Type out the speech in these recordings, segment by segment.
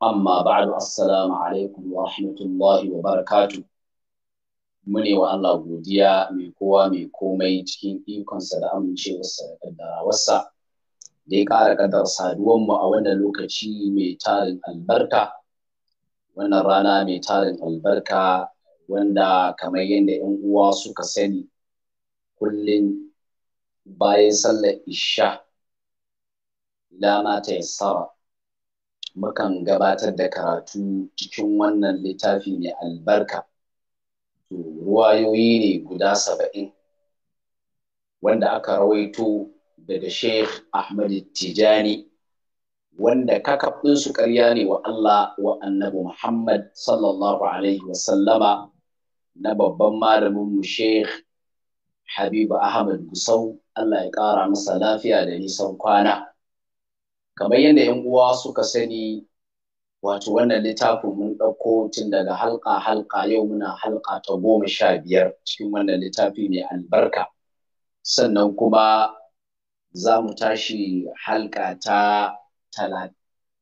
amma ba'du assalamu alaikum wa rahmatullahi wa barakatu mune wa Allah godiya mai kowa mai komai cikin ikonsa da amincewarsa da kaddarawarsa da ya ƙara kaddar saduwanmu a wannan lokaci mai tarin albarka wannan rana mai tarin albarka wanda kamar yadda yan uwa suka sani kullum bayan sallar isha ila ma ta yassara mukan gabatar da karatu cikin wannan littafi mai albarka ruwayoyi ne guda saba'in wanda aka rawaito daga sheikh ahmad tijani wanda su ƙarya ne wa Allah wa annabi Muhammad sallallahu alaihi wasallama na babban malamin mu sheikh Habibu Ahmad Gusau Allah ya ƙara masa lafiya da nisan kwana. kamar yadda yan uwa suka sani wato wannan littafin mun ɗauko tun daga halka halka yau muna halka ta goma sha biyar cikin wannan littafi mai albarka sannan kuma za mu tashi halka ta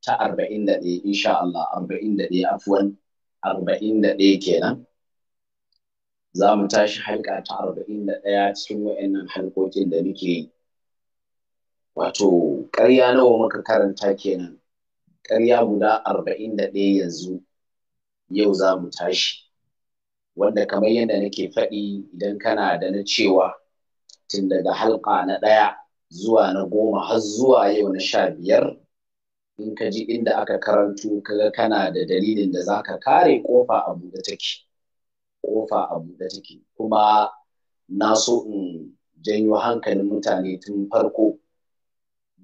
ta arba'in da ɗaya insha Allah arba'in da ɗaya afuwan arba'in da ɗaya kenan za mu tashi halka ta arba'in da ɗaya cikin wa'annan halkokin da muke yi wato ƙarya nawa muka karanta kenan ƙarya guda arba'in da ɗaya yanzu yau za mu tashi wanda kamar yadda nake faɗi idan kana da na cewa tun daga halƙa na ɗaya zuwa na goma har zuwa yau na sha biyar in ka ji inda aka karantu kaga kana da dalilin da zaka kare kofa a buɗe take kofa a buɗe take kuma na so in janyo hankalin mutane tun farko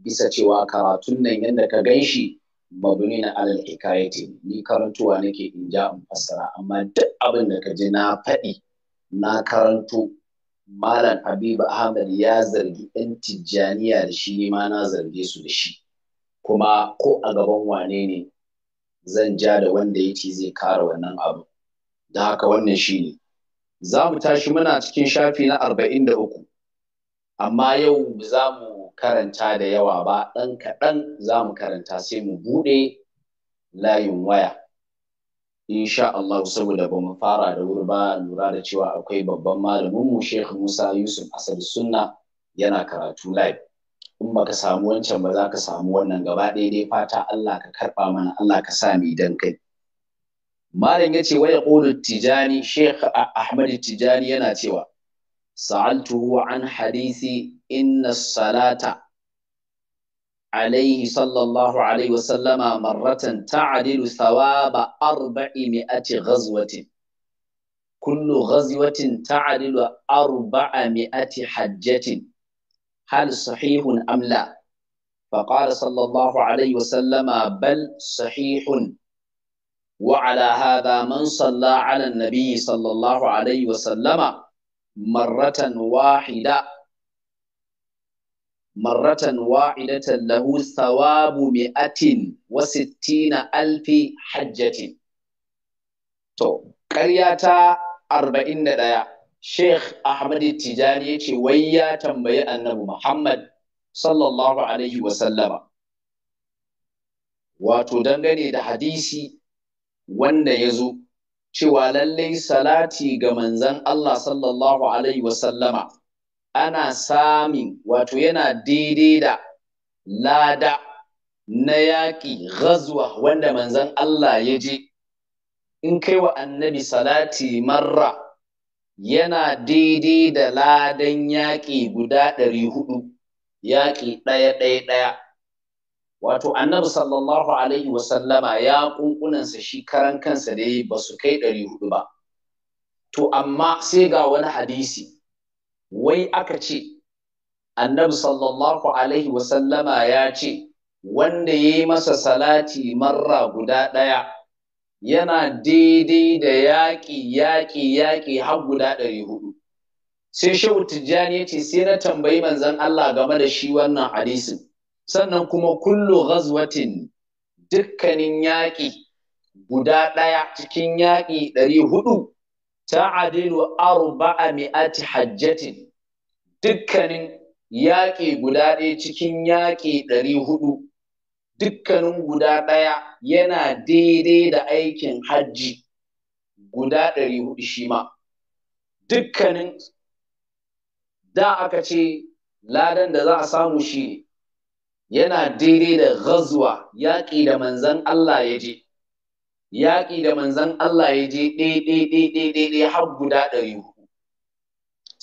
bisa cewa karatun nan yadda ka gan shi mabuni na alal hikayati ni karantuwa nake in ja in fassara amma duk abin da ka ji na faɗi na karanto malam habibu ahmad ya zargi ɗan tijjaniya da shi ma na zarge su da shi kuma ko a gaban wane ne zan ja da wanda ya ce zai kare wannan abu da haka wannan shi ne za mu tashi muna cikin shafi na arba'in da uku amma yau za mu karanta da yawa ba ɗan kaɗan za mu karanta sai mu buɗe layin waya insha Allah saboda ba mu fara da wuri ba lura da cewa akwai babban malamin mu Sheikh Musa Yusuf Asad Sunna yana karatu live in baka samu wancan ba za ka samu wannan gaba ɗaya dai fata Allah ka karɓa mana Allah ka sa mu dan kai malam yace waya qulu tijani Sheikh Ahmad Tijani yana cewa sa'altu an hadisi إن الصلاة عليه صلى الله عليه وسلم مرة تعدل ثواب أربعمائة غزوة كل غزوة تعدل أربعمائة حجة هل صحيح أم لا فقال صلى الله عليه وسلم بل صحيح وعلى هذا من صلى على النبي صلى الله عليه وسلم مرة واحدة marratan wa'idatan lahu thawabu mi'atin wa sittina alfi hajjatin to ƙarya ta arba'in da ɗaya Sheikh Ahmad Tijani ya ce wai ya tambayi annabi Muhammad sallallahu alaihi wa sallama wato dangane da hadisi wanda ya zo cewa lallai salati ga manzan Allah sallallahu alaihi wa sallama ana samin wato yana daidai da lada na yaƙi ghazwa wanda manzon Allah ya je in kai wa annabi salati marra yana daidai da ladan yaƙi guda ɗari hudu yaƙi ɗaya ɗaya ɗaya wato annabi sallallahu alaihi wasallama ya ƙunƙunansa shi karan kansa da yi ba su kai ɗari hudu ba to amma sai ga wani hadisi wai aka ce annabi sallallahu alaihi wasallama ya ce wanda ya yi masa salati marra guda ɗaya yana daidai da yaƙi yaƙi yaƙi har guda ɗari hudu sai shehu tijjani ya ce sai na tambayi manzan Allah game da shi wannan hadisin sannan kuma kullu ghazwatin dukkanin yaƙi guda ɗaya cikin yaƙi ɗari hudu ta adilu arba'a mi'ati hajjatin dukkanin yaƙi guda ɗaya cikin yaƙi ɗari hudu dukkanin guda ɗaya yana daidai da aikin hajji guda ɗari hudu shi ma dukkanin da aka ce ladan da za a samu shi yana daidai da gazuwa yaƙi da manzan Allah ya je yaƙi da manzan Allah ya je ɗaiɗaiɗaiɗaiɗai har guda ɗari hudu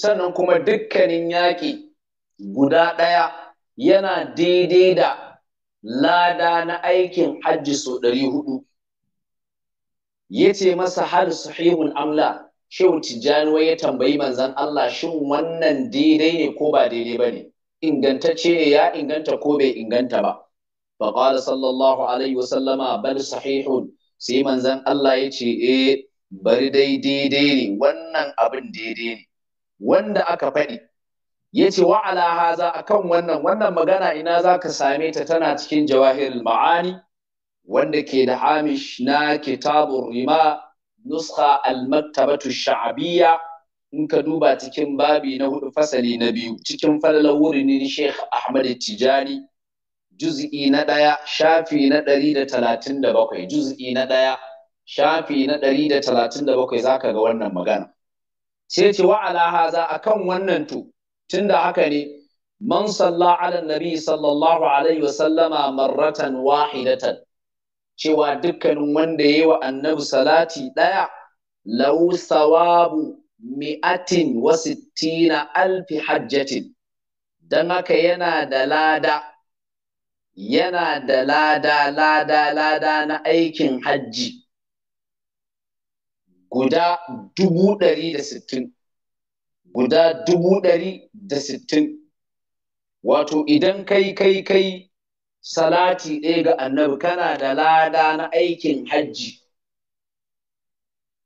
sannan kuma dukkanin yaƙi guda ɗaya yana daidai da lada na aikin hajji sau ɗari hudu ya ce masa har sahihun amla shehu tijjani ya tambayi manzan Allah shin wannan daidai ne ko ba daidai ba ne ingantacce ne ya inganta ko bai inganta ba faƙala sallallahu alaihi wasallama bal sahihun sai manzan Allah ya ce eh bari dai daidai ne wannan abin daidai ne wanda aka faɗi ya ce wa ala a kan wannan wannan magana ina za ka same ta tana cikin jawahir ma'ani wanda ke da hamish na kitabun rima nuska al-maktabatu sha'abiyya in ka duba cikin babi na hudu fasali na biyu cikin fallon wurin Sheikh Ahmad Tijani juz'i na ɗaya shafi na ɗari da talatin da bakwai juz'i na ɗaya shafi na ɗari da talatin da bakwai zaka ga wannan magana sai ce wa ala haza akan wannan to tunda haka ne man salla ala nabi sallallahu alaihi wasallama marratan wahidatan cewa dukkanin wanda yayi wa annabi salati daya lahu sawabu mi'atin wa sittina alfi hajjatin dan haka yana da lada yana da lada lada lada na aikin hajji guda dubu ɗari da sittin guda dubu ɗari da sittin wato idan kai kai kai salati ɗaya ga annabi kana da lada na aikin hajji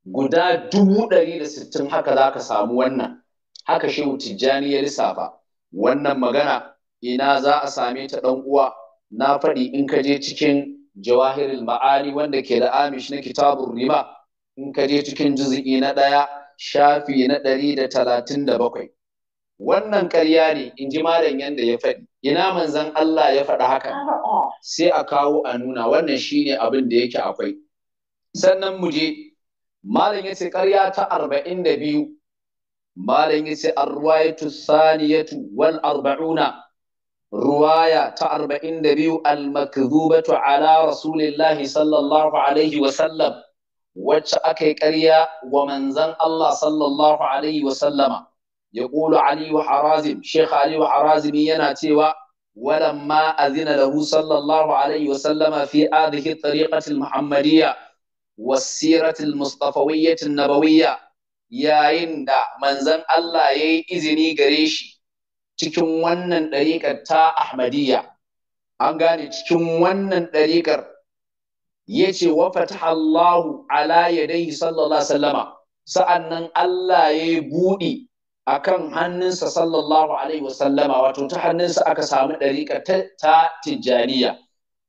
guda dubu ɗari da sittin haka za ka samu wannan haka shehu tijjani ya lissafa wannan magana ina za a same ta ɗan uwa na faɗi in ka je cikin jawahirul ma'ani wanda ke da amish na kitabun rima in ka je cikin juzu'i na ɗaya shafi na ɗari da talatin da bakwai wannan ƙarya ne in ji malam yanda ya faɗi ina manzan Allah ya faɗi haka sai a kawo a nuna wannan shi ne abin da yake akwai sannan mu je malam ya ce ƙarya ta arba'in da biyu malam ya ce arwayatu saniyatu wal arba'una ruwaya ta arba'in da biyu al ala rasulillahi sallallahu alaihi wa sallam wacce aka yi ƙarya wa manzan Allah sallallahu alaihi wa ya ƙulu Ali wa Harazim Sheikh Ali wa Harazimi yana cewa ma azina lahu sallallahu alaihi wa sallama fi hadhihi tariqati muhammadiyya was-sirati nabawiyya yayin da manzan Allah ya yi izini gare shi cikin wannan ɗariƙar ta Ahmadiyya an gane cikin wannan ɗariƙar yace wa fataha Allahu ala yadayhi sallallahu alaihi wasallama sa'annan Allah ya buɗe akan hannunsa sallallahu alaihi wasallama wato ta hannunsa aka samu ɗariƙa ta tijjaniya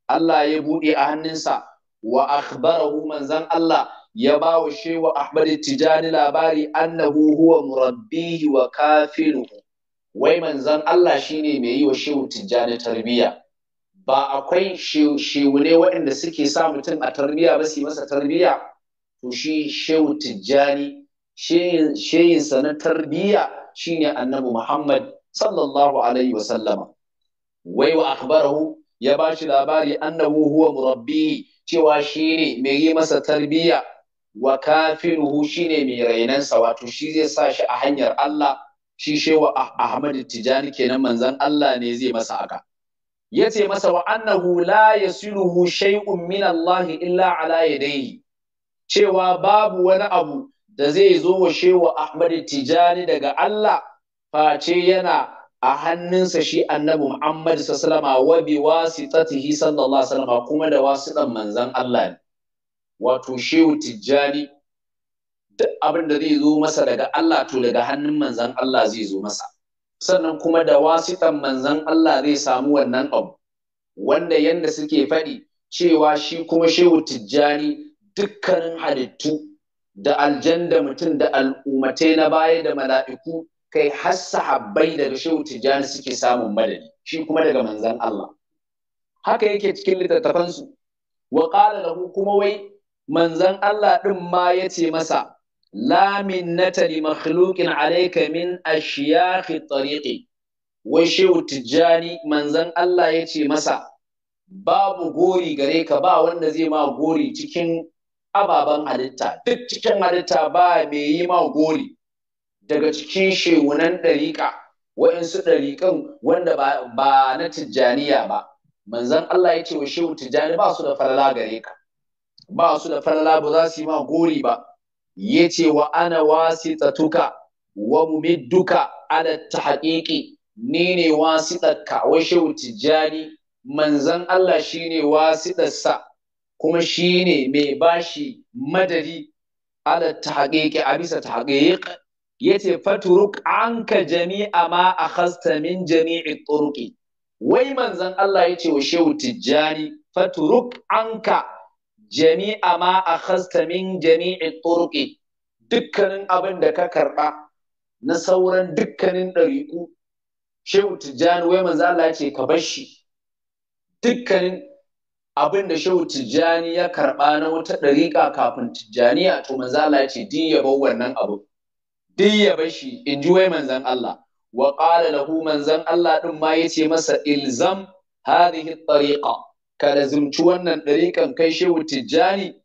Allah ya buɗe a hannunsa wa akhbarahu manzan Allah ya ba wa shewa Ahmad Tijani labari annahu huwa murabbihi wa kafiruhu wai manzan Allah shine mai yi wa shehu Tijjani tarbiyya ba akwai shewu ne waɗanda suke sa mutum a tarbiyya ba su masa tarbiyya to shi shehu tijjani sheyinsa na tarbiyya shine annabi muhammad sallallahu alaihi wa sallama wai wa akhbarahu ya ba shi labari annahu huwa murabbi cewa shine mai yi masa tarbiyya wa kafiruhu shine mai rainansa wato shi zai sa shi a hanyar Allah shi shewa Ahmad Tijjani kenan manzon Allah ne zai masa aka. Ya ce masa wa annahu la yasiruhu shay'un min Allah illa ala yadayhi cewa babu wani abu da zai zo wa shewa Ahmad Tijani daga Allah face yana a hannunsa shi annabi Muhammad sallama wa bi wasitatihi sallallahu alaihi wasallam kuma da wasitan manzon Allah ne wato shehu Tijani duk abin da zai zo masa daga Allah to daga hannun manzon Allah zai zo masa sannan kuma da wasitan manzan Allah zai samu wannan abu wanda yanda suke faɗi cewa shi kuma shehu tijjani dukkanin halittu da aljanda mutum da al'ummatai na baya da mala'iku kai har sahabbai daga shehu tijjani suke samun madadi shi kuma daga manzan Allah haka yake cikin littattafansu wa qala lahu kuma wai manzan Allah ɗin ma yace masa la minnata li makhluqin alayka min ashyakhi tariqi wai shehu tijjani manzon Allah ya ce masa babu gori gare ka ba wanda zai ma gori cikin ababen halitta duk cikin halitta ba mai yi ma gori daga cikin shehunan ɗariƙa waɗansu ɗariƙan wanda ba na tijjaniya ba manzan Allah ya ce wa shehu tijjani ba su da falala gare ka ba su da falala ba za su yi ma gori ba Ya ce wa ana wasitatuka wa mumidduka ala tahqiqi ni ne wasitarka wa shehu tijjani manzan Allah shi wasi wasitarsa kuma shi shine mai bashi madadi ala tahqiqi a bisa tahqiq ce faturuk anka jami'a ma akhasta min jami'i turqi wai manzan Allah ya yace wa shehu tijjani faturuk anka jami'a ma a min Jami'in turki dukkanin abin da ka karba na sauran dukkanin ɗariku shehu tijjani wai manzo Allah ce ka bar shi dukkanin abin da shehu tijjani ya karba na wata ɗariƙa kafin a to manzo Allah ce din ya bar wannan abu din ya bar shi in ji wai manzon Allah wa qala lahu manzon Allah din ma yace masa ilzam hadhihi at-tariqa ka zumci wannan ɗariƙan kai shehu tijjani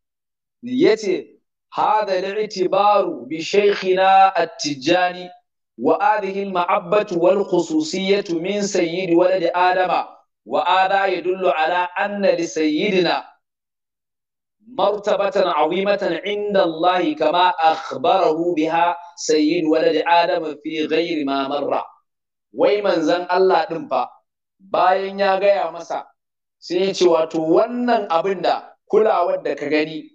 ya ce hada itibaru bi shaykhina a tijjani wa adihin maabbatu wal khususiyyatu min sayyidi da adama wa ada dullo ala anna li sayyidina Allah kama عند kama كما biha بها سيد Adama fi gairi mamarra. Wai wai manzan Allah ɗin fa? bayan ya gaya masa sai ya ce wato wannan abin da kulawar da ka gani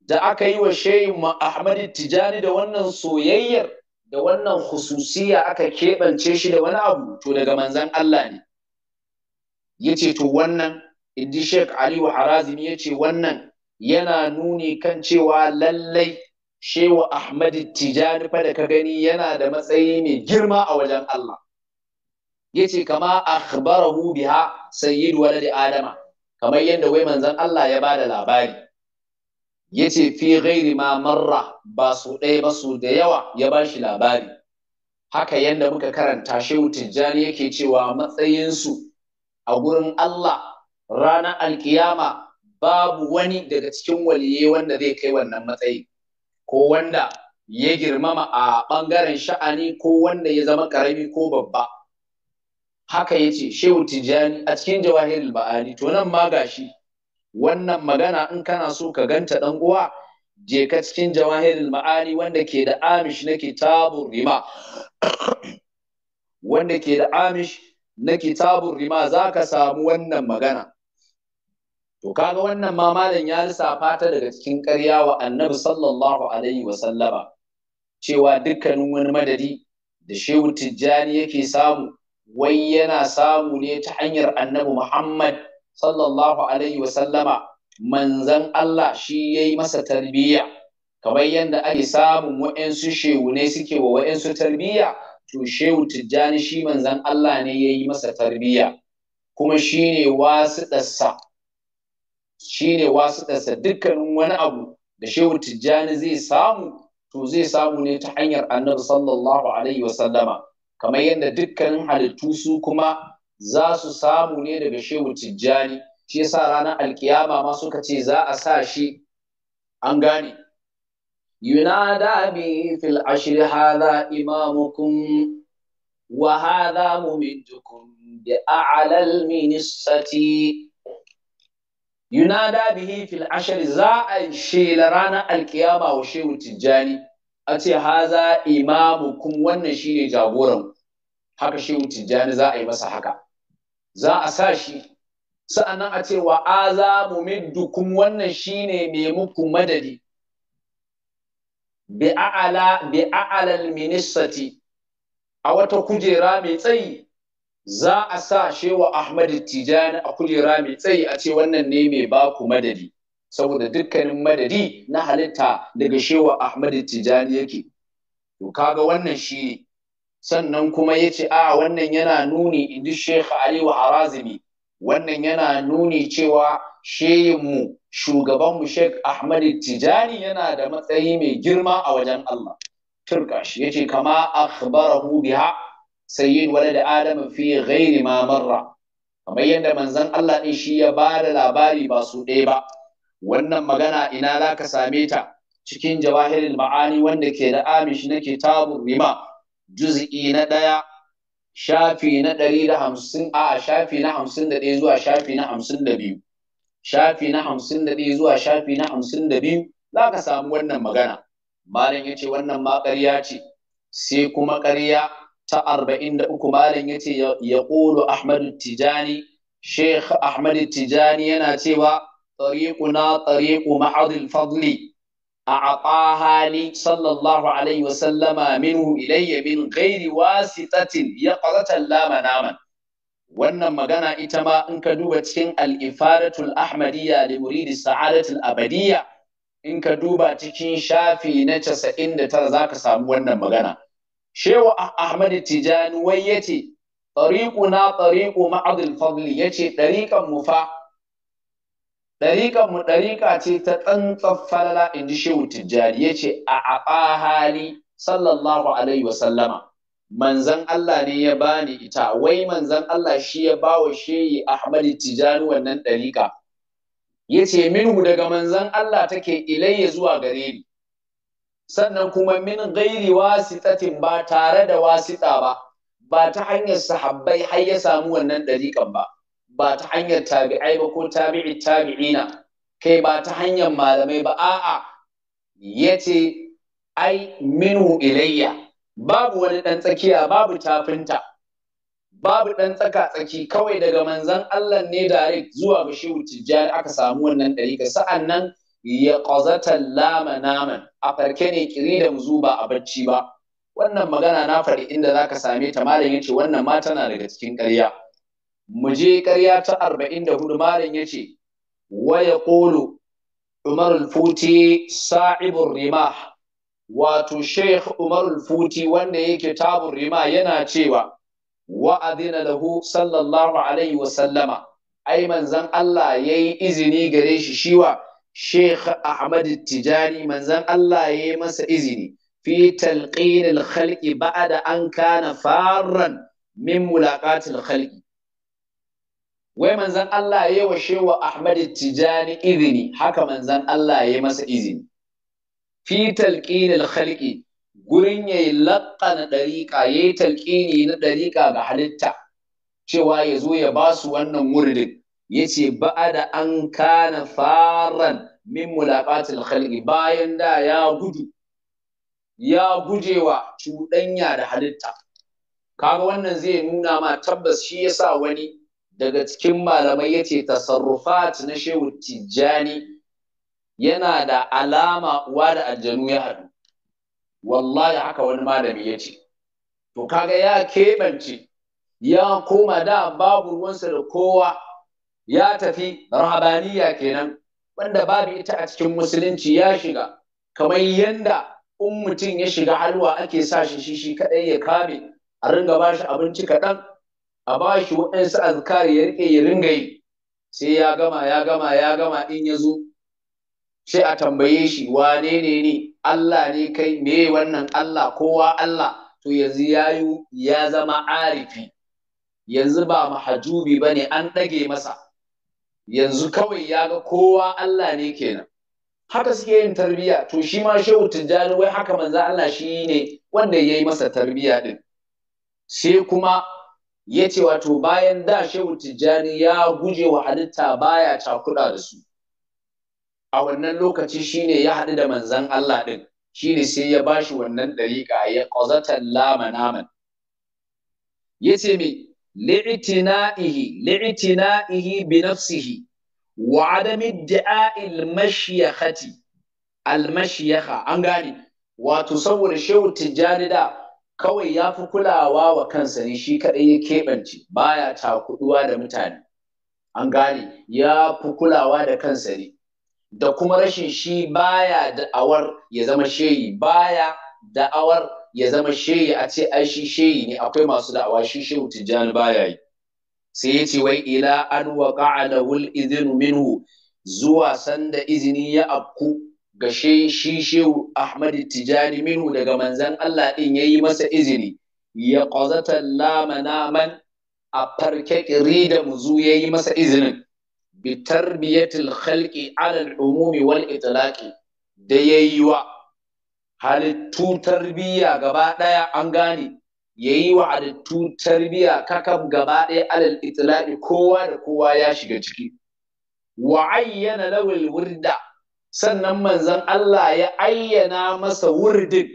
da aka yi wa shehu Ahmad Tijani da wannan soyayyar da wannan khususiya aka keɓance shi da wani abu to daga manzan Allah ne ya ce to wannan indi Sheikh Aliyu Harazimi ya ce wannan yana nuni kan cewa lallai shewa Ahmad Tijani fa da ka gani yana da matsayi mai girma a wajen Allah ya ce kama akhbarahu biha sayyidu waladi adama kamar yadda wai manzon Allah ya bada labari yace fi ghairi ma marra ba su ɗaya ba su da yawa ya ba shi labari haka yadda muka karanta shehu tijjani yake cewa matsayin su a gurin Allah ranar alkiyama babu wani daga cikin waliye wanda zai kai wannan matsayi ko wanda ya girmama a ɓangaren sha'ani ko wanda ya zama karami ko babba haka yace shehu tijani a cikin jawahir ba'ani to nan ma gashi wannan magana in kana so ka ganta dan uwa je ka cikin jawahir ma'ani wanda ke da amish na kitabur rima wanda ke da amish na kitabur rima zaka samu wannan magana to kaga wannan ma malam ya lissafa ta daga cikin ƙarya wa annabi sallallahu alaihi wa sallama cewa dukkanin wani madadi da shehu tijjani yake samu wai yana samu ne ta hanyar annabi Muhammad sallallahu alaihi wasallama manzan Allah shi ya yi masa tarbiyya kamar yadda ake samun wa'yansu shehu ne suke wa wa'yansu tarbiyya to shehu tijjani shi manzan Allah ne ya yi masa tarbiyya kuma shi ne wasiɗarsa shi ne dukkanin wani abu da shehu tijjani zai samu to zai samu ne ta hanyar annabi sallallahu alaihi wasallama kamar yadda dukkan halittu su kuma za su samu ne daga shehu tijjani shi yasa ranar alkiyama ma suka ce za a sa shi an gane yunada bi fil ashir hadha imamukum wa hadha mumiddukum bi a'la al minisati yunada bihi fil ashir za a shi ranar alkiyama wa shehu tijjani a ce haza kun wannan shine jagoran haka shi tijjani za a yi masa haka za a sa shi sa'annan a ce wa aza kun wannan shine mai muku madadi bi a'ala ministati a wata kujera mai tsayi za a sa shewa Ahmad Tijani a kujera mai tsayi a ce wannan ne mai baku madadi saboda dukkanin madadi na halitta daga shewa Ahmadu Tijani yake to kaga wannan shi sannan kuma ya ce a wannan yana nuni inji Sheikh Ali wa Harazimi wannan yana nuni cewa shehinmu shugabanmu Sheikh Ahmad Tijani yana da matsayi mai girma a wajen Allah. Turka shi ya ce kama akhbarahu biha sayyid walad Adam fi ghairi ma marra. Kamar yadda manzon Allah ɗin shi ya bada labari ba su ɗaya ba. wannan magana ina za ka same ta cikin jawahirin ma'ani wanda ke da amish na kitabun rima juz'i na ɗaya shafi na ɗari da hamsin a shafi na hamsin da ɗaya zuwa shafi na hamsin da biyu shafi na hamsin da ɗaya zuwa shafi na hamsin da biyu za ka samu wannan magana malam ya ce wannan ma ƙarya ce sai kuma ƙarya ta arba'in da uku malam ya ce ya ƙolo ahmadu tijani sheikh ahmadu tijani yana cewa طريقنا طريق معض الفضل أعطاها لي صلى الله عليه وسلم منه إلي من غير واسطة يقظة لا مناما wannan magana ita ma in ka duba cikin al-ifadatul ahmadiyya li muridi sa'adatul abadiyya in ka duba cikin shafi na 99 zaka samu wannan magana shehu ahmad tijani wai yace tariquna tariqu ma'ad al-fadl yace dariqan mu fa ɗariƙan mu ɗarika ce ta ɗan falala in ji shehu tijjari ya ce a aɓa hali sallallahu alaihi wa sallama manzan Allah ne ya bani ita wai manzan Allah shi ya ba wa shehi Ahmadu tijjani wannan ɗarika? ya ce minhu daga manzan Allah take ilayya zuwa gare ni sannan kuma min gairi wasitatin ba tare da wasita ba ba ta hanyar sahabbai har ya samu wannan ɗarikan ba ba ta hanyar tabi'ai ba ko tabi'i tabi'ina kai ba ta hanyar malamai ba a'a yace ai Minu ilayya babu wani ɗan tsakiya babu tafinta babu ɗan tsaka tsaki kawai daga manzan Allah ne direct zuwa ga tijjani aka samu wannan dariƙa sa'an nan ya qazatan lama naman a farke ne kiri da mu ba a bacci ba wannan magana na faɗi inda zaka same ta malam yace wannan ma tana daga cikin ƙarya mu je ƙarya ta arba'in da hudu malam ya ce waya ƙolo umar al-futi sa'ibun rimah wato sheikh umar al-futi wanda yake tabun rima yana cewa wa adina lahu sallallahu alaihi wa sallama ai manzan Allah ya yi izini gare shi shiwa Sheikh Ahmad Tijani manzan Allah ya yi masa izini fi talqin al-khalqi an kana farran min mulaqat al wai manzan Allah ya yi wa shewa Ahmad Tijani izini haka manzan Allah ya yi masa izini fi talqinil khalqi gurin yayi ɗariƙa dariqa yayi talqini na ɗariƙa ga halitta cewa ya zo ya basu wannan ba yace ba'ada an kana faran min mulaqatil khalqi bayan da ya gudu ya gujewa cuɗanya da halitta kaga wannan zai nuna ma tabbas shi yasa wani daga cikin malamai ya ce tasarrufat na shehu tijjani yana da alama uwa da aljanu ya haɗu wallahi haka wani malami ya ce to kaga ya keɓance ya koma da babu ruwansa da kowa ya tafi rahabaniya kenan wanda babu ita a cikin musulunci ya shiga kamar yanda in mutum ya shiga halwa ake sa shi shi shi kaɗai ya kame a ringa ba shi abinci kaɗan a ba shi waɗansu azkari ya rike ya ringa yi sai ya gama ya gama ya gama in ya zo sai a tambaye shi wane ne ne? Allah ne kai me wannan Allah kowa Allah to yanzu yayu ya zama arifi yanzu ba mahajubi ne, an ɗage masa yanzu kawai ya ga kowa Allah ne kenan haka suke yin tarbiyya to shi ma shehu tijjani wai haka manzo Allah shi ne wanda ya yi masa tarbiyya din sai kuma ya ce wato bayan da shehu tijjani ya guje wa halitta baya cakuɗa da su a wannan lokaci shine ya haɗu da manzan Allah ɗin shine sai ya bashi wannan ɗariƙa ya ƙazatan lamanaman naman ya ce mai li'itina'ihi li'itina'ihi bi nafsihi wa adami da'a'il mashiyakhati al mashiyakha an gane wato saboda shehu tijjani da kawai ya fi kulawa wa kansa ne shi kaɗai ya keɓance baya takuduwa da mutane an gane ya fi kulawa da kansa ne da kuma rashin shi baya da'awar ya zama sheyi baya da'awar ya zama sheyi a ce ai shi sheyi ne akwai masu da'awa shi shehu tijjani baya yi sai ya ce wai ila an waqa'a lahul idhnu minhu zuwa sanda izini ya afku ga shi shehu Ahmad Tijani minhu daga manzan Allah ɗin ya yi masa izini ya ƙazata lamanaman a farke ƙiri da muzu ya yi masa izinin bi tarbiyatil khalqi alal umumi wal itlaqi da yayi wa halittu tarbiyya gaba ɗaya an gane yayi wa halittu tarbiyya kakam gaba ɗaya alal itlaqi kowa da kowa ya shiga ciki wa ayyana lawal wurda sannan manzan Allah ya ayyana masa wurdin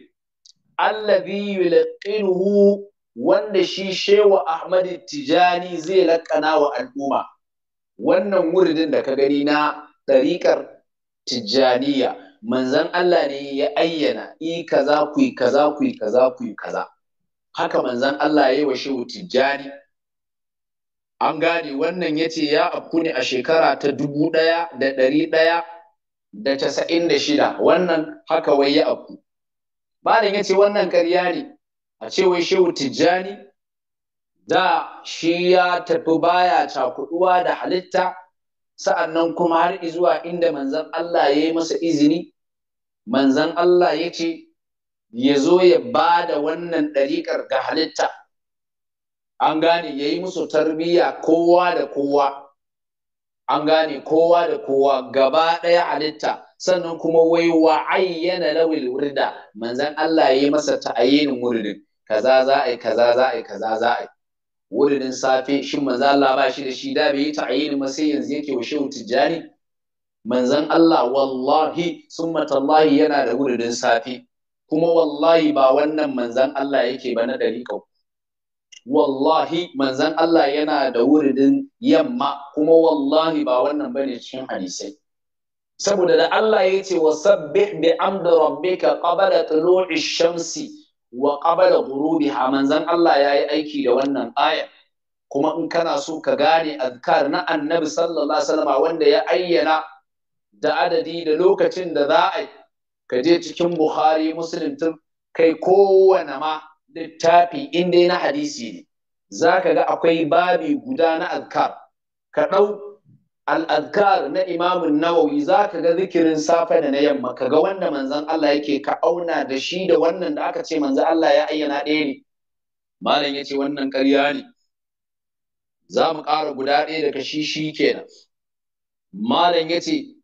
allazi yulqinuhu wanda shi shewa Ahmad Tijani zai lakana wa al'umma wannan wurdin da ka gani na ɗariƙar Tijjaniya manzan Allah ne ya ayyana i kaza ku kaza ku kaza ku kaza haka manzan Allah ya yi wa shehu Tijjani an gane wannan yace ya afku ne a shekara ta dubu ɗaya da ɗari ɗaya da casa'in da shida wannan haka wai ya abu malam ya ce wannan karya ne a ce wai shehu tijjani da shi ya tafi baya cakuduwa da halitta sa'annan kuma har izuwa inda manzan Allah ya yi masa izini manzan Allah ya ce ya zo ya ba da wannan ɗariƙar ga halitta an gane ya yi musu tarbiyya kowa da kowa an gane kowa da kowa gaba ɗaya halitta sannan kuma wai wa ayyana lawil wurda manzan Allah ya yi masa ta'ayyinin wurdin kaza za a yi kaza za a yi kaza za a yi wurdin safe shi manzan Allah ba shi da shi da bai yi ta'ayyinin ba sai yanzu yake wa shehu tijjani manzan Allah wallahi summa tallahi yana da wurdin safe kuma wallahi ba wannan manzan Allah yake ba na dariƙau wallahi manzan Allah yana da wuridin yamma kuma wallahi ba wannan bane cikin hadisai saboda da Allah ya ce wasabbih bi amda rabbika qabla tulu'i shamsi wa qabla ghurubiha manzan Allah yayi aiki da wannan aya kuma in kana so ka gane azkar na annabi sallallahu alaihi wasallam wanda ya ayyana da adadi da lokacin da za a ka je cikin Bukhari Muslim kai kowane ma littafi in dai na hadisi ne za ka ga akwai babi guda na azkar ka ɗau al'adkar na imamun nawawi za ka ga zikirin safe da na yamma ka ga wanda manzan Allah yake ka auna da shi da wannan da aka ce manzan Allah ya ayyana ɗaya ne malam ya ce wannan ƙarya ne za mu ƙara guda ɗaya daga shi shi kenan malam ya ce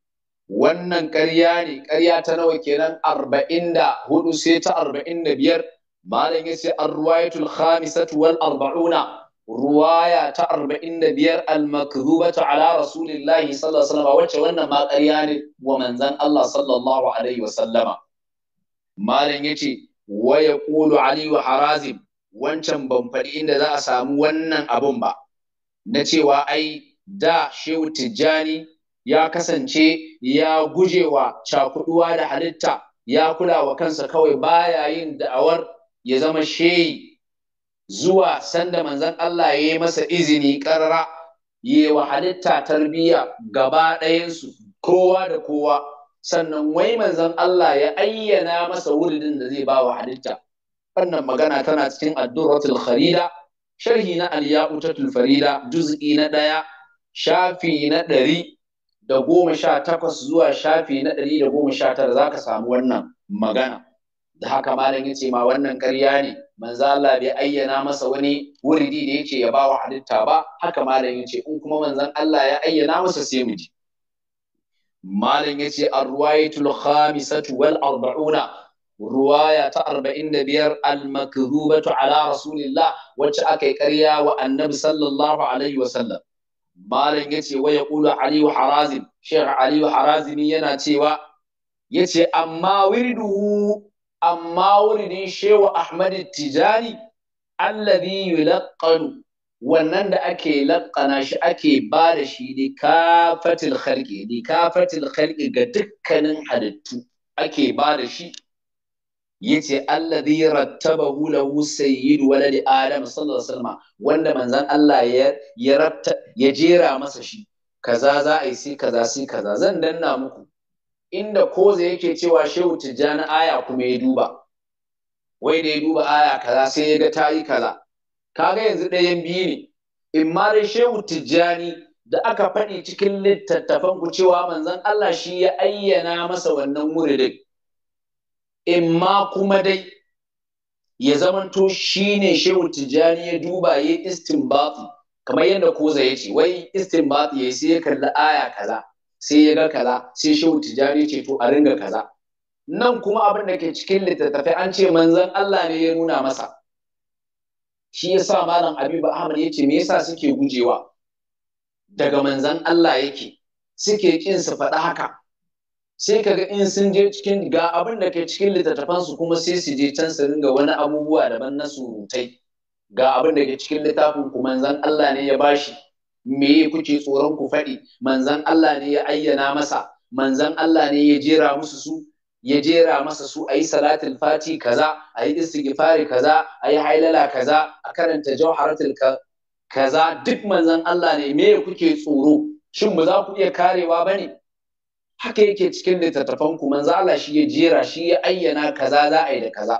wannan ƙarya ne ƙarya ta nawa kenan arba'in da hudu sai ta arba'in da biyar malam yace ar-ruwayatul khamisatu wal arba'una ruwaya ta biyar al-makdhubatu ala rasulillahi sallallahu alaihi wasallam wacce wannan ma ƙarya ne wa manzon Allah sallallahu alaihi wasallama malam yace wa yaqulu ali Aliyu harazim wancan ban faɗi inda za a samu wannan abun ba na cewa ai da shehu tijjani ya kasance ya gujewa cakuɗuwa da halitta ya kula wa kansa kawai baya yin da'awar ya zama shehi zuwa sanda manzan Allah ya yi masa izini karara ya yi wa halitta tarbiyya gaba ɗayansu kowa da kowa sannan wai manzan Allah ya ayyana masa wuridin da zai ba wa halitta wannan magana tana cikin addurratul kharida sharhi na al farida juz'i na ɗaya shafi na ɗari da goma sha takwas zuwa shafi na ɗari da goma sha tara za ka samu wannan magana da haka malam ya ce ma wannan ƙarya ne manzo Allah bai ayyana masa wani wuridi da yake ya bawa halitta ba haka malam ya ce in kuma manzon Allah ya ayyana masa sai mu ji malam ya ce arwayatul khamisatu wal arba'una ruwaya ta 45 al makhubatu ala rasulillah wacce aka yi ƙarya wa annabi sallallahu alaihi wasallam malam ya ce wa yaqulu ali harazim shehu ali Harazim yana cewa yace amma wirduhu amma wuridin shehu Ahmadu Tijani alladhi yulaqqanu wannan da ake laƙana shi ake ba da shi ne kafatil khalqi ne kafatil khalqi ga dukkanin halittu ake ba da shi yace alladhi rattabahu lahu sayyid walad adam sallallahu alaihi wasallam wanda manzon Allah ya ya ratta ya jera masa shi kaza za a yi sai kaza sai kaza zan danna muku inda koza yake cewa shehu tijjani aya kuma ya duba wai da ya duba aya kaza sai ya ga tayi kaza kaga yanzu ɗayan biyu ne in ma dai shehu tijjani da aka faɗi cikin littattafan ku cewa manzon Allah shi ya ayyana masa wannan muridin in ma kuma dai ya zamanto shi ne shehu tijjani ya duba ya yi istinbati kamar yadda koza ya ce wai istinbati ya sai ya kalli aya kaza sai ya ga kaza sai shehu tijari ce to a ringa kaza nan kuma abin da ke cikin littattafai an ce manzon Allah ne ya nuna masa shi yasa malam Habibu Ahmad yace me yasa suke gujewa daga manzon Allah yake suke kin su faɗa haka sai kaga in sun je cikin ga abin da ke cikin littattafan su kuma sai su je can su ringa wani abubuwa daban na surutai ga abin da ke cikin littafin ku manzon Allah ne ya bashi me kuke tsoron ku faɗi manzan Allah ne ya ayyana masa manzan Allah ne ya jera musu su ya jera masa su ayi salatul fati kaza ayi istighfari kaza a yi hailala kaza a karanta jawharatul kaza duk manzan Allah ne me kuke tsoro shin ba za ku iya karewa bane haka yake cikin littattafan ku manzan Allah shi ya jera shi ya ayyana kaza za a yi da kaza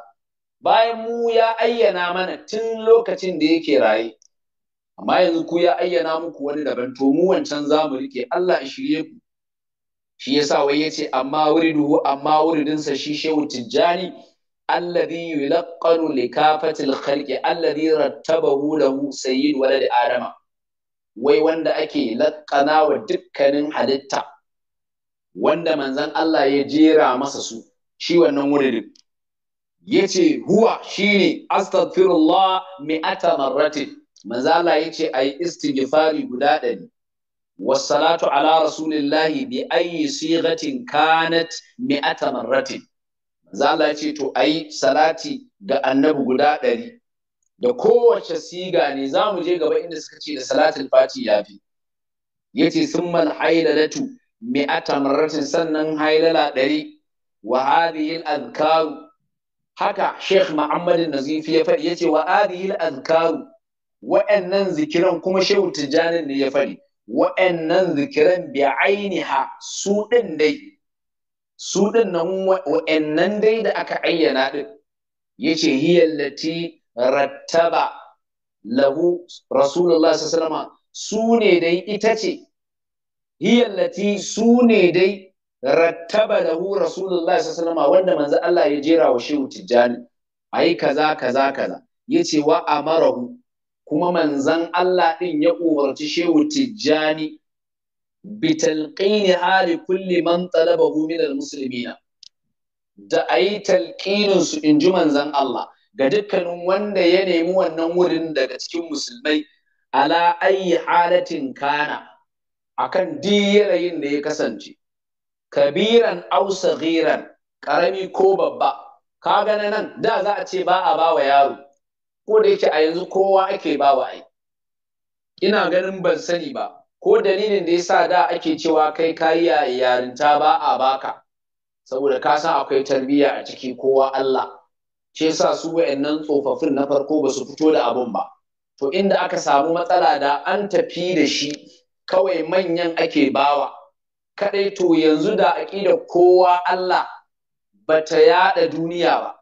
bayan mu ya ayyana mana tun lokacin da yake raye amma yanzu ku ya ayyana muku wani daban to mu wancan za mu rike Allah shirye ku shi yasa wai yace amma wuriduhu amma wuridinsa shi shehu tijjani alladhi yulaqqanu likafatil khalqi alladhi rattabahu lahu sayyid walad adama wai wanda ake lakana wa dukkanin halitta wanda manzan Allah ya jera masa su shi wannan wuridin yace huwa shine astaghfirullah mi'ata marratin manzo Allah yace ayi istighfari guda ɗari wassalatu ala rasulillahi bi ayyi sighatin kanat mi'ata marratin manzo Allah yace to ayi salati ga annabi guda ɗari da kowace siga ne za mu je gaba inda suka ce da salatul fati yafi yace summal hailalatu mi'ata marratin sannan hailala ɗari wa hadhihi al-adhkaru haka Sheikh Muhammad Nazifi ya faɗi yace wa al azkaru wayannan zikiran kuma shehu tijjani ne ya faɗi wayannan zikiran bi ainiha su ɗin dai su ɗin nan dai da aka ayyana ɗin yace hiyallati rattaba lahu rasulullah sallallahu su ne dai ita ce hiyallati su ne dai rattaba lahu rasulullah wanda manzo Allah ya jera wa shehu tijjani ai kaza kaza kaza yace wa amarahu kuma manzan Allah ɗin ya umarci shehu tijjani bitalƙini hali kulli man talabahu musulmina. muslimina da a yi talƙininsu inji manzan Allah ga dukkanin wanda ya nemi wannan wurin daga cikin musulmai ala ayi halatin kana akan di yanayin da ya kasance kabiran au saghiran karami ko babba Ka kaga nan da za a ce ba a ba wa yaro ko da yake a yanzu kowa ake ba wa ai ina ganin ban sani ba ko dalilin da yasa da ake cewa kai kayi yarinta ba a baka saboda ka san akwai tarbiyya a ciki kowa Allah shi yasa su wayannan tsofaffin na farko ba su fito da abun ba to inda aka samu matsala da an tafi da shi kawai manyan ake bawa kadai to yanzu da aƙida kowa Allah bata yaɗa duniya ba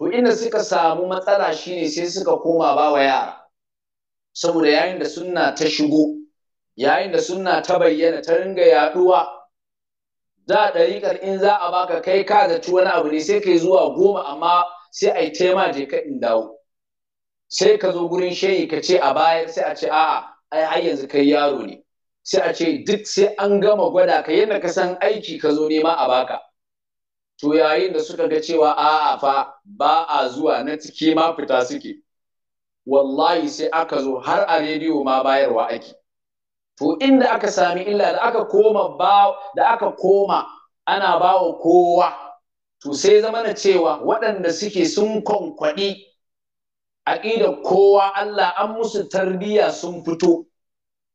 to inda suka samu matsala shine sai suka koma ba wa yara saboda yayin da suna ta shigo yayin da suna ta bayyana ta ringa yaduwa a ɗariƙar in za a baka kai ka zaci wani abu ne sai kai zuwa goma amma sai a yi tema je ka in dawo sai ka zo gurin shehi ka ce a bayar sai a ce a'a ai har yanzu kai yaro ne sai a ce duk sai an gama gwada ka yadda ka san aiki ka zo nema a baka to yayin da suka ga cewa a'a fa ba a zuwa na ciki ma fita suke wallahi sai aka zo har a rediyo ma bayarwa ake to inda aka sami illa da aka koma ba da aka koma ana bawa kowa to sai zama na cewa waɗanda suke sun kwankwaɗi aƙidar kowa Allah an musu tarbiyya sun fito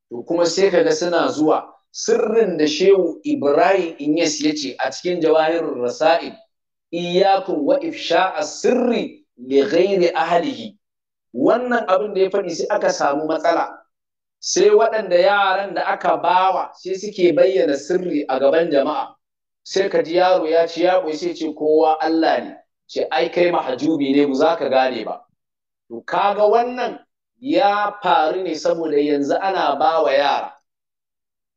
to kuma sai kaga suna zuwa sirrin da shehu ibrahim inyas ya ce a cikin jawahir rasa'il iyakun wa sha'a sirri li ghairi ahlihi wannan abin da ya faɗi sai aka samu matsala sai waɗanda yaran da aka bawa sai suke bayyana sirri a gaban jama'a sai ka ji yaro ya ci yaro sai ce kowa Allah ne ce ai kai mahajubi ne mu za ka gane ba to kaga wannan ya faru ne saboda yanzu ana bawa yara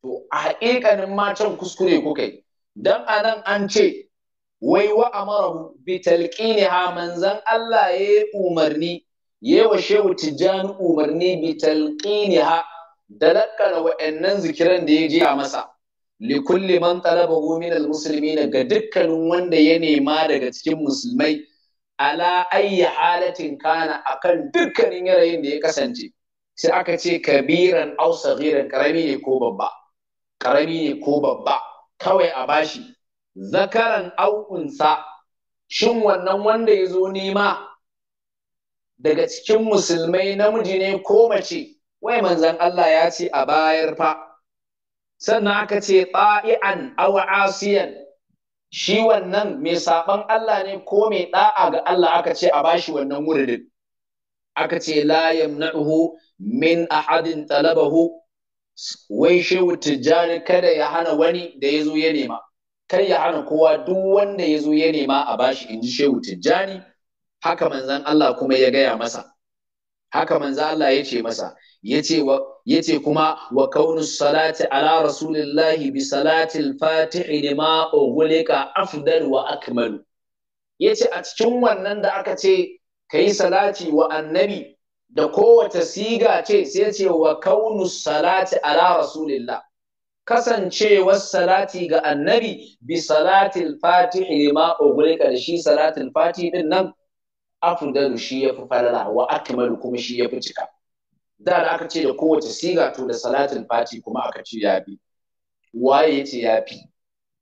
to a haƙiƙanin ma can kuskure kuka yi a nan an ce wai wa bitalƙi ne ha manzan Allah ya yi umarni ya yi wa shehu tijjani umarni ne ha da lakkana wa'annan zikiran da ya je a masa li kulli man talabahu min ga dukkanin wanda ya nema daga cikin musulmai ala ayyi halatin kana akan dukkanin yanayin da ya kasance sai aka ce kabiran aw saghiran karami ne ko babba ƙarami ne ko babba kawai a bashi zakaran au'unsa shin wannan wanda ya zo nema daga cikin musulmai namiji ne ko mace wai manzan Allah ya ce a bayar fa sannan aka ce ta'i'an aw asiyan shi wannan mai saban Allah ne ko mai da'a ga Allah aka ce a bashi wannan wurin? aka ce la yamna'uhu min ahadin talabahu wai shehu tijjani kada ya hana wani da ya zo ya nema kar ya hana kowa duk wanda ya zo ya nema a bashi in ji shehu tijjani haka manzan Allah kuma ya gaya masa haka manzan Allah ya ce masa ya ce kuma wa kaunu salati ala rasulillahi bi salatil fatihi lima ughliqa afdal wa akmalu ya ce a cikin wannan da aka ce ka yi salati wa annabi da kowace siga ce sai ce wa kaunu salati ala rasulillah kasancewar salati ga annabi bi al fatihi ma ugulika da shi al fatihi din nan afdalu shi yafi falala wa akmalu kuma shi yafi cika da da aka ce da kowace siga to da salatin fati kuma aka ce ya bi waye yace ya fi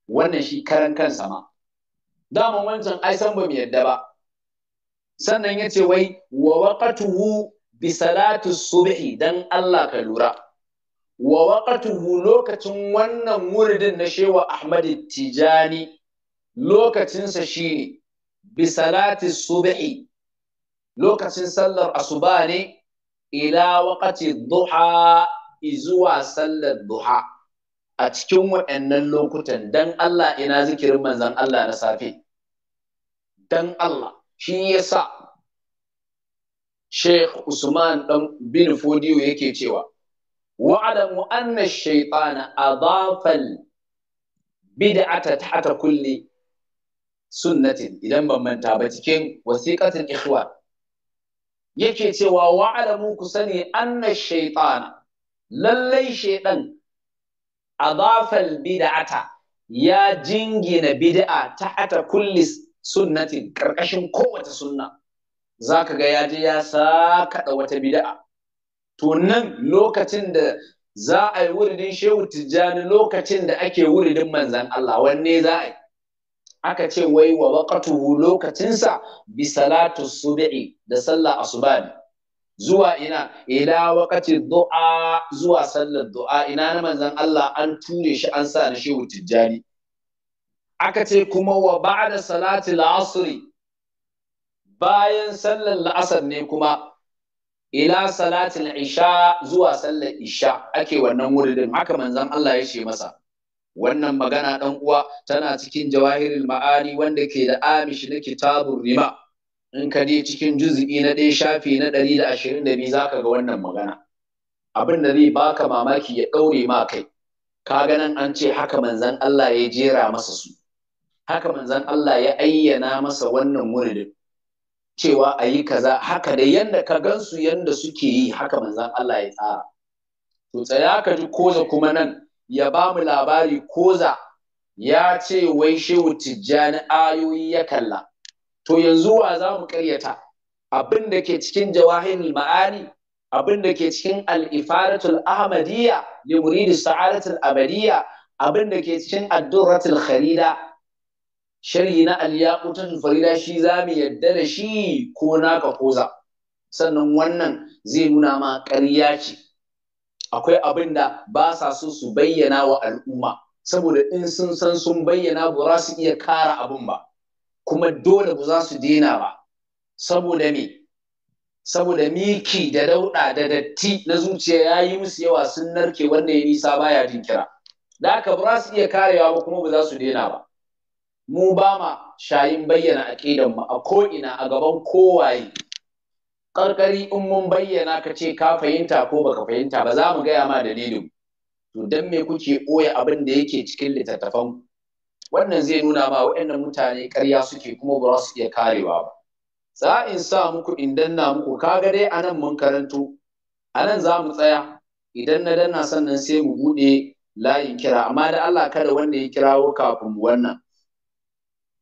wannan shi karan kansa ma daman wancan ai san ba mu yadda ba sannan ya ce wai wa waqatuhu bi salatu subhi dan Allah ka lura wa waqatuhu lokacin wannan muridin na shewa Ahmad Tijani lokacinsa shi bi salati subhi lokacin sallar asuba ne ila waqati duha izuwa sallar duha a cikin waɗannan lokutan dan Allah ina zikirin manzan Allah na safe dan Allah shi yasa Sheikh Usman ɗan bin Fodiyo yake cewa wa'alamu anna shaytana adafal bid'ata tahta kulli sunnatin idan ban manta ba cikin wasiqatin ikhwan yake cewa wa'alamu ku sani anna shaitana, lallai shaiɗan, adafal bid'ata ya jingina bid'a tahta kulli sunnatin ƙarƙashin kowace sunna za ka ga ya je ya sakaɗa wata bida'a to nan lokacin da za a yi wuridin shehu tijjani lokacin da ake wuridin manzan Allah wanne za a yi aka ce wai wa waqatuhu lokacinsa bi salatu sub'i da sallah asuba ne zuwa ina ila waƙaci du'a zuwa sallar du'a ina na manzan Allah an ture shi an sa na shehu tijjani aka ce kuma wa ba'da salati al bayan sallar la'asar ne kuma ila salatin isha zuwa sallar isha ake wannan wuridin haka manzan Allah ya ce masa wannan magana dan uwa tana cikin jawahirul ma'ani wanda ke da amish na kitabun rima in ka je cikin juzu'i na ɗaya shafi na ɗari da ashirin da biyu zaka ga wannan magana abin da zai baka mamaki ya ɗaure ma kai ka ganin an ce haka manzon Allah ya jera masa su haka manzan Allah ya ayyana masa wannan wuridin cewa a yi kaza haka da yanda ka gansu yanda suke yi haka manzan Allah ya tsara to tsaya ka ji koza kuma nan ya ba mu labari koza ya ce wai shehu tijjani ayoyi ya kalla to yanzu wa za mu karyata abin da ke cikin jawahin ma'ani abin da ke cikin al-ifadatul ahmadiyya li muridi sa'adatul abadiyya abin da ke cikin ad kharida sharhi na aliyakutun farida shi za mu yadda da shi ko naka koza sannan wannan zai nuna ma ƙarya ce akwai abin da ba sa so su bayyana wa al'umma saboda in sun san sun bayyana ba za su iya kara abin ba kuma dole ba za su daina ba saboda me saboda miki da dauɗa da datti na zuciya ya yi musu yawa sun narke wannan ya nisa baya jin kira da haka ba za su iya karewa ba kuma ba za su daina ba mu ba ma shayin bayyana aqidan mu a ko'ina a gaban kowaye Ƙarƙari in mun bayyana ka ce ka fahimta ko baka fahimta ba za mu gaya ma dalilin to dan me kuke ɓoye abin da yake cikin littattafan wannan zai nuna ma waɗannan mutane ƙarya suke kuma ba su iya karewa ba za in sa muku in danna muku kaga dai anan mun karanto anan za mu tsaya idan na danna sannan sai mu buɗe layin kira amma da Allah kada wanda ya kirawo kafin wannan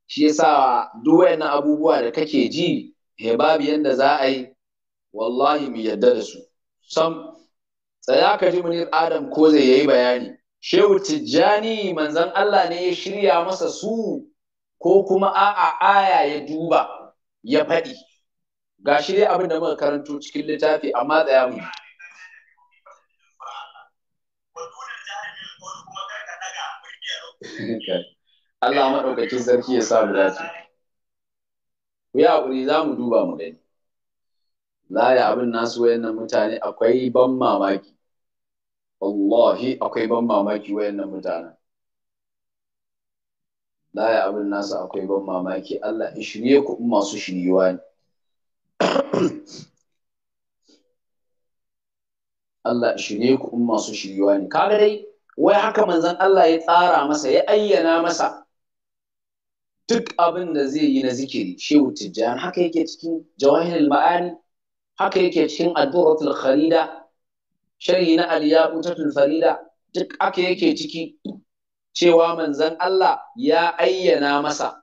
shi yasa duk wayannan abubuwa da kake ji he eh, babu yanda za a yi wallahi mu yadda da su sam tsaya ka ji munir adam ko zai yayi bayani shehu tijjani manzon Allah ne ya shirya masa su ko kuma a'a aya ya duba ya faɗi ga shi dai abin da muka karanto cikin littafi amma tsaya mu Okay. Allah maɗaukakin sarki ya sa mu dace. Ku yi haƙuri za mu duba mu gani. yi abin nasu wayannan mutane akwai ban mamaki. Wallahi akwai ban mamaki wayannan mutanen. yi abin nasu akwai ban mamaki Allah in shirye ku in masu shiryewa ne. Allah in shirye ku in masu shiryewa ne. Kaga dai wai haka manzon Allah ya tsara masa ya ayyana masa duk abin da zai yi na zikiri shehu tijjani haka yake cikin jawahirul ma'ani haka yake cikin addu'atul kharida sharhi na aliyaqutatul farida duk aka yake ciki cewa manzon Allah ya ayyana masa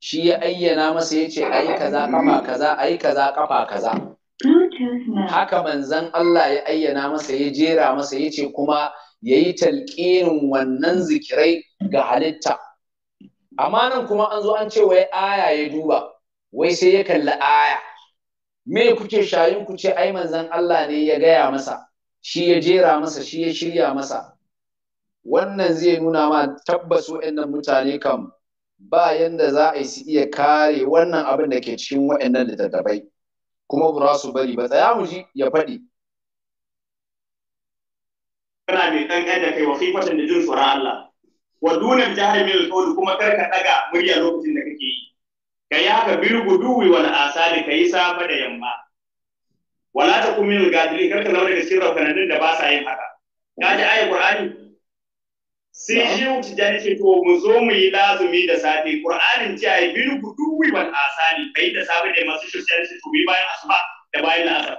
shi ya ayyana masa yace ai kaza kafa kaza ai kaza kafa kaza haka manzon Allah ya ayyana masa ya jera masa yace kuma yayi talqinin wannan zikirai ga halitta amma nan kuma an zo an ce wai aya ya duba wai sai ya kalli aya me kuke shayin ku ce ai manzon Allah ne ya gaya masa shi ya jera masa shi ya shirya masa wannan zai nuna ma tabbas waɗannan mutane kam ba yanda za a yi su iya kare wannan abin da ke cikin waɗannan littattafai kuma ba su bari ba tsaya mu ji ya faɗi kana mai ɗan da kai wa khifatan da jin tsoron Allah wa dunan jahri min al kuma kar ka daga murya lokacin da kake yi ka yi haka birguduwi wal asali ka yi safa da yamma wala ta kun min gadiri kar ka zama daga da ba sa yin haka Kaji ayi qur'ani sai shi wuce jani ce to mu zo mu yi lazumi da safe qur'anin ce ayi birguduwi wal asali kai da safe da masu shi sai to bi bayan asuba da bayan asar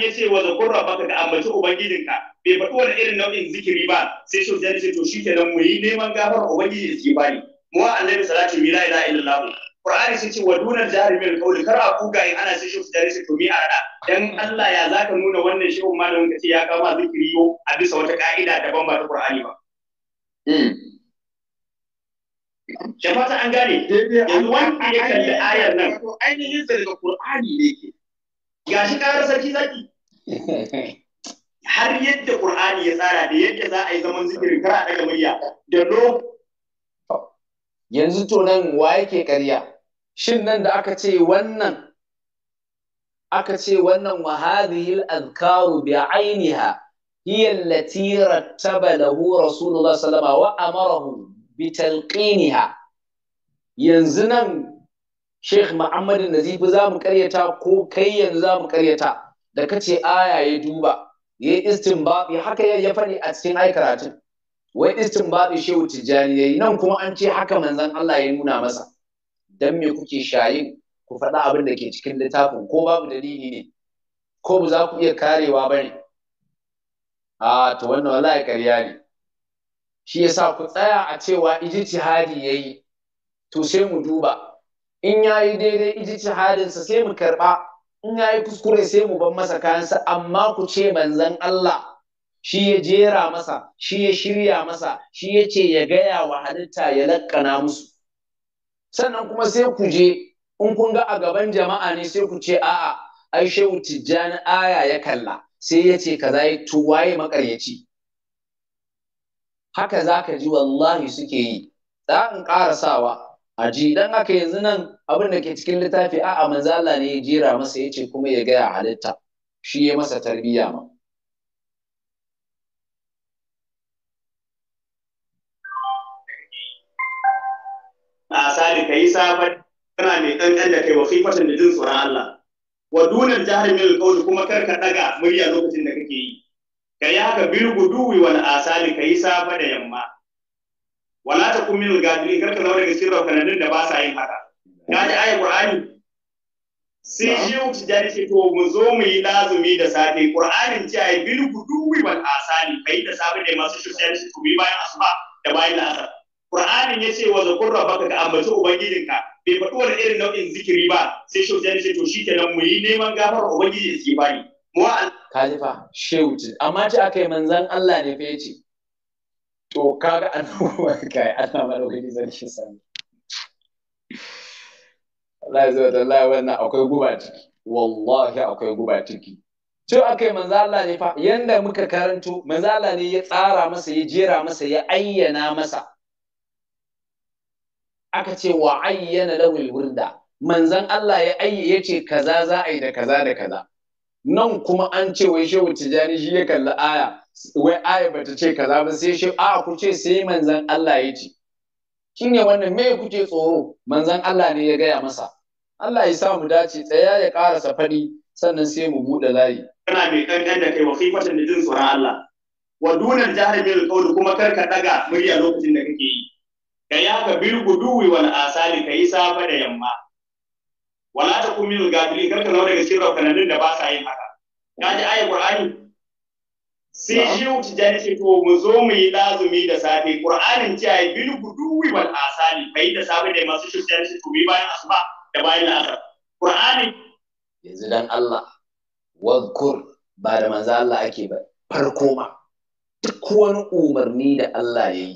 ya ce wa zakur rabbaka da ambaci ubangijinka bai faɗi wani irin nau'in zikiri ba sai shi ya ce to shikenan mu yi neman gafar ubangiji yake bani mu wa annabi salatu la ilaha illallah Qur'ani sai ce wa dunan dunar jarimil qawli kar a kuga in ana sai shi ya ce to mi arada dan Allah ya zaka nuna wannan shehu malamin kace ya kama zikiri yo a bisa wata ka'ida daban ba ta Qur'ani ba Da fata an gane, yanzu wani ya kalli ayar nan. Ainihin daga Qur'ani ne ke. gashi ƙara sarki zaki har yadda Qur'ani ya tsara da yadda za a yi zaman zikirin kar a daga murya da lo yanzu to nan wa yake ƙarya shin nan da aka ce wannan aka ce wannan wa hadhihi al-adhkaru bi ainiha hiya allati rattaba lahu rasulullah sallallahu alaihi wa amarahu bi talqiniha yanzu nan Sheikh Muhammad Nazifi za mu karyata ko kai yanzu za mu karyata da kace aya ya duba ya yi istinbabi haka ya faɗi a cikin ai karatun wai istinbabi shehu tijjani yayi nan kuma an ce haka manzon Allah ya nuna masa dan me kuke shayin ku faɗa abin da ke cikin littafin ko babu dalili ne ko ba za ku iya karewa ba ne a to wannan wallahi ƙarya ne shi yasa ku tsaya a cewa ijtihadi yayi to sai mu duba in ya yi daidai iji ijtihadinsa sai mu karɓa in ya yi kuskure sai mu ban masa kayansa amma ku ce manzan Allah shi ya jera masa shi ya shirya masa shi ya ce ya gaya wa halitta ya lakkana musu sannan kuma sai ku je in kun ga a gaban jama'a ne sai ku ce a'a ai shehu tijjani aya ya kalla sai ya ce zai ya tuwaye makaryaci haka za ka ji wallahi suke yi za in ƙara sawa a ji dan haka yanzu nan abin da ke cikin littafi a'a manzo Allah ne ya jira masa yace kuma ya gaya halitta shi ya masa tarbiyya ma a sari kai safar kana mai kankan da kai wa khifatan da jin tsoron Allah wa dunan jahar mil alqawl kuma kar ka daga murya lokacin da kake yi kai haka birgudu wal asali kai safa da yamma wala ta kun min gajiri kar ka zama daga cikin raukanannun da ba sa yin haka na ji ayar qur'ani sai shi shehu jani ce to mu zo mu yi lazumi da safe qur'anin ce ayi bil guduwi wal asali kai da safe da masu shirya shi to bayan asuba da bayan asar qur'anin yace wa zakur rabbaka ka ambaci ubangijinka bai faɗi wani irin nau'in zikiri ba sai shehu tijjani ce to shikenan mu yi neman gafarar ubangiji ya bani mu kaji fa shehu amma ji akai manzon Allah ne fa yace to kaga an kai ana malaukaki sarki sami Allah ya zai wallahi wannan akwai guba ciki wallahi akwai guba ciki ce akai manzo Allah ne fa yanda muka karanto manzo Allah ne ya tsara masa ya jera masa ya ayyana masa aka ce wa ayyana lahul wurda manzon Allah ya ayyi ya ce kaza za a yi da kaza da kaza nan kuma an ce wai shehu tijani shi ya kalli aya wai aya bata ce kaza ba sai shi a ku ce sai manzon Allah ya ce shine wannan me kuke tsoro manzon Allah ne ya gaya masa Allah ya sa mu dace tsaya ya karasa safari sannan sai mu buɗe layi kana mai kankan da kai wa khifatan da jin tsoron Allah wa dunan jahil bil qawl kuma kar ka daga murya lokacin da kake yi ka ya ka bil guduwi wal asali kai safa da yamma wala ta kumil gafili kar ka zama daga cikin raukanannin da ba sa yin haka kaji ayi qur'ani sai shehu tijjani ce to mu zo mu yi lazumi da safe qur'anin ce ai bil guduwi wal asali bai da safe da masu shi tijjani ce to mu bayan asuba da bayan asar qur'ani yanzu dan Allah wadkur ba da manzo Allah ake ba farko ma duk wani umarni da Allah yayi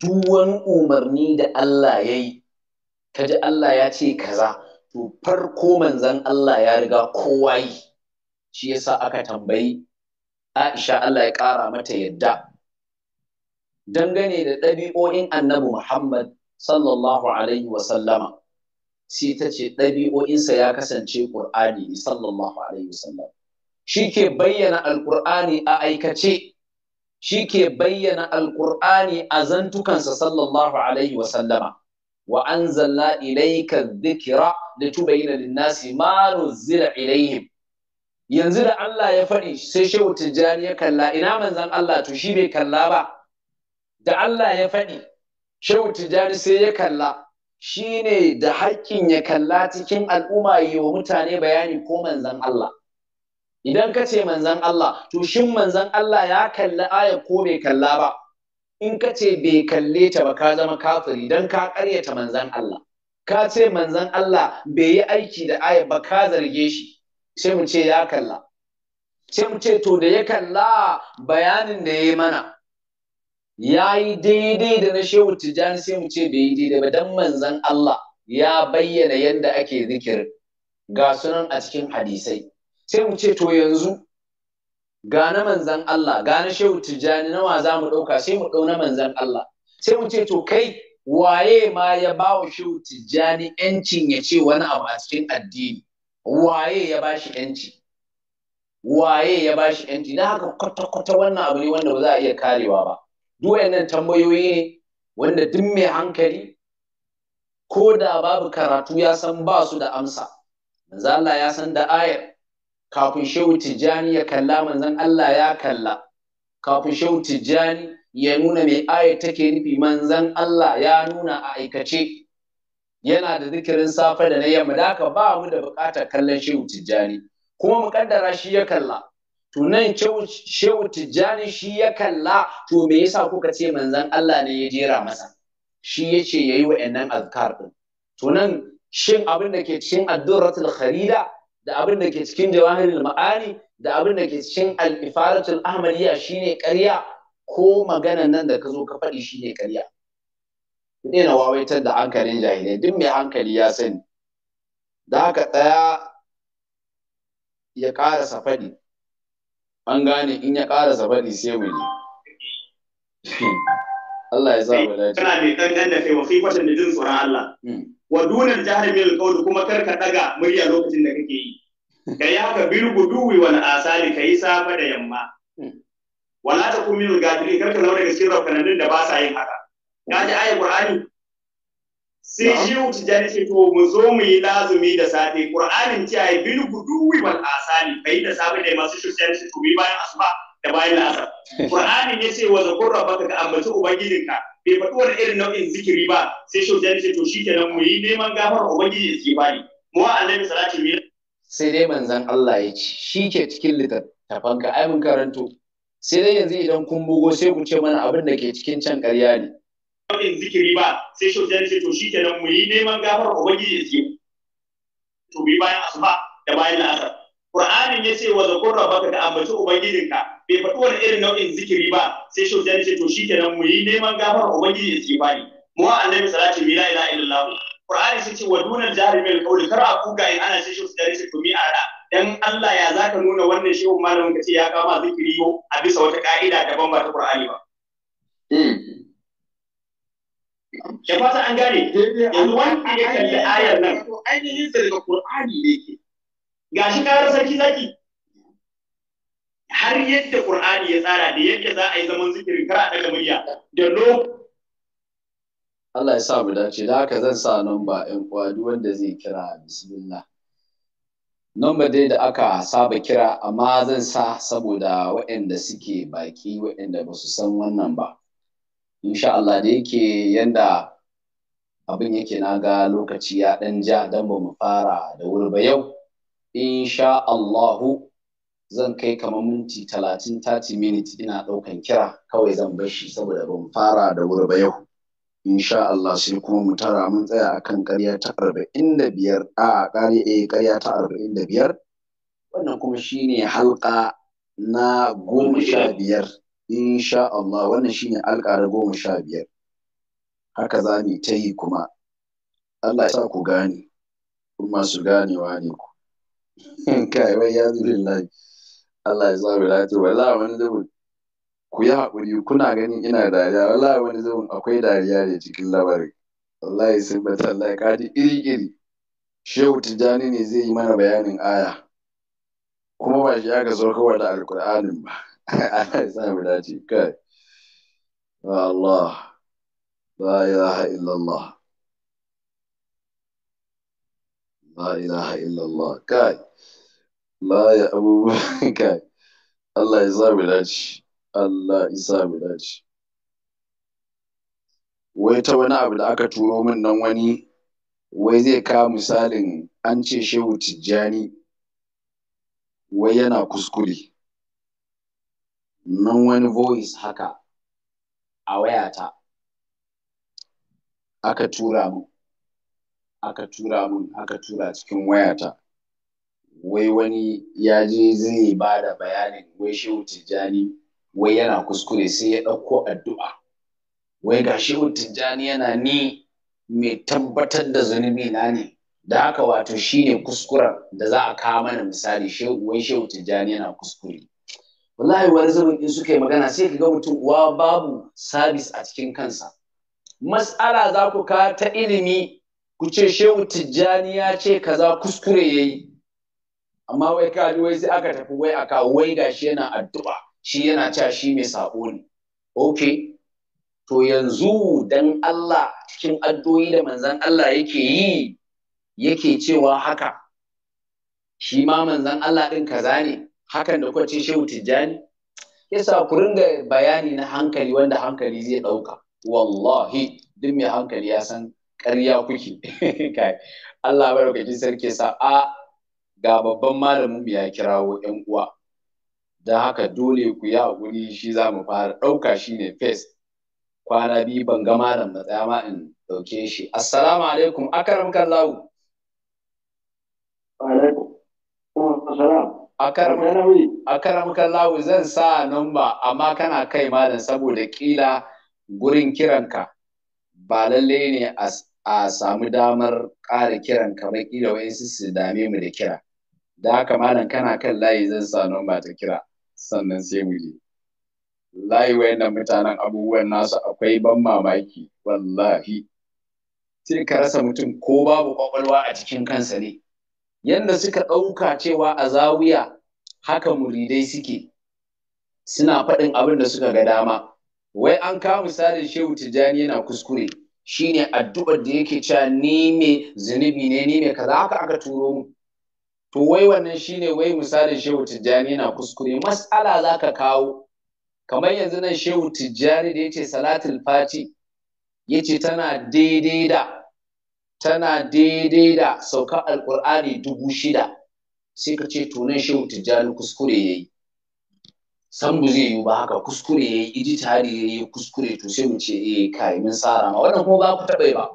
duk wani umarni da Allah yayi kaji Allah ya ce kaza to farko manzon Allah ya riga kowa yi shi yasa aka tambayi Aisha Allah ya ƙara mata yadda dangane da ɗabi'o'in annabi Muhammad sallallahu alaihi wa sallama sai ta ce ɗabi'o'insa ya kasance Ƙur'ani sallallahu alaihi wa shi ke bayyana alƙur'ani a aikace shi ke bayyana alƙur'ani a zantukansa sallallahu alaihi wa sallama wa anzalna zikira da litubayyana da nasi ma nuzzila Ilaihim. yanzu da Allah ya faɗi sai shehu tijjani ya kalla ina manzan Allah to shi bai kalla ba da Allah ya faɗi shehu tijjani sai ya kalla shi ne da haƙƙin ya kalla cikin al'umma yi wa mutane bayani ko manzan Allah idan ka ce manzan Allah to shin manzan Allah ya kalla aya ko bai kalla ba in ka ce bai kalle ta ba ka zama kafiri don ka ƙaryata manzan Allah ka ce manzan Allah bai yi aiki da aya ba ka zarge shi sai mu ce ya kalla sai mu ce to da ya kalla bayanin da ya yi mana ya yi daidai da na shehu tijjani sai mu ce bai yi daidai ba dan manzan Allah ya bayyana yadda ake zikirin ga sunan a cikin hadisai sai mu ce to yanzu ga na manzan Allah ga na shehu tijjani nawa za mu ɗauka sai mu ɗau na manzan Allah sai mu ce to kai waye ma ya ba wa shehu tijjani ‘yancin ya ce wani abu a cikin addini waye ya ba shi yanci waye ya ba shi yanci na haka kwata-kwata wannan abu ne wanda ba za a iya karewa ba duk nan tambayoyi ne wanda duk mai hankali ko da babu karatu ya san ba su da amsa manzo Allah ya san da ayar kafin shehu tijjani ya kalla manzan Allah ya kalla kafin shehu tijjani ya nuna mai ayar take nufi manzan Allah ya nuna a aikace yana da zikirin safe da na yamma da haka ba mu da buƙatar kallon shehu tijjani kuma mu kaddara shi ya kalla to nan shehu tijjani shi ya kalla to me yasa kuka ce manzon Allah ne ya jera masa shi ya ce yayi wa'annan azkar din to nan shin abin da ke cikin addurratul kharida da abin da ke cikin jawahirul ma'ani da abin da ke cikin al-ifaratul ahmadiyya shine ƙarya ko maganan nan da ka zo ka faɗi shine ƙarya daina wawaitar da hankalin jahilai duk mai hankali ya sani da haka tsaya ya ƙara safari an gane in ya ƙara safari sai wuri Allah ya sa mu dace kana mai kankan da kai wa fi kwatan da jin tsoron Allah hmm. wa dunan mil qawl kuma kar ka daga murya lokacin da kake yi kai haka bil guduwi wal asali kai safa da yamma hmm. wala ta kumil gafili kar ka zauna daga cikin raukanannun da ba sa yin haka ka ayi qur'ani sai shi tijani ce to mu zo mu yi lazumi da safe qur'anin ce ayi bil guduwi wal asali bai da safe da masu shirkan shi to bi bayan asuba da bayan la'asar qur'anin ya ce wa zakur rabbaka ka ambaci ubangijinka bai faɗi wani irin nau'in zikiri ba sai shi shirkan ce to shikenan mu yi neman gafar ubangiji ya ce bani mu annabi salati mu sai dai manzon Allah ya ce shi ke cikin littattafanka ai mun karanto sai dai yanzu idan kun bugo sai ku ce mana abin da ke cikin can ƙarya ne yin zikiri ba sai shautan ce to shi kenan mu yi neman gafar ubangiji ya ce to bi bayan asuba da bayan la'asar Qur'anin ya ce wa zakur rabbaka da ambaci ubangijinka bai faɗi wani irin nau'in zikiri ba sai shautan ce to shi kenan mu yi neman gafar ubangiji ya ce bani mu wa annabi sallallahu alaihi la ilaha illallah Qur'ani sai ce wa dunal jahri bil qawli kar a kuka in ana sai shautan ce to mi ara dan Allah ya zaka nuna wannan shehu malamin ka ce ya kama zikiri a bisa wata ka'ida daban ba ta Qur'ani ba da fata an gane yanzu wanda ya kalli ayar nan ainihin sa daga Kur'ani ne ke gashi karar sarki zaki har yadda Kur'ani ya tsara da yadda za a yi zaman zikirin kara daga murya da lo Allah ya sa mu dace da haka zan sa namba ƴan uwa duk wanda zai kira bismillah Nomba dai da aka saba kira amma zan sa saboda waɗanda suke baki waɗanda ba su san wannan ba. Insha Allah da yake yanda abin yake na ga lokaci ya ɗan ja don ba mu fara da wuri ba yau insha Allahu zan kai kamar minti talatin tati miniti ina ɗaukan kira kawai zan bar shi saboda mu fara da wuri ba yau insha Allah sai kuma mu tara mun tsaya akan ƙarya ta arba'in da biyar a ƙari a eh, ƙarya ta arba'in da biyar wannan kuma shine halka na goma sha biyar insha Allah wannan shine halka da goma sha biyar haka za mu ta yi kuma Allah ya sa ku gane masu ganewa ne ku kai wai ya zuri lai Allah ya sa lati lafi wala wani zubin ku yi haƙuri kuna ganin ina dariya wala wani zubin akwai dariya ne cikin labarin wallahi sun bata Allah ya ji iri-iri shehu tijjani ne zai yi mana bayanin aya kuma ba shi aka saukowa da alkur'anin ba Allah ya sa mu dace kai Allah لا إله إلا الله لا إله إلا الله كاي لا يا أبو كاي الله يسامي داش الله يسامي dace. wai ta wani abu da aka turo min nan wani wai zai kawo misalin an ce shehu tijjani wai yana kuskure nan wani voice haka a wayata aka tura mun aka tura mun aka tura cikin wayata wai wani ya je zai ba da bayanin wai shehu tijjani wai yana kuskure sai ya ɗauko addu'a wai ga shehu tijjani yana ni mai tabbatar da zunubi na ne da haka wato shine kuskuren da za a kawo mana misali wai shehu tijjani yana kuskure wallahi wani zaman in suka yi magana sai ka ga mutum uwa babu sabis a cikin kansa Matsala za ku ka ta ilimi ku ce shehu tijjani ya ce kaza kuskure ya yi. amma wai ka wai sai aka tafi wai aka wai shi yana addu'a shi yana cewa shi mai sabo ne Ok, to yanzu dan Allah cikin addu'o'i da manzon Allah yake yi yake cewa haka shi ma manzon Allah din kaza ne hakan da kuka ce shehu tijjani yasa ku ringa bayani na hankali wanda hankali zai ɗauka wallahi duk mai hankali ya san ƙarya kuke kai Allah ji sarki sa a ga babban malamin mu ya kirawo ƴan uwa Da haka dole ku yi hakuri shi za mu fara ɗauka shi ne fes kwana biyu ban ga malam na tsaya ma in ɗauke shi assalamu alaikum akaram kallahu akaram kallahu zan sa namba amma kana kai malam saboda kila gurin kiranka ba lalle ne a samu damar ƙara kiran kamar ƙila wa'insu su dame mu da kira da haka malam kana kan layi zan sa nomba ta kira sannan sai mu je layi wayannan mutanen abubuwan nasu akwai ban mamaki wallahi sai ka rasa mutum ko babu kwakwalwa a cikin kansa ne Yadda suka ɗauka cewa a zawiya haka muridai suke suna faɗin abin da suka ga dama wai an kawo misalin shehu tijjani yana kuskure shine addu'ar da yake cewa ni me zunubi ne ni me kaza haka aka turo mu to wai wannan shine wai misalin shehu tijjani yana kuskure mas'ala zaka kawo kamar yanzu nan shehu tijjani da yace salatul fati yace tana daidai da tana daidai da sauka alqur'ani dubu shida sai ka ce tunan shehu tijjani kuskure yayi san bu zai yiwu ba haka kuskure ya yi ijtihadi ya yi kuskure to sai mu ce eh kai mun tsara ma wannan kuma ba ku taɓa ba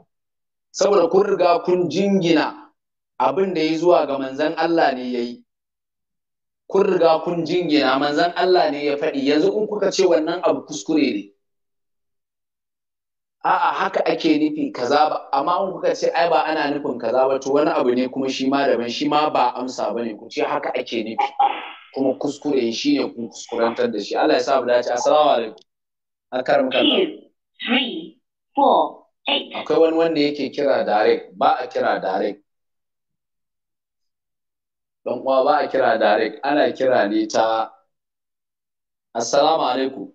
saboda kun riga kun jingina abin da ya zuwa ga manzon Allah ne yayi kun riga kun jingina manzan Allah ne ya faɗi yanzu in kuka ce wannan abu kuskure ne a'a haka ake nufi kaza ba amma in kuka ce ai ba ana nufin kaza ba to wani abu ne kuma shi ma daban shi ma ba amsa bane ku ce haka ake nufi kuma kuskure shi ne kun kuskurantar da shi Allah ya sa mu dace assalamu alaikum akaram kallah 3 akwai wani wanda yake kira direct ba a kira direct don uwa ba a kira direct ana kira ne ta assalamu alaikum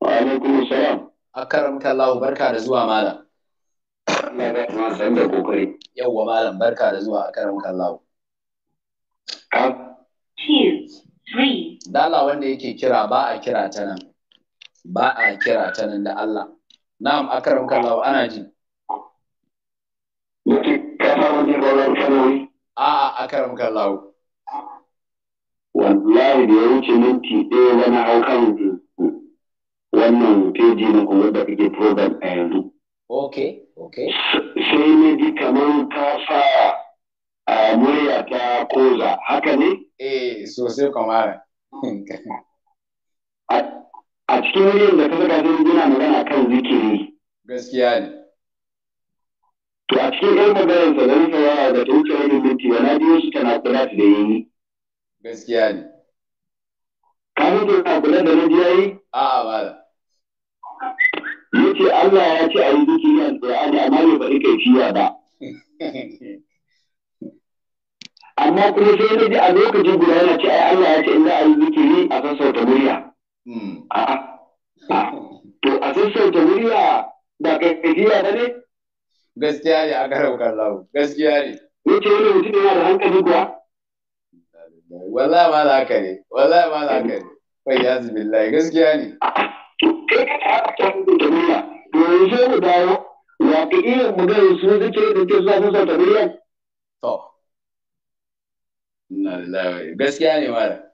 wa alaikum salam. akaram kallahu barka da zuwa malam yawwa malam barka da zuwa akaram kallahu Da Allah wanda yake kira ba a kira ta nan. Ba a kira ta nan da Allah. Na'am akaram kallahu ana ji. A'a akaram kallahu. Wallahi da ya wuce minti ɗaya wani haukan wannan peji na kuma da kake program a yanzu. Ok, ok. Sai ne ji kamar ka sa a murya ta koza haka ne? Eh sosai kamar. A cikin muryar da ka saka sun gina magana kan zikiri. Gaskiya ne. To a cikin ɗan magana sa da nufa yawa da ta wuce wani minti na biyu su na kula da yi. Gaskiya ne. Ka mutu na kula da na biya yi? A'a ba da. Yace Allah ya ce a yi zikiri a Qur'ani amma bai faɗi kaifiya ba. amma kuma sai na ji a lokacin guda yana ce ai Allah ya ce in a yi zikiri a sassauta murya hmm. a'a to a sassauta murya ba kakkajiya ba ne gaskiya ne a karau kallahu gaskiya ne ce wani mutum yana da hankali kuwa wallahi ma da haka ne wallahi ma da haka ne bai ya zubillahi gaskiya ne kai ka ta sassauta murya to yanzu mu dawo waƙi'iyyar mu magana su zikiri da ke zuwa sassauta murya to Ina da gaskiya ne mara.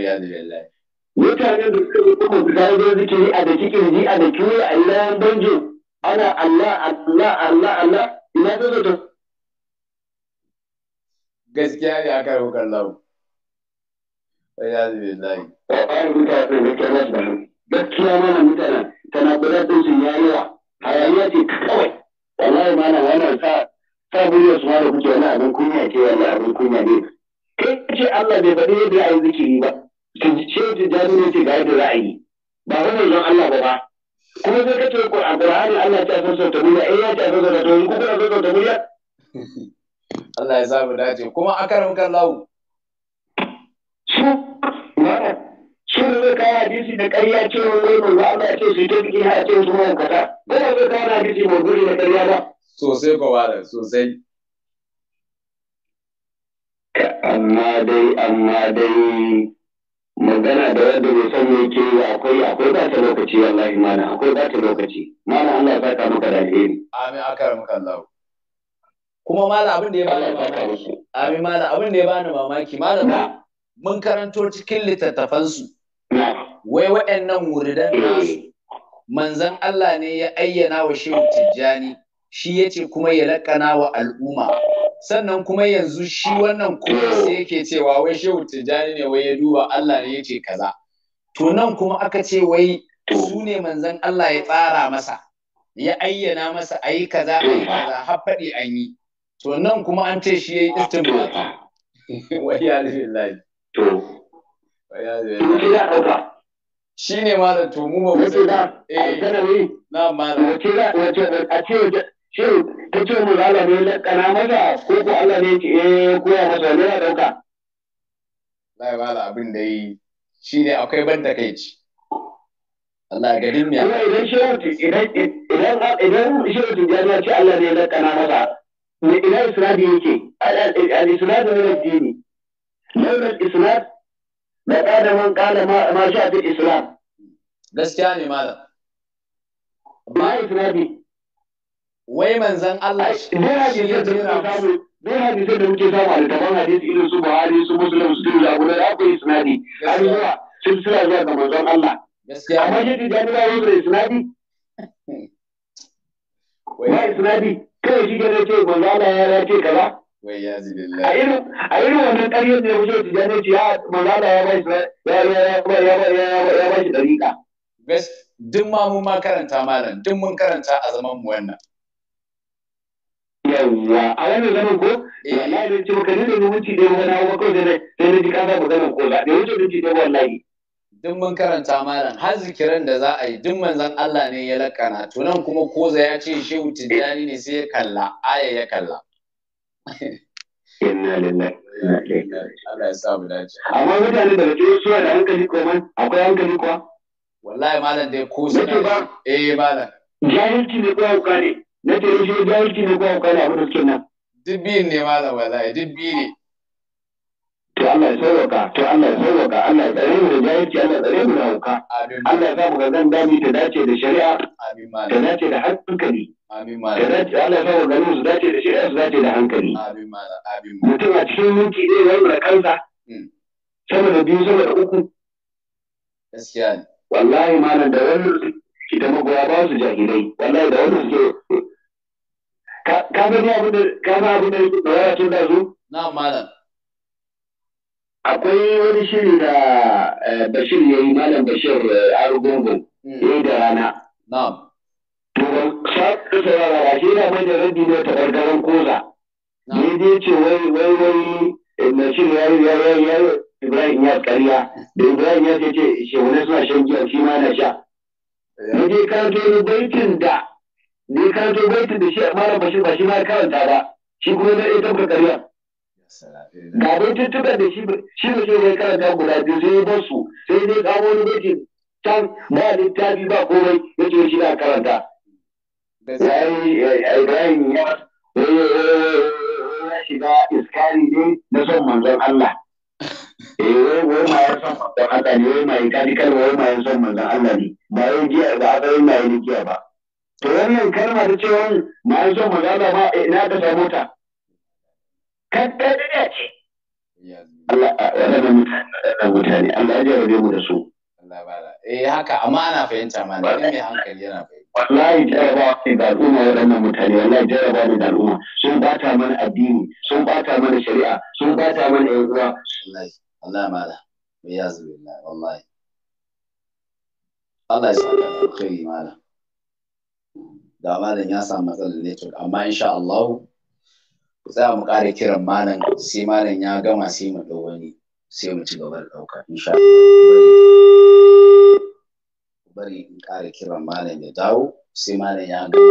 ya Mutanen da suka kuma a da a da kiwo a banjo ana Allah Allah Allah Allah ina Gaskiya ne aka yi lau. ya da gaskiya mana mutanen tana su yayi wa hayaniya ce kawai. Wallahi wannan sa ya murya su ma da kuke wani abin kunya ce wani abin kunya ne kai ce Allah bai faɗi yadda ayi zikiri ba ce tijjani ne ce ga yadda ra'ayi ba wani zan Allah ba ba kuma sai kace Qur'ani Allah ya san sauta murya eh ya san sauta to in kuka san sauta murya Allah ya sa mu dace kuma akarin kallahu su sun zai kawo hadisi da ƙarya cewa wai manzo Allah ya ce su ta biki ha ce su mun kaza ba za zai kawo hadisi mai guri da ƙarya ba sosai kwamara sosai amma dai amma dai magana da wanda bai san me ke yi akwai akwai ba ta lokaci wallahi mana akwai ba ta lokaci mana Allah ya saka maka da alheri amin akara maka Allah kuma mala abin da ya bani mamaki amin mala abin da ya bani mamaki mala mun karanto cikin littattafansu wai waɗannan wuridan eh. nasu manzon Allah ne ya ayyana wa shehu Tijjani shi yace kuma ya lakana wa al'umma sannan kuma yanzu shi wannan kuma sai yake cewa wai shehu tijjani ne wai ya duba Allah ne yace kaza to nan kuma aka ce wai su ne manzon Allah ya tsara masa ya ayyana masa ayi kaza ayi kaza har faɗi an yi to nan kuma an ce shi yayi istimba wai ya lillahi wai ya Shi ne malam to mu ba mu eh na malam a ce shin ta ce mu zala ne lakana masa ko ko Allah ne ke eh, koya masa ne ya dauka lai bada abin da yi Shi ne akwai ban takeici Allah garin ya idan shehu idan idan idan shehu ya ce Allah ne lakana masa ne ina isnadi yake al-isnad min ad-dini laula al-isnad man ƙada ma a fi islam gaskiya ne malam ba isnadi wai manzan Allah shi ya jera musu dai hadisai da muke samu a littafan hadisi irin su Buhari su Muslim su Tirmidhi abu da akwai isnadi har zuwa silsila zuwa ga manzon Allah amma yadda da ya yi da isnadi ba isnadi kai shi ke ce manzon Allah ya ce kaza a irin wannan ƙaryar ne wuce su jane ce ya manzala ya bai ya bai shi ɗarika. Duk ma mu ma karanta malam, duk mun karanta a zaman mu wannan. yawwa a wani zaman ko eh. wallahi ne ce maka ne da minti da na hawo kawai da sai ne ji ka ba magana ko ba da wuce minti da wallahi duk mun karanta malam har zikiran da za a yi duk manzon Allah ne ya lakana to nan kuma koza ya ce shehu tijjani ne sai ya kalla aya ya kalla inna lillahi Allah ya amma mutane da ke suwa da hankali ko man akwai hankali kuwa wallahi malam dai ko sai eh malam jahilci ne ko hauka ne na shi ya jahilci ne ko akwai abin da suke nan duk biyun ne malam wallahi duk biyu ne to Allah ya sauwaka to Allah ya sauwaka Allah ya tsare mu da jahilci Allah ya tsare mu da hauka Allah ya sa mu ga zan dami ta dace da shari'a ta dace da hankali Allah ya sa mu ganin su dace da shari'a su dace da hankali mutum a cikin minti zai wai da kansa hmm. sama da biyu sama da uku gaskiya ne wallahi malam da wani ita magoya ba su jahilai wallahi da wani suke ka ga ni abin da ka ga abin da yake tsara tun da zo na malam akwai wani shiri da eh, Bashir ya yi malam Bashir eh, Arugungu hmm. ya yi da rana na'am to sa ka ba shi yana mai da rabi ne ta gargaran koza ne dai ce wai wai wai eh, Bashir ya yi ya yi Ibrahim ya karya da Ibrahim ya ce ce shi wani suna shan giya shi ma na sha. Ne dai ka zo baitin da ne ka zo baitin da shi a malam bashi ba shi ma karanta ba shi kuma zai iya tabbar kariya. ga baituttukan da shi shi ba shi ne karanta guda biyu sai ya bar su sai dai kawo wani baitin can ba littafi ba komai ya ce shi na karanta sai eh, ibrahim eh, eh, ya shiga iskari ne na son manzon Allah eh wai ma ya son manzon Allah ne wai ma ya kadi kalma wai ma ya son manzon Allah ne ba yau giya ba ba yau ma ya giya ba to wannan kalma ta cewa na yi son magana ba ina eh, ka samu ta kaddariya ce Allah ya mutane Allah ya bai mu da su eh haka amma ana fahimta ma ne mai hankali yana fahimta wallahi jaraba ne da al'umma waɗannan mutane wallahi jaraba ne da al'umma sun bata mana addini sun bata mana shari'a sun bata mana yan uwa wallahi Allah mala ya zuwa wallahi Allah ya saka alkhairi mala da malam ya samu matsalar network amma insha Allah ku tsaya mu ƙara kiran malam sai malam ya gama sai mu dau wani sai mu ci gaba da dauka insha Allah bari in ƙara kiran malam ya dawo sai malam ya gama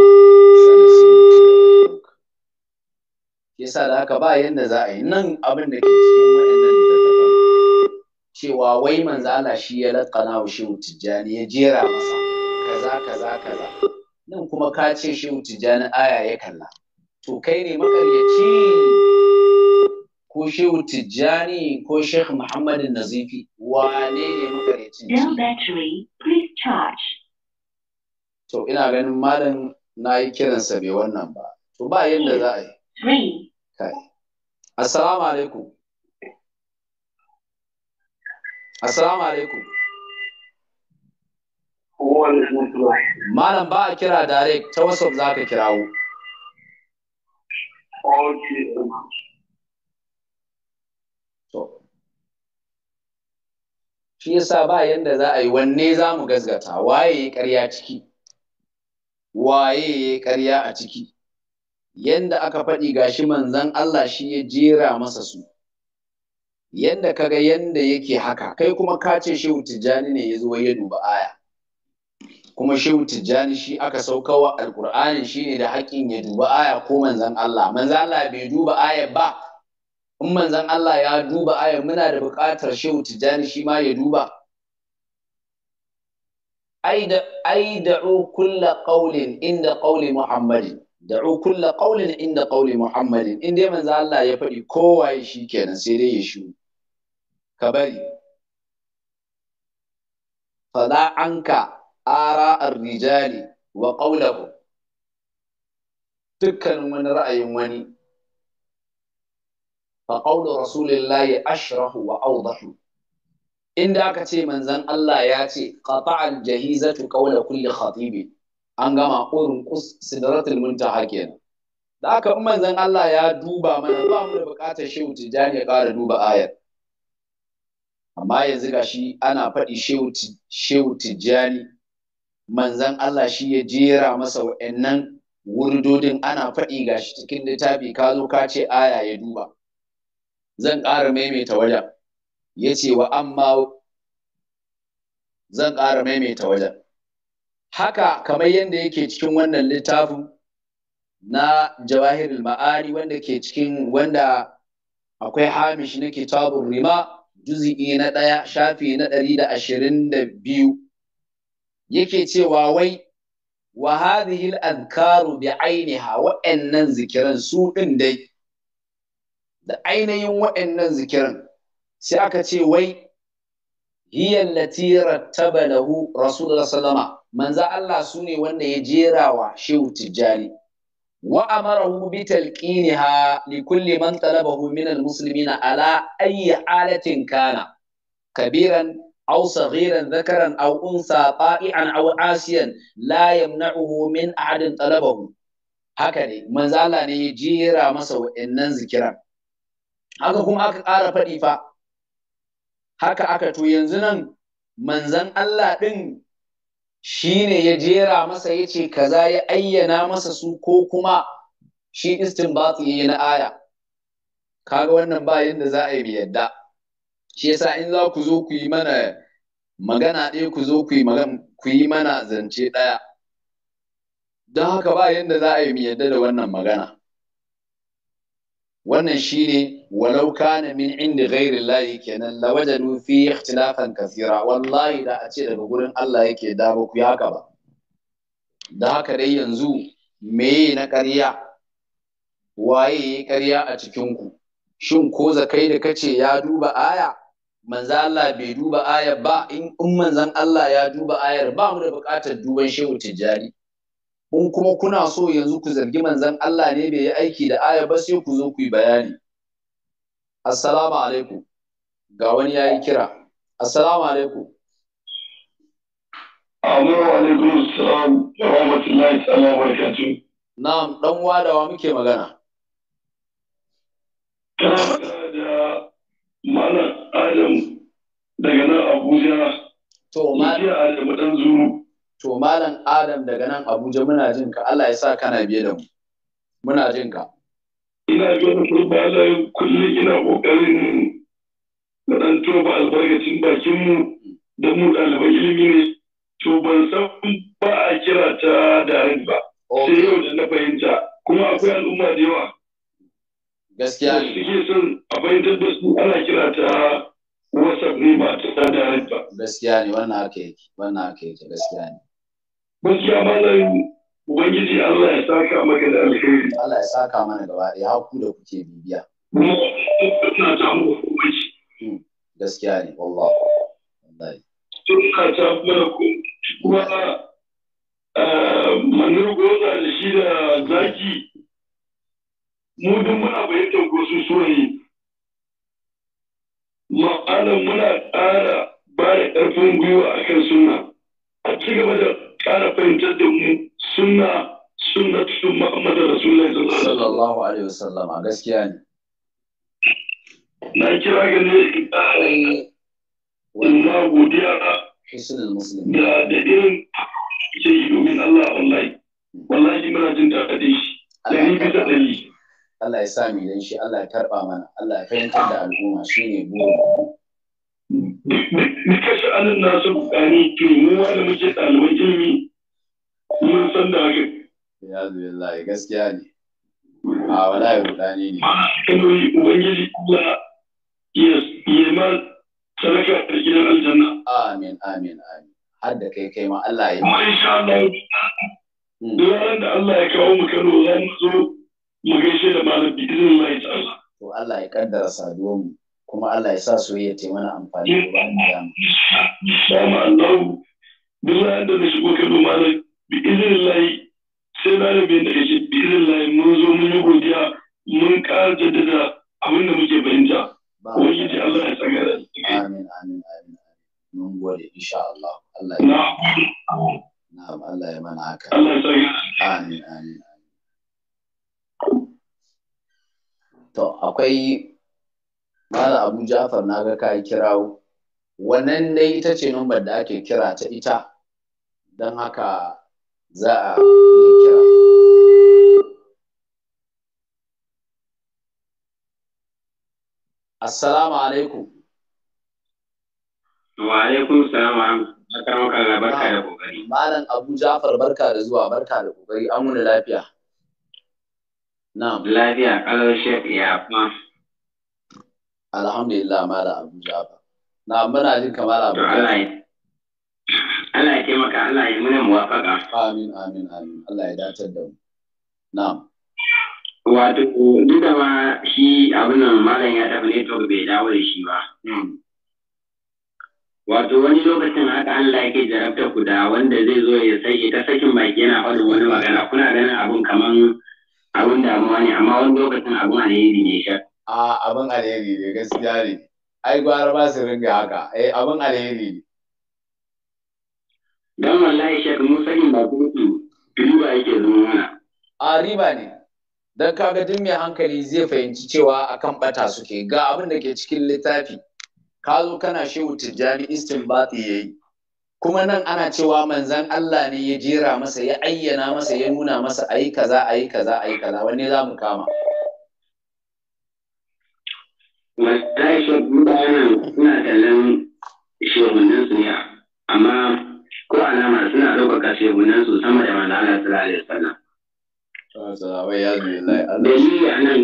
yasa da haka ba yanda za a yi nan abin da ke cikin waɗannan cewa wai manzo Allah shi ya laƙana wa shehu tijjani ya jera masa kaza kaza kaza nan kuma ka ce shehu tijjani aya ya kalla to kai ne makaryaci ko shehu tijjani ko sheikh muhammad nazifi wane ne makaryaci to ina ganin malam na yi kiransa bai wannan ba to ba yadda za a yi kai assalamu alaikum assalamu alaikum Malam ba a kira direct ta WhatsApp za ka kirawo. Shi yasa ba yanda za a yi wanne za mu gazgata waye ya karya ciki, waye ya karya a ciki. Yanda aka faɗi gashi manzan Allah shi ya jera masa su. Yanda kaga yanda yake haka, kai kuma kace ce shehu tijjani ne ya zo ya duba aya. kuma shehu tijjani shi aka saukawa alkur'ani shi ne da haƙƙin ya duba aya ko manzan Allah manzan Allah bai duba aya ba in manzan Allah ya duba aya muna da buƙatar shehu tijjani shi ma ya duba ai da'u kulla qawlin inda qawli muhammadin da'u kulla qawlin inda qawli muhammadin in dai manzan Allah ya faɗi kowaye shi kenan sai dai ya shiru ka bari fada anka ara ar-rijali wa qawluhu dukkanin wani ra'ayin wani fa qawlu rasulillahi ashrahu wa awdahu inda aka ce manzon Allah ya ce qata'al jahizatu qawla kulli khatibi an gama urun kus sidratul muntaha kenan da aka in manzon Allah ya duba mana ba mu da bukatar shehu tijjani ya ƙara duba ayar amma yanzu gashi ana faɗi shehu tijjani manzan Allah shi ya jera masa wa'annan wurdodin ana faɗi ga shi cikin littafi ka zo ka ce aya ya duba zan ƙara maimaita wajen ya ce wa amma zan ƙara maimaita wajen haka kamar yadda yake cikin wannan littafin na jawahirul ma'ari wanda ke cikin wanda akwai hamish na kitabun rima juzi'i na ɗaya shafi na ɗari da ashirin da biyu yake cewa wai wa hadhihi al-adhkaru bi ainiha wa'annan zikiran su din dai da ainihin wa'annan zikiran sai aka ce wai hiya allati rattaba lahu rasulullah sallama Manza Allah su ne wanda ya jerawa shehu tijjani wa amarahu bi talqiniha li kulli man talabahu min al-muslimina ala ayyi alatin kana kabiran أو صغيرا ذكرا أو أنثى طائعا أو عاسيا لا يمنعه من أحد طلبه haka ne Manzala ne ya jera masa wa'annan zikiran haka kuma aka ƙara faɗi fa haka aka to yanzu nan manzan Allah ɗin shi ne ya jera masa ya ce kaza ya ayyana masa su ko kuma shi istinbati ya yi na aya kaga wannan ba yadda za a yi yadda shi yasa in za ku zo ku yi mana magana ɗaya ku zo ku yi mana zance ɗaya don haka ba yadda za a yi mu da wannan magana wannan shine walau kana min inda ghairi layi kenan la ya fi ikhtilafan kasira wallahi da a ce daga gurin Allah yake da ba ku haka ba da haka dai yanzu meye na ƙarya waye ƙarya a cikinku? shin ko zakai da kace ya duba aya manzan Allah bai duba ayar ba in manzan Allah ya duba ayar ba mu da buƙatar duban shehu tijjari. in kuma kuna so yanzu ku zargi manzan Allah ne bai yi aiki da ayar ba sai ku zo ku yi bayani assalamu alaikum ga wani ya yi kira assalamu alaikum alaikum assalam wa rahmatullahi salam wa barakatuh na'am dan wadawa muke magana kana da malam Adam daga nan Abuja. To Adam dan zuru. To malam Adam daga nan Abuja muna jin ka Allah ya sa kana biye da mu. Muna jin ka. Ina biye da ba Allah kullu ina kokarin na dan ba albarkacin bakin mu da mu dalibai ilimi ne. To ban san ba a kira ta da ba. Sai yau da na fahimta kuma akwai al'umma da yawa Gaskiya. Nake son ana kira ta WhatsApp ne ba ta ba. Gaskiya ne wannan haka yake wannan haka yake gaskiya ne. Gaskiya malam Ubangiji Allah ya saka maka da alheri. Allah ya saka mana gaba ya haku da kuke bibiya. Ina ta hmm, Gaskiya ne wallahi. Wallahi. ka ta mana kuma eh, da shi da zaki. mu duk muna fahimtar ko su Ma'ana muna ƙara ba da ƙarfin gwiwa a kan suna a ci gaba da ƙara fahimtar da mu suna suna tun Muhammadu Rasulullahi sallallahu alaihi wasallam a gaskiya ne na kira ga ne ina godiya da da irin ke yi domin Allah wallahi wallahi muna jin daɗin shi da ni bisa Allah ya sa mu dan shi Allah ya karba mana Allah ya fahimtar da al'umma shine buru Nika sha'anin nasu bukani to mu wanda muke ɗaliban ilimi mun san da haka. Ya zuwa gaskiya ne. A wala ya rudani ne. Kaloli Ubangiji Allah yi ma sadaka da gidan aljanna. Amin amin amin. Har da kai kai ma Allah ya. yi. insha Allah. Hmm. Duk wanda Allah ya kawo mu Kano za mu zo mu gaishe da malam bi izinin Allah ta'ala to Allah ya kaddara saduwa mu kuma Allah ya sa soyayya ta mana amfani da wannan da mu Allah duk ran da na shigo kado malam bi izinin Allah sai na rabe da shi bi izinin Allah mun zo mun yi godiya mun ƙara jaddada abin da muke fahimta Ko ubangiji Allah ya saka da amin amin amin mun gode insha Allah Allah ya na'am Allah ya mana haka amin amin akwai Malam Abu Ja'far na ga ka kirawo wannan dai ita ce numbar da ake kira ta ita don haka za a iya kira Assalamu alaikum Wa alaikum salam barka da kokari Malam Abu Ja'far barka da zuwa barka da kokari amuna lafiya Lafiya ƙarar shek ya fa. Alhamdulillah mala Abuja ba. Na muna jin kamar Abuja. Allah ya taimaka Allah ya muna muwafaka. Amin amin amin Allah ya dace da mu. Na'am. Wato duk da ma shi abin nan malam ya tafi network bai dawo da shi ba. Hmm. Wato wani lokacin haka Allah yake jarabta ku da wanda zai zo ya sai ta sakin baki yana faɗin wani magana kuna ganin abun kaman abin damuwa ne amma wani lokacin abin alheri ne sha a abin alheri ne gaskiya ne ai gwara ba su ringa haka eh abin alheri ne dan wallahi shek mun sanin ba kuɗi riba yake zama a riba ne dan kaga duk mai hankali zai fahimci cewa akan bata suke ga abin da ke cikin littafi ka zo kana shehu tijjani istinbati yayi kuma nan ana cewa manzan Allah ne ya jera masa ya ayyana masa ya nuna masa ayi kaza ayi kaza ayi kaza wanne za mu kama Aisha mutanen suna kallon shehunan ne amma ko alama suna ɗaukaka shehunan su sama da manzan Allah sallallahu alaihi wasallam. Sallallahu a nan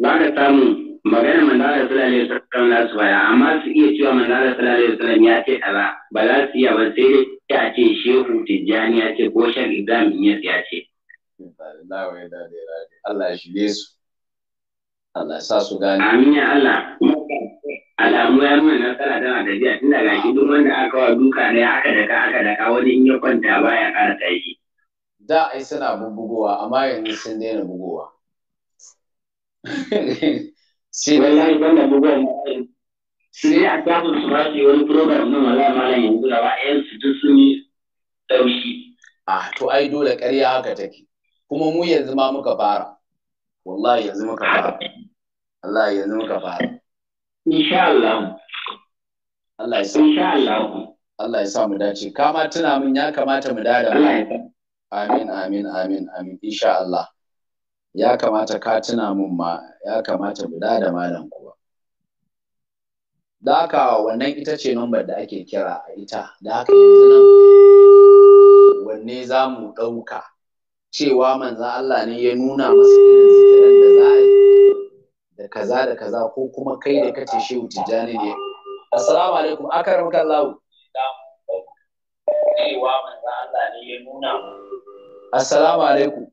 ba da samun magana manzala sallallahu alaihi wasallam za su baya amma su iya cewa manzala sallallahu alaihi wasallam ya ce kaza ba za su iya ba sai dai ya ce shehu tijjani ya ce ko shan ibrahim ya ya ce Allah ya shige su Allah ya sa su gane amin ya Allah alamu ya nuna nasara tana tafiya tun daga shi duk wanda aka wa duka ne aka daka aka daka wani in ya kwanta baya ƙara tashi da ai suna bugowa amma yanzu sun daina bugowa sai wallahi ban da Su sai a samu su ba su wani program na wala malam yanzu da ba ɗayan su duk sun yi ɗauki. Ah, to ai dole ƙarya haka take. Kuma mu yanzu ma muka fara. Wallahi yanzu muka fara. Allah yanzu muka fara. Insha Allah. Allah ya sa. Insha Allah. Allah ya sa mu dace. Kama tuna min ya kamata mu dada. Amin, amin, amin, amin. Insha Allah. ya kamata ka tuna mun ma ya kamata mu da malam kuwa da haka wannan ita ce numbar da ake kira a ita da haka yanzu nan wanne za mu ɗauka cewa manzan Allah ne ya nuna masu irin zikiran da za a yi da kaza da kaza ko kuma kai da kace shi wutijani ne assalamu alaikum akaram kallahu cewa manzan Allah ne ya nuna assalamu alaikum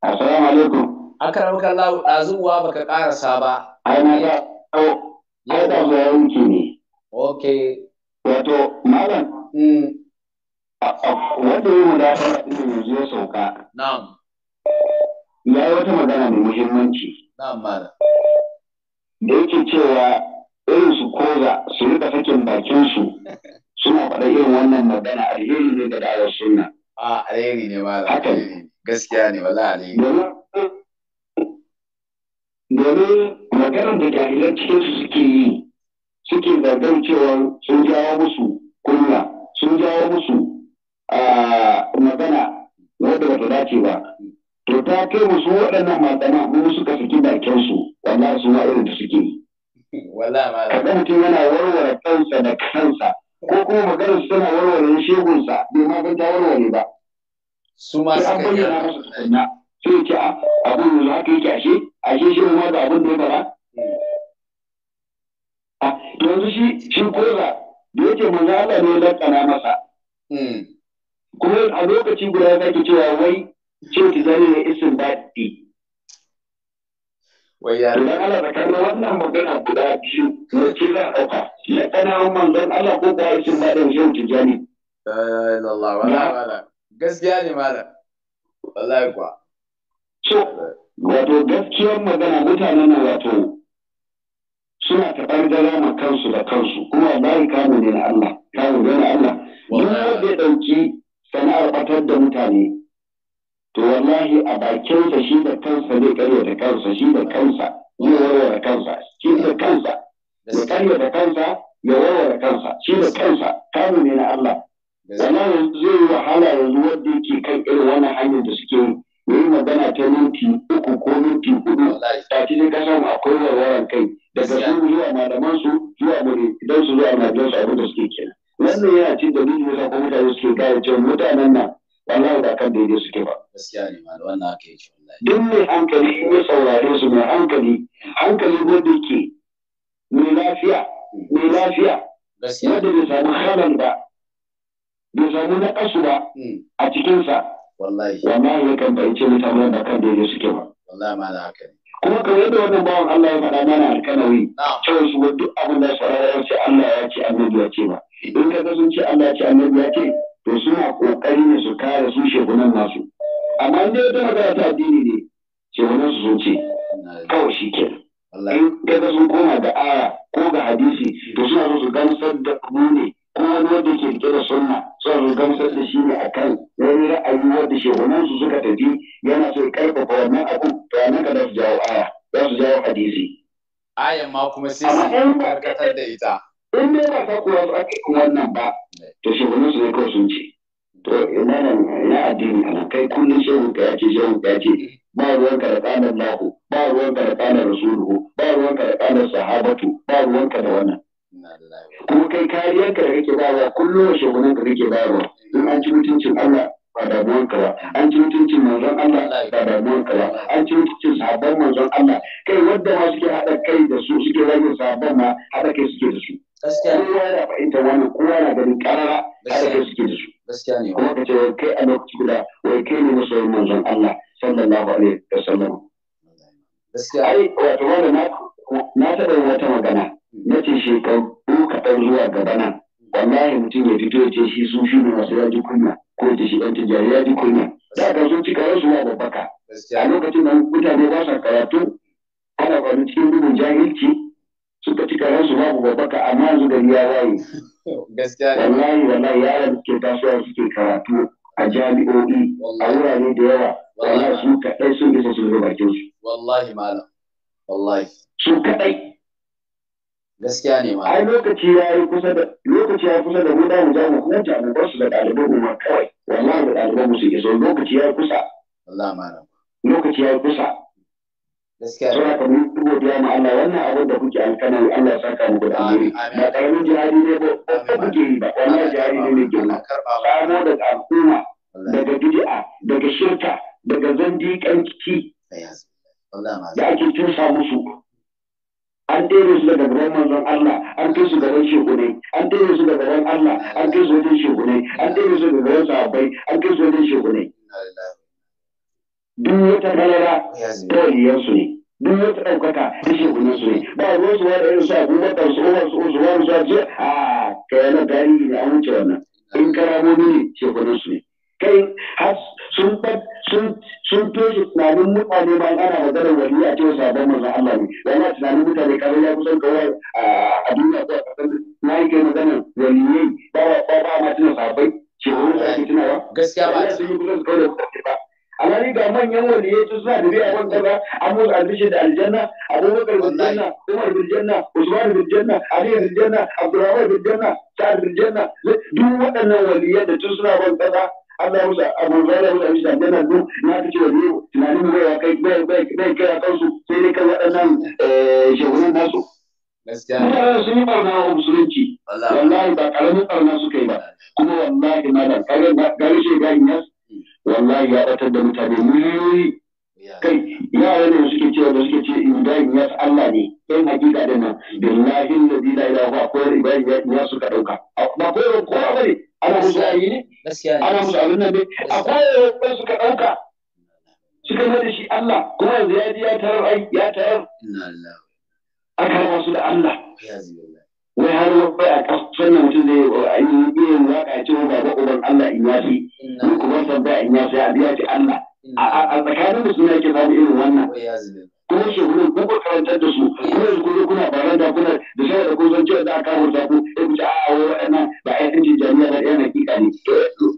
Assalamu alaikum. Akram kallahu ɗazuwa baka ƙarasa ba. Ai na ga au ya da ya wuce ne. Okay. Wato malam. Mm. Wanda ya wadata da yanzu ya sauka. Na'am. Ya yi wata magana mai muhimmanci. Na'am malam. Da yake cewa irin su koza su rika sakin bakin su suna faɗa irin wannan magana alheri ne ga da'awar sunna a alheri ne ma haka gaskiya ne a alheri domin maganar da jahilan cikin su suke yi suke zargar cewa sun jawo musu kunya sun jawo musu magana wadda bata dace ba to ta kai musu waɗannan magana mu suka saki bakin su wallahi su ma irin da suke yi wallahi malam kadan yana warware kansa da kansa ko kuma magana su tana warware shegunsa bai ma ta warware ba su ma suka yi sai ce a abin yanzu haka yake ashe ashe shi ma da abin da ya fara hmm. a yanzu shi shi koza da yake mun Allah ne ya lakana masa hmm. kuma a lokaci guda za ki cewa wai ce ki zane ne isin daɗi wai ya ne Allah da kana wannan magana guda biyu ne ke za ka ta ya kana manzon Allah ko da yake ba da shi tijani la ilaha wala wala gaskiya ne malam wallahi kuwa so wato gaskiyar magana mutanen nan wato suna taɓar dara ma kansu da kansu kuma bayan kamun ne na Allah kamun ne na Allah duk wanda ya ɗauki sana'ar batar da mutane to wallahi a bakinsa shi da kansa zai da kansa shi da kansa ya warware kansa shi da kansa ya da kansa ya warware kansa shi da kansa kanu ne na Allah wannan zai yi wahala yanzu wanda yake kan irin wannan hanyar da suke yi yi magana ta minti uku ko minti hudu ta ci ka samu akwai warwaran kai daga su zuwa malaman su zuwa idan su zuwa muridan su abin da suke kenan wannan yana cin dalilin yasa ko mutane suke gaya mutanen nan wallahi ba kan daidai suke ba gaskiya ne malam wannan aka yi wallahi duk mai hankali ya saurare su mai hankali hankali wanda ke mai lafiya mai lafiya wanda bai samu halan ba bai samu na kasu ba hmm. a cikinsa wallahi wallahi ya kan bayyance mutane ba kan daidai suke ba wallahi malam haka ne kuma kamar yadda wannan bawan Allah ya faɗa mana alkanawi cewa su duk abin da su ya ce Allah ya ce annabi ya ce ba in ka ga sun ce Allah ya ce annabi ya ce to suna kokari ne su kare su shegunan nasu amma in dai ta magana ta addini ne shegunan su sun ce kawai shi ke in kaga sun koma da aya ko ga hadisi to suna so su gamsar da mu ne ko wani wanda ke rike da sunna suna so gamsar da shi ne a kan wani ra'ayi wanda shegunan su suka tafi yana so ya karfafa wannan abu to wannan ka za su jawo aya za su jawo hadisi ayan ma kuma sai su karkatar da ita in dai ba ta kuwa ba kan wannan ba to shugabannin su ne kawai sun ce to ina nan ina addini ana kai kullum shehu ka yace shehu ka yace ba ruwan ka da kanar lahu ba ruwan ka da kanar rasuluhu ba ruwan ka da kanar sahabatu ba ruwan ka da wannan kuma kai kariyar ka da kake bayarwa kullum shugabannin ka kake bayarwa in an ci mutuncin Allah ba damuwanka ba an ci mutuncin manzon Allah ba damuwanka ba an ci mutuncin sabon manzon Allah kai wanda ma suke haɗa kai da su suke rage sabon ma haɗa kai suke da su kowa yana fahimtar wani kowa na ganin karara haɗa kai suke da su kuma ka ce wai kai a lokaci guda wai kai ne masoyin manzon Allah sallallahu alaihi wa sallam ai wato wanda na taɓa wata magana na ce shekaru kaɗan zuwa gaba nan wallahi mutum ya fito ya ce shi sun shine masu yaji kunya ko ya ce shi ɗan tijjani yaji kunya da ka sun cika yasu ma babbaka a lokacin nan mutane ba sa karatu ana kwanin cikin gudun jahilci suka cika yasu na babbaka amma yanzu gari ya waye wallahi wallahi yaran suke tasowa suke karatu a jami'o'i a wurare da yawa wallahi su kaɗai sun isa sun zo bakin su wallahi malam wallahi su kaɗai gaskiya ne ma ai lokaci ya yi kusa da lokaci ya kusa da guda mu mu huta mu bar su da ɗaliban mu ma kawai wallahi da ɗaliban mu ke so lokaci ya yi kusa wallahi malam lokaci ya yi kusa gaskiya ne ka mun da mu Allah wannan abin da kuke alkana Allah ya saka mu da amin ba karamin jihadi ne ba ba kuke yi ba wannan jihadi ne ne girma samo da al'umma daga bid'a daga shirka daga zandiƙanci da ake tusa musu an tere su daga gaban manzon Allah an kai su gaban ne an tere su daga gaban Allah an kai su wajen ne an tere su daga gaban sahabbai an kai su wajen ne duk wata galera ta su ne duk wata ɗaukaka ta ne su ne ba ruwan su wani irin su abubakar su umar su usman su ce a ah, kayanar tarihi ne an wuce wannan in karamomi ne ne su ne kai har sun sun sun toshe tunanin mutane ma ana magana wani a cikin sabon manzo Allah ne wani tunanin mutane kare ya kusan kawai a duniya ko a kasar na yi kai maganar waliyai ba wa ba ba ma tuna sabai ce wani da ake tunawa gaskiya ba sun yi kusan kawai da ba amma ni ga manyan waliyai su suna da biya kan kaza an musu albishi da aljanna abubakar bin janna umar bin janna usman bin janna ali bin janna abdurrahman bin janna sa'ad bin janna duk waɗannan waliyai da tun suna ban kaza Allah ya Abu Zara ya shi da nan duk na ta ce ne tunanin bai ya kai bai bai bai kai kansu sai dai kan waɗannan shehunan nasu gaskiya sun yi barna wa musulunci wallahi ba karamin barna suka yi ba kuma wallahi malam kare gari shegarin yas wallahi ya batar da mutane miliyoyi kai yara ne suke cewa da suke ce ibrahim yas Allah ne yan hakika da nan billahi la ilaha illa huwa ko ibrahim yas suka dauka ba ko ba ne. ana musu ne ana musu abin nan ne a kowane wani suka ɗauka suka mai da shi Allah kuma yanzu ya ji ya tarar ai ya tarar a kama su da Allah wai har wai a kasuwan nan mutum zai yi a yin waka ce wa baba uban Allah in ya fi ni kuma sabba in ya fi a biya ce Allah a tsakanin musulmai ke samu irin wannan kuma ke wurin ko ku karantar da su kuma yanzu kuma kuna baran da kuna da sai da kun san cewa da aka wurta ku sai ku ce a wai wannan ba ai din jami'a na yana ne to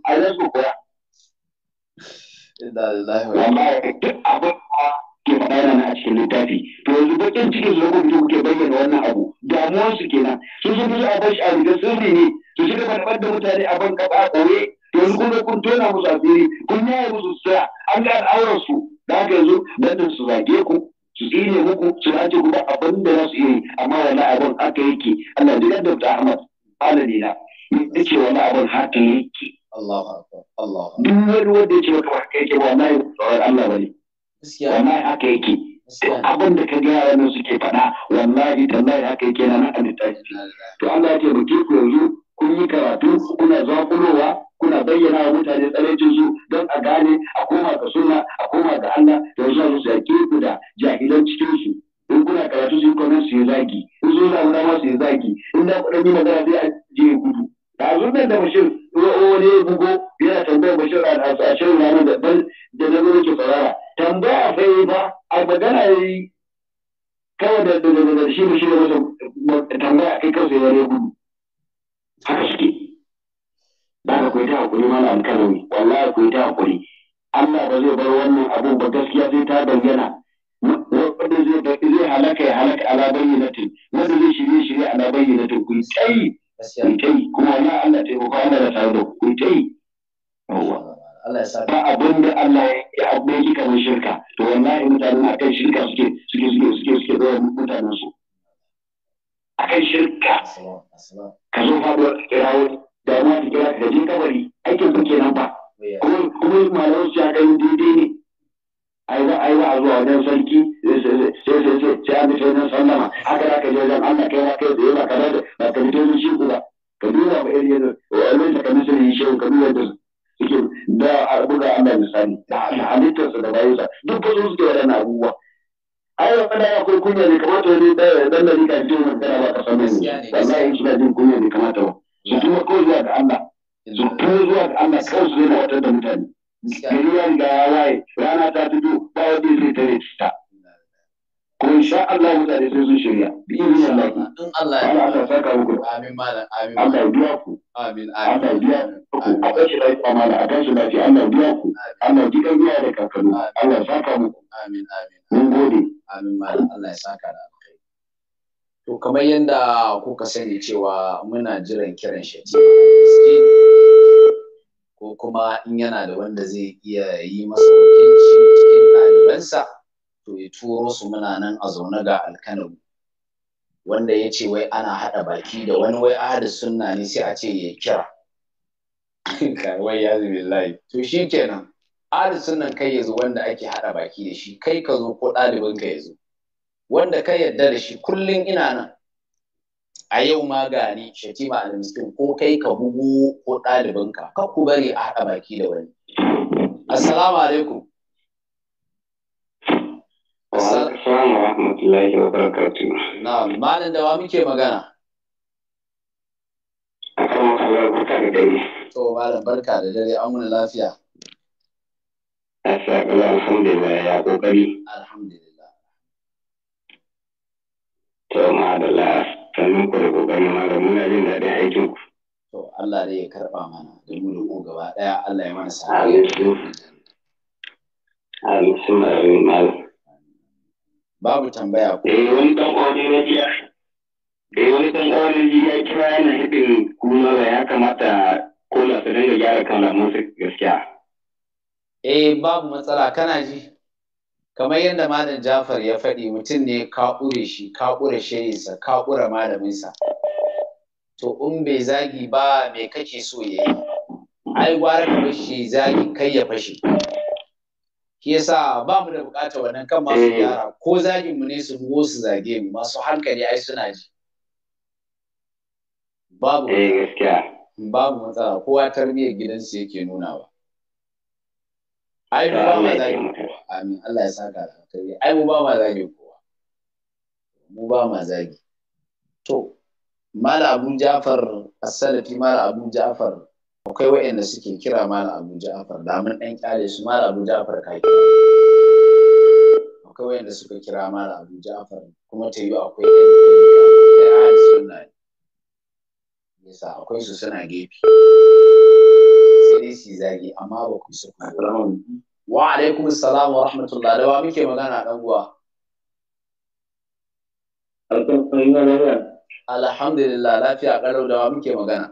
a zan ku koya da lillahi wa amma duk abin ke faɗa na a cikin littafi to yanzu bakin cikin su kuma kuke bayyana wannan abu damuwar su kenan sun sun fi a sha'ani a rigar sirri ne su shiga faɗaɓar da mutane a ban kafa a koye yanzu kuma kun tona musu asiri kun yaye musu sira an ga al'aurar su da haka yanzu dandan su zage ku su tsine muku su lati kuma abin da za su yi amma wani abin haka yake Allah da yadda ta Ahmad na yake wani abin haka yake Allah Allah duk wani wanda yake maka haka yake wallahi tsawon Allah bane wani haka yake abin da ka ga wannan suke faɗa wallahi tallahi haka yake na nan a littafi to Allah ya ce ke ku yanzu kun yi karatu kuna zakulowa kuna bayyana wa mutane tsaraicin su don a gane a koma ga suna a koma ga Allah da wasu su zaki ku da jahilan cikin su in kuna karatu su yi kwanan su yi zagi in sun samu dama su yi zagi in da kuɗin yin magana sai a je gudu a zurnar da mashin bashir wani ya bugo yana tambayar mashin a shirin ranar da ban da na zo ke tsarara tambaya sai ba a magana ya yi kawai da shi bashir ya masa tambaya kai kansa ya gudu haka harshe da ka kwaita ta hakuri mana alkalami wallahi koyi ta hakuri Allah ba zai bar wannan abun ba gaskiya sai ta bayyana wanda zai zai halaka ya halaka ala bayyinatin wanda zai shirye shirye ala bayyinatin ku tai ku tai kuma wallahi Allah ta ko Allah da tare da ku tai yawa ba abin da Allah ya abbe ki kamar shirka to wallahi mutanen kan shirka suke suke suke suke suke da mutanen su a kan shirka ka zo faɗuwa ka wani da ma ka kira ka je kabari aikin su nan ba kuma malaman su ya kai daidai ne ai ba ai a zuwa wajen sarki sai sai sai sai an fito wajen sallama haka za ka je wajen Allah kai ma kai tsaye ba ka da ba ka fito wajen shi ku ba ka duba ba irin yadda wani ta kamar sun yi shehu ka duba da suke da a buga Allah misali da halittarsa da bayansa duk kasu suke waɗannan abubuwa ai wanda ya akwai kunya ne kamata wani dan dan da rika jin magana ba ka san ne wallahi suna jin kunya ne kamata ba su kuma ko zuwa ga Allah su kuma zuwa ga Allah kawai su yana wata da mutane gari ya riga waye rana ta fito ba wanda zai tare ta kuma insha Allah mutane sai sun shirya bi izinin Allah in Allah ya Allah saka muku amin malam amin Allah ya biya ku amin amin Allah ya biya ku a kashi lafiya malam a kashi lafiya Allah ya biya ku Allah ya biya da kakanni Allah ya saka muku amin amin mun gode amin malam Allah ya saka da alkhairi to kamar yadda kuka sani cewa muna jiran kiran shati ko kuma in yana da wanda zai iya yi masa hukunci cikin ɗalibansa to ya turo su muna nan a zaune ga alkanabu wanda ya ce wai ana haɗa baki da wani wai ahadu sunna ne sai a ce ya kira wai ya zubi to shi kenan ahli nan kai yazo wanda ake haɗa baki da shi kai ka zo ko ɗalibin ka yazo wanda ka yarda da shi kullun ina nan a yau ma gani shatima al miskin ko kai ka bugu ko ɗalibin ka kar ku bari a haɗa baki da wani assalamu alaikum Assalamu rahmatullahi wa barakatuh. Na, malam da wa muke magana? Akan masu barka da dare. To, malam barka da dare, an lafiya. Asakala alhamdulillah ya kokari. Alhamdulillah. sannan ku da kokari malam muna jin daɗin aikin ku. To Allah dai ya karɓa mana da mu da gaba ɗaya Allah ya mana sa'a. Amin su. Amin su Babu tambaya ko. Eh wani dan kwani na jiya. Eh wani dan jiya kira yana hidin kuma ya kamata kola su dinga gyara kan lamun gaskiya. eh babu matsala kana ji kamar yadda malam Jafar ya faɗi mutum ne ka ƙure shi ka ƙure shehinsa ka ƙure malaminsa to in bai zagi ba me kake so ya yi ai gwara ka bar shi zagi kai ya fashe shi yasa ba mu da buƙatar wannan kan masu eh. gyara ko zagin mu ne su bugo su zage mu masu hankali ai suna ji babu eh, babu matsala kowa tarbiyyar gidansu yake nunawa ai mu ba ma zagin kowa amin Allah ya saka alkhairi ai mu ba ma zagin kowa mu ba ma zagi to mala abun jafar as-salafi mala abun jafar akwai wayanda suke kira mala abun jafar da mun dan kyale su mala abun jafar ka kira akwai wayanda suka kira mala abun jafar kuma ta yi akwai ɗan kai ahli sunna yasa akwai su suna gefe bari su zagi amma ba ku su wa alaikum assalam wa rahmatullah da wa muke magana dan uwa alhamdulillah lafiya kalau da wa muke magana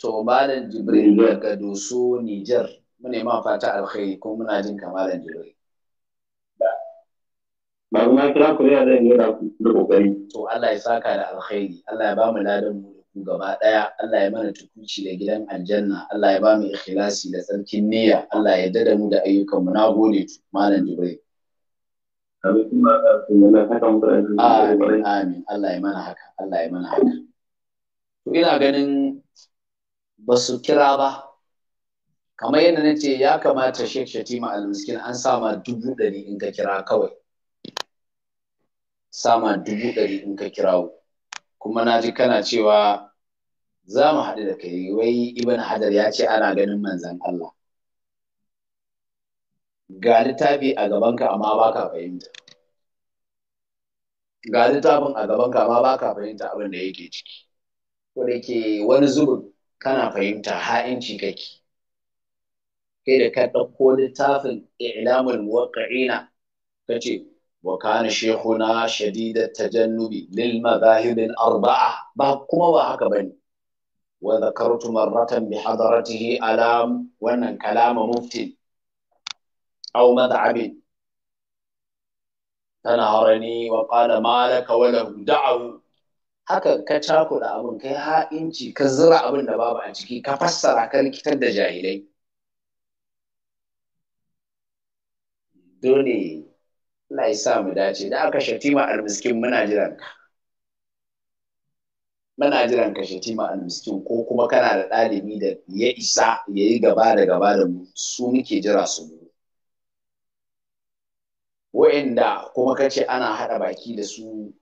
to malam jibril daga doso niger mune ma fata alkhairi ko muna jin kamalan jibril ba kuma kira ku ya zan yi da ku da kokari to Allah ya saka da alkhairi Allah ya ba mu ladan mu da ku gaba daya Allah ya mana tukunci da gidan aljanna Allah ya ba mu ikhlasi da tsarkin niyya Allah ya dada mu da ayyukan mu nagode malam Jibril ah, Amin, amin, Allah ya mana haka, Allah ya mana haka. To ina ganin ba su kira ba, kamar yadda na ce ya kamata Sheikh Shatima al-Miskin an sama dubu ɗari in ka kira kawai. sama dubu ɗari in ka kirawo kuma na ji kana cewa za mu haɗu da kai wai ibn hajar ya ce ana ganin manzan Allah ga littafi a gabanka amma ba ka fahimta ga littafin a gabanka amma ba ka fahimta abin da yake ciki ko da yake wani zubin kana fahimta ha'inci kake kai da ka ɗauko littafin i'lamul muwaqqi'ina kace وكان شيخنا شديد التجنب للمذاهب الأربعة بكما وهكا بني وذكرت مرة بحضرته ألام وأن كلام مفتن أو مذعب تنهرني وقال ما لك وله دعه haka ka cakuɗa abin kai ha'inci ka zira abin da babu a ciki ka fassara ka likitar da jahilai dole Allah ya sa mu dace da aka shatima almiskin muna jiran ka muna jiran ka shatima almiskin ko kuma kana da ɗalibi da ya isa ya yi gaba da gaba da mu su muke jira su mu wa'inda kuma ka ce ana haɗa baki da su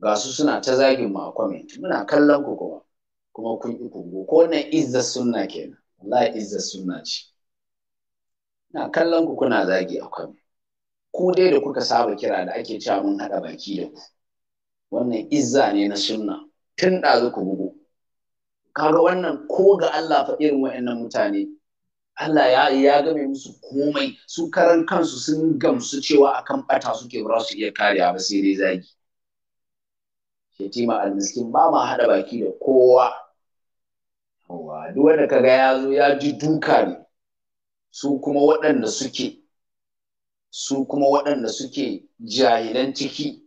ga su suna ta zagin ma comment muna kallon ku kuma kuma kun yi kungo ko na izza sunna kenan wallahi izza sunna ce na kallon ku kuna zagi a comment ku dai da kuka saba kira da ake cewa mun haɗa baki da ku wannan izza ne na sunna tun ɗazu ku bugu kaga wannan ko ga Allah fa irin wa'annan mutane Allah ya ya game musu komai su karan kansu sun gamsu cewa akan ɓata suke ba su iya kariya ba sai dai zagi shetima almiskin ba ma haɗa baki da kowa duk wanda ga ya zo ya ji duka ne su kuma waɗanda suke su kuma waɗanda suke jahilan ciki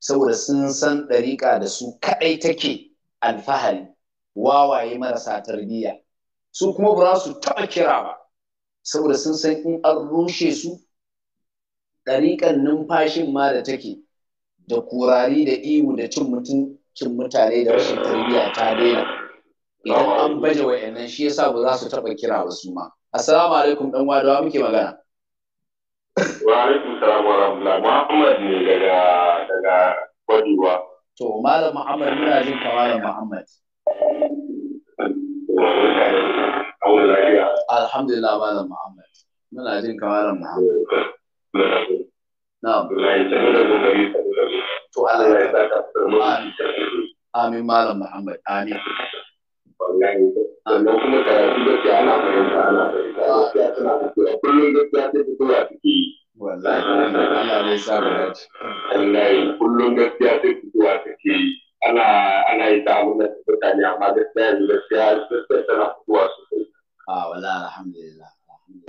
saboda sun san ɗariƙa da su kaɗai take alfahari wawaye marasa tarbiyya su kuma ba su taɓa kira ba saboda sun san in an rushe su ɗariƙar numfashin ma da take da kurari da ihu da cin mutum cin mutane da rashin tarbiyya ta daina idan an baje wa'annan shi yasa ba za su taɓa kira ba su ma assalamu alaikum ɗan wadawa muke magana Wa alaikum salam wa rahmatullah. Muhammad ne daga daga Kwadewa. To Malam Muhammad muna jin ka Malam Muhammad. Alhamdulillah Malam Muhammad. Muna jin ka Malam Muhammad. Na'am. To Allah ya saka. Amin Malam Muhammad. Amin. sannan kuma karatu gaskiya ana fahimta ana fahimta gaskiya tana fitowa kullum gaskiya ta fitowa take yi wallahi Allah ne sa mu dace wallahi kullum gaskiya ta fitowa take yi ana ana yi ta abin da mutane amma gaskiya yanzu gaskiya gaskiya tana fitowa sosai a wallahi alhamdulillah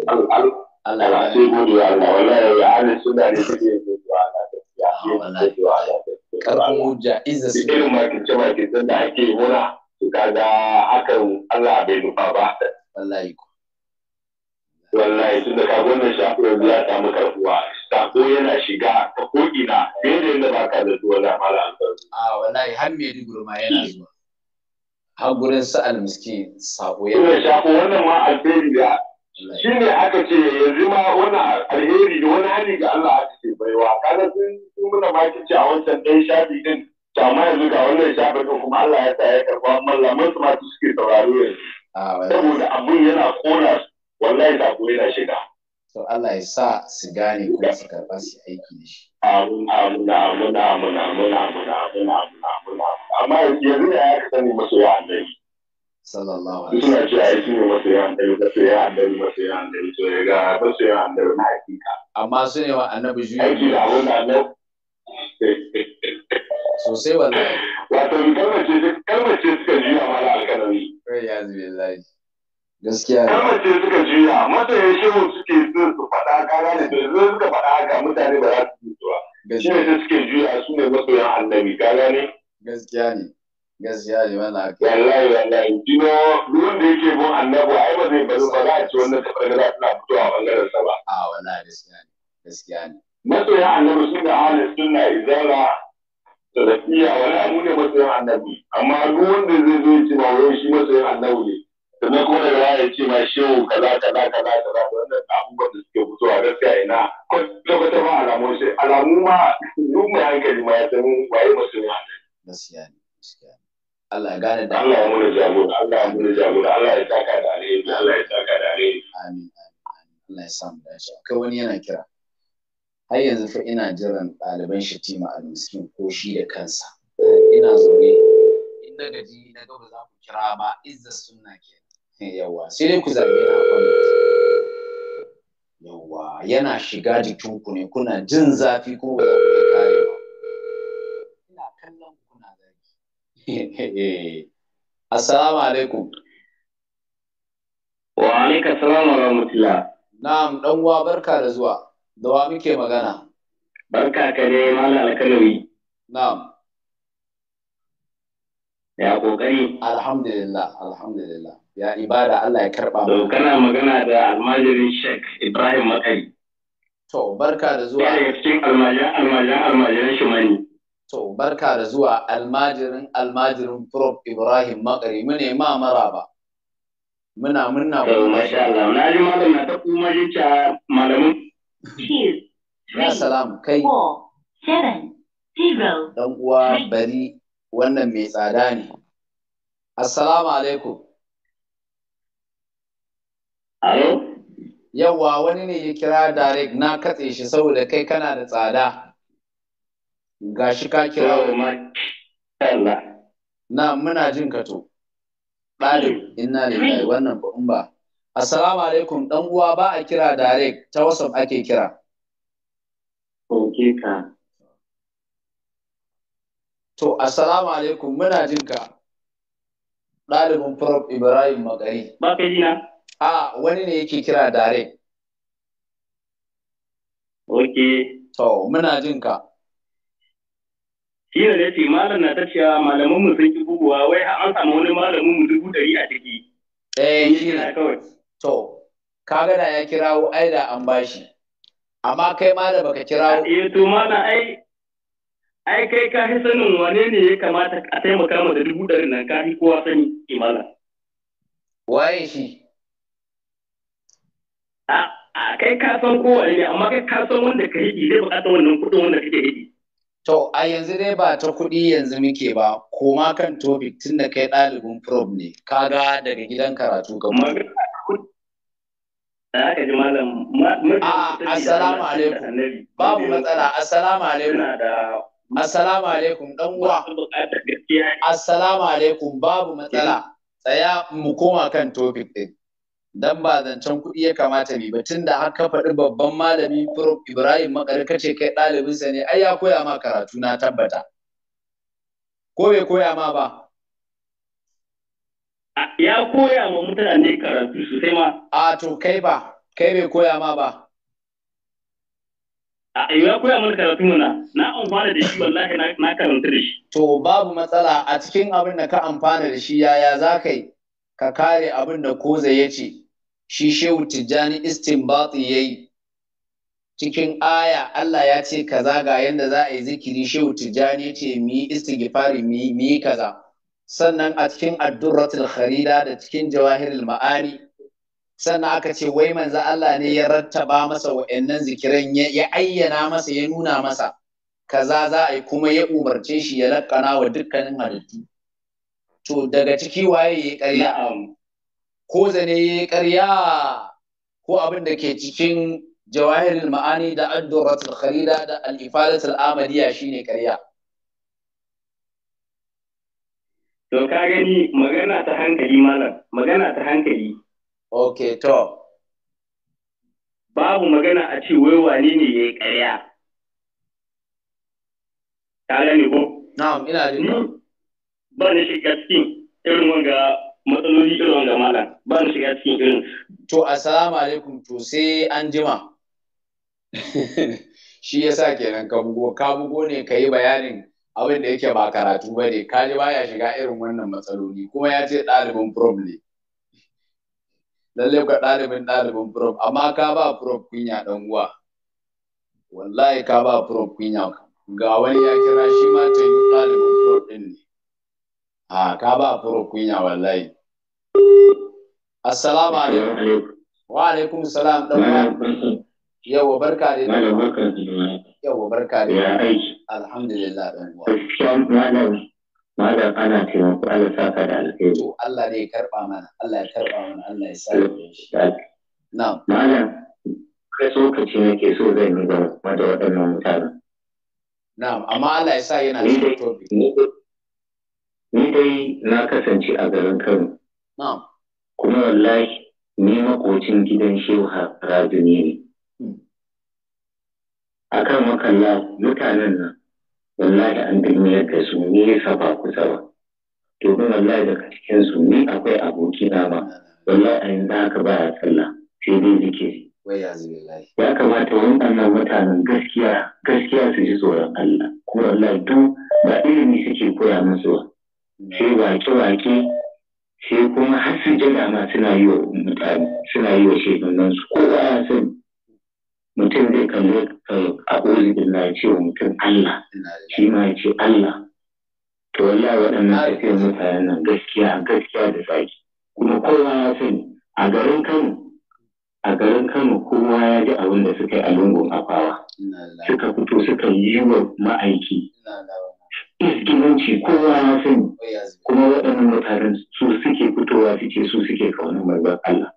Allah ya ce gode wa Allah wallahi ya ana suna ne take yi wa Allah gaskiya wallahi karfin hujja izza su irin makirce makircen da ake yi muna kaga hakan Allah bai nufa ba wallahi wallahi tun da kaga wannan shafo ya samu karbuwa sako yana shiga ta ko ina fiye da yadda ba ka da zuwa da amfani. a wallahi har me ni gurma yana zuwa har gurin sa almiski sako yana wannan shafo wannan ma alheri da shi ne aka ce yanzu ma wannan alheri da wani hali ga Allah aka ce baiwa kaga sun muna ma ce a wancan ɗan shafi din to amma yanzu ga wannan shafin ɗin kuma Allah ya sa ya karɓa mallaman su ma su suke sauraro yanzu saboda abin yana kona wallahi kuma yana shiga to Allah ya sa su gane kuma su karɓa su aiki da shi amin amin amin amin amin amin amin amin amin amma yanzu ne ya ka sani masu ya annabi sallallahu alaihi wasallam suna cewa ai shine masu ya annabi masu ya annabi masu ya annabi to ya ga masu ya annabi na hakika amma su ne wa annabi juyi aiki da abin annabi sosai wallahi wato kalmar ce kalmar suka juya ma na alkalami kai ya zube lafi gaskiya ne kalmar suka juya masoyan shehu suke so su faɗa kara da su suka faɗa haka mutane ba za su yi zuwa shi ne suke juya su ne masoyan annabi ka gane gaskiya ne gaskiya ne wannan haka wallahi wallahi dino duk wanda yake bin annabi ai ba zai bari ba za a ci wannan tafargaza tana fitowa a bangaren sa ba a wallahi gaskiya ne gaskiya ne masoyan annabi sun da ahlus sunna izala salafiya wala mu ne masoyan annabi amma duk wanda zai zo ya ce ma wai shi masoyan annabi ne sannan kuma da ya ce ma shehu kaza kaza kaza kaza wannan abubuwan da suke fitowa gaskiya ina kwata ma alamu sai alamu ma duk mai hankali ma ya san waye masoyan annabi gaskiya ne gaskiya Allah ya gane da Allah ya mu jagora Allah ya mu jagora Allah ya taka da alheri Allah ya taka da alheri amin amin Allah ya samu dace akwai wani yana kira har yanzu fa ina jiran ɗaliban shatima a miskin ko shi da kansa ina zaune in na gaji na ga ba za ku kira ba izza sunna ke yawa sai dai ku zabe na yawa yana shiga jikinku ne kuna jin zafi ko ba za ku iya kare ba ina kallon kuna zaki assalamu alaikum wa alaikum assalam wa rahmatullah na'am dan uwa barka da zuwa da wa muke magana barka ka ne malam alkalawi na'am ya kokari alhamdulillah alhamdulillah ya ibada Allah ya karba to kana magana da almajirin Sheikh Ibrahim Makari to barka da zuwa ya cikin almajiran almajiran shi mani. to barka da zuwa almajirin almajirin Prof Ibrahim Makari mune ma maraba muna muna to masha Allah na ji malam na ta kuma jinta malamin two, three, kai four, seven, zero. Dan uwa bari wannan mai tsada ne. Assalamu alaikum. Alo? Yawwa wani ne ya kira direct na katse shi saboda kai kana da tsada. Ga shi ka kira da Na muna jin ka to. Ɗalib, inna lillahi wannan ba'un ba. Assalamu alaikum dan uwa ba a kira direct ta WhatsApp ake kira. ka. To assalamu alaikum muna jin ka. Ɗalibin Prof Ibrahim Magari. Ba ka jina? A wani ne yake kira direct. Ok. To muna jin ka. Shi ne ce malam na ta malamin mu sun ki buguwa wai an samu wani malamin mu dubu ɗari a ciki. Eh, shi ne kawai. to kaga na ya kirawo ai da an bashi amma kai ma da baka kirawo eh to mana ai ai kai ka fi sanin wane ne ya kamata a taimaka ma da dubu ɗari nan ka fi kowa sani imana. Eh, waye shi a kai ka san kowa ne amma kai ka san wanda ka hidi zai buƙatar wannan kuɗin wanda kake hidi To, a yanzu dai ba ta kuɗi yanzu muke ba, koma kan topic tun da kai ɗalibin prob ne, kaga daga gidan karatu ga Aka ji malam ah, Assalamu alaikum. Babu matsala. Assalamu alaikum. Assalamu alaikum dan uwa. Assalamu alaikum babu matsala. Tsaya mu koma kan topic din. Dan ba zancen kuɗi ya kamata ne ba tunda har ka faɗi babban malami Prof Ibrahim Makar kace kai ɗalibinsa ne ai ya koya ma karatu na tabbata. Ko bai koya ma ba? ya koya ma mutane karatu sosai ma a to kai ba kai bai koya ma ba a eh, ya koya mana karatu mana na amfana da shi wallahi na karanta da shi to babu matsala a cikin abin da ka amfana da shi yaya za ka yi ka kare abin da koza ya ce shi shehu tijjani istinbati ya yi cikin aya Allah ya ce kaza ga yadda za a yi zikiri shehu tijjani ya ce mu yi istighfari mu yi kaza sannan a cikin addurratul kharida da cikin jawahirul ma'ani sannan aka ce wai manzo Allah ne ya rattaba masa wa'annan zikiran ya ayyana masa ya nuna masa kaza za a yi kuma ya umarce shi ya lakana wa dukkanin halittu to daga ciki waye ya karya ko zane ya karya? ko abin da ke cikin jawahirul ma'ani da addurratul kharida da al-ifadatul amaliya shine karya? To ka gani magana ta hankali malam, magana ta hankali. Ok, to. Babu magana a ce wai wane ne ya yi ƙarya. Ta gani ko? Na'am, ina jin ni. Ba na shiga cikin irin wanga matsaloli irin wanga malam, ba na shiga cikin irin. To, assalamu alaikum, to sai an jima. Shi sa kenan ka bugo, ka bugo ne ka yi bayanin abin da yake ba karatu ba ne kaji baya shiga irin wannan matsaloli kuma ya ce ɗalibin prof ne lallai ka ɗalibin ɗalibin prof amma ka ba prof kunya ɗan uwa wallahi ka ba prof kunya ga wani ya kira shi ma ta yi ɗalibin prof ɗin ne a ka ba prof kunya wallahi assalamu alaikum wa alaikum salam ɗan uwa yawa barka da yawa barka da ya aiki Alhamdulillah ɗan uwa. Gaskiyan malam malam ana taimako Allah saka da alheri. Allah ne ya karɓa mana Allah ya karɓa mana Allah ya sa shi. Malam kai tsokaci nake so zan yi game da waɗannan mutanen. Na'am amma Allah ya sa yana cikin Ni dai na kasance a garin Kano. Na'am. Kuma wallahi ni makocin gidan Shehu Harajuni ne. Hmm. akan makalla mutanen nan wallahi an duniyar da su nesa ba kusa ba domin wallahi daga cikin su ni akwai aboki na ma wallahi a yanzu haka baya sallah sai dai zikiri ya kamata waɗannan mutanen gaskiya gaskiya su ji tsoron Allah kuma wallahi duk ba ilimi suke koya musu ba sai wake-wake sai kuma har sujada ma suna yi wa mutane suna yi wa su kowa ya sani mutum zai kan zo a ƙoli da na ce wa mutum Allah shi ma ya ce Allah to wallahi waɗannan tafiyar mutanen nan gaskiya gaskiya da sake kuma kowa ya sani a garin Kano a garin Kano kowa ya ji abin da suka yi a lungun afawa suka fito suka yi wa ma'aiki Iskinanci kowa ya sani kuma waɗannan mutanen su suke fitowa suke su suke kaunar manzon Allah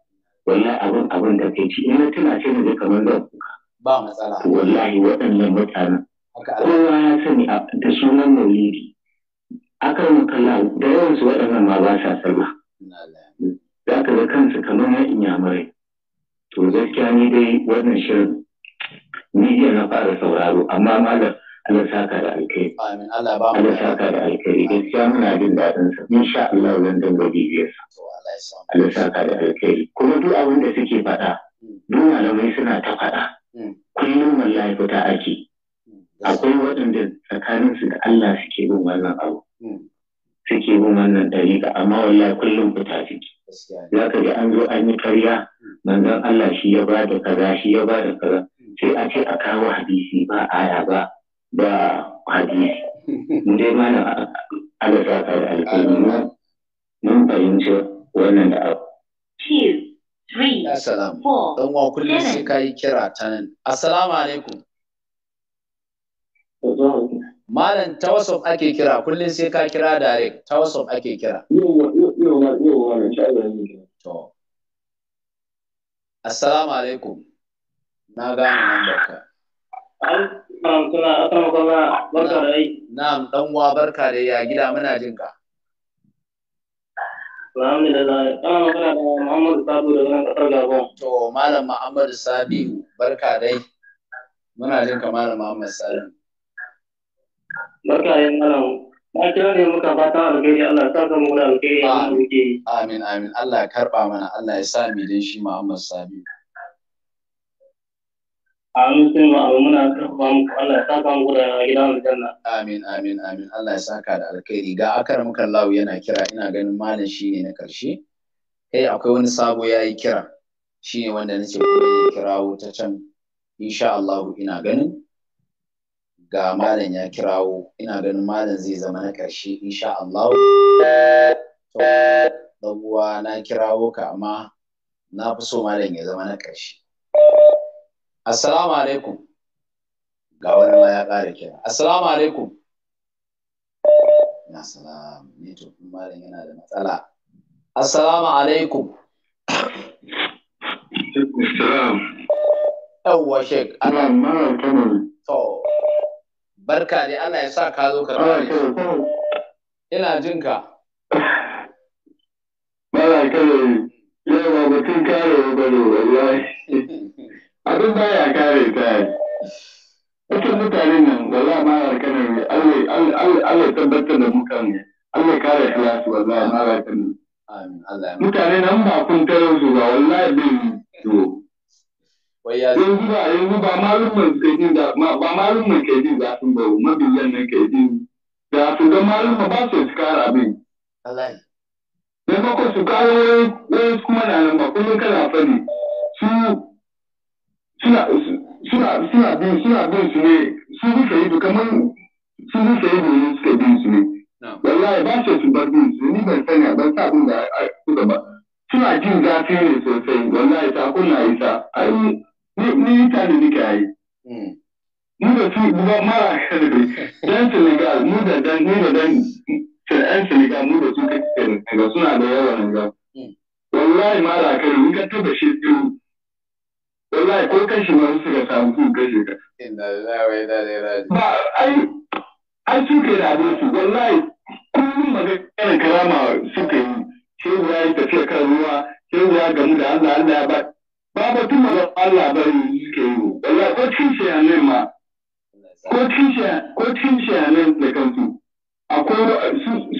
wallahi abin abin da kai ci ina tana ce da kamar zan kuka ba matsala wallahi waɗannan mutanen kowa ya sani da sunan maulidi akan kalla da yawansu waɗannan ma ba sa sallah za ka ga kansu kamar na inyamurai to gaskiya ni dai wannan shirin ni na fara sauraro amma malam Allah saka da alkhairi amin saka da alkhairi gaskiya muna jin daɗin sa insha Allah zan dinga bibiyar saka da alkhairi kuma duk abin da suke faɗa hmm. duk malamai suna ta faɗa hmm. kullum wallahi fita ake hmm. akwai waɗanda tsakanin su da Allah suke bin wannan abu suke bin wannan dariƙa amma wallahi kullum fita suke za ka ji an zo an yi karya manzon Allah shi ya ba da kaza shi ya ba da kaza sai a ce a kawo hadisi ba aya ba ba hadisi dai mana ala saka da alƙalmi mun fahimci wannan da abu Assalamu. Dan wa kullum sai ka yi kira ta nan. Assalamu alaikum. Malam ta wasu ake kira kullum sai ka kira direct ta wasu ake kira. To. Assalamu alaikum. Na gane nan barka. Na'am, dan uwa barka dai ya gida muna jin ka. Alhamdulillah, ana magana da Muhammadu Sabiu daga nan kasar Gabon. To, Malam Muhammadu Sabiu, barka dai. Muna jin ka Malam Muhammad Salim. Barka dai Malam. Na kira ne muka fata alheri Allah ya saka mu da alheri a muke. Amin amin. Allah ya karba mana, Allah ya sa mu dai shi Muhammad Sabiu. Amin sai ma abu muna karfafa muku Allah ya saka muku da gidan aljanna. Amin amin amin Allah ya saka da alkhairi ga akaram kallahu yana kira ina ganin malam shi ne na ƙarshe. Kai eh, akwai wani sabo ya yi kira Shi ne wanda na ce kuma ya kirawo ta can insha Allahu, ina ganin ga malam ya kirawo ina ganin malam zai zama na karshe insha Allahu, To na kirawo ka amma na fi so malam ya zama na ƙarshe. assalamu alaikum ga wani ma ya ƙara kira assalamu alaikum na salam network din malam yana da matsala assalamu alaikum salam yawwa shek ana to barka ne, Allah ya sa ka zo ka ina jin ka Mara kana Yawwa mutum kare wallahi abin ya kare ta cikin mutane nan wala ma mara kana Allah ya tabbatar da mukan Allah ya kare kalasu wallahi ma ya kana mutane nan ba kun tare su ba wallahi bin to yanzu ba yanzu ba malumin da ba malumin keji za su ba mabiyan nan kaidin da su ga ba su kara abin wallahi dan su wani na nan ba kana suna suna bin suna bin su ne su suka yi kamar su suka yi domin suka bin su ne wallahi ba su su bar bin su ni ban sani ban sa abin da suka ba suna jin zafi ne sosai wallahi ta kunna isa ai ni ita ne nake ai mu hmm. da su ba mara dan Senegal mu da dan mu da dan yan Senegal mu da su kake Senegal suna da yawa nan ga hmm. wallahi mara kai in ka taba shi su wallahi ko kashi ma suka samu kun kashe ka inna lillahi wa inna ilaihi ba ai ai suke da abinci. su wallahi kullum magana karama suka yi sai ya yi tafiya kan ruwa sai ya gamu da Allah Allah ya ba ba batun magana Allah bari suke yi wallahi ko cin shi ne ma ko cin shi ko cin shi ne da kansu akwai su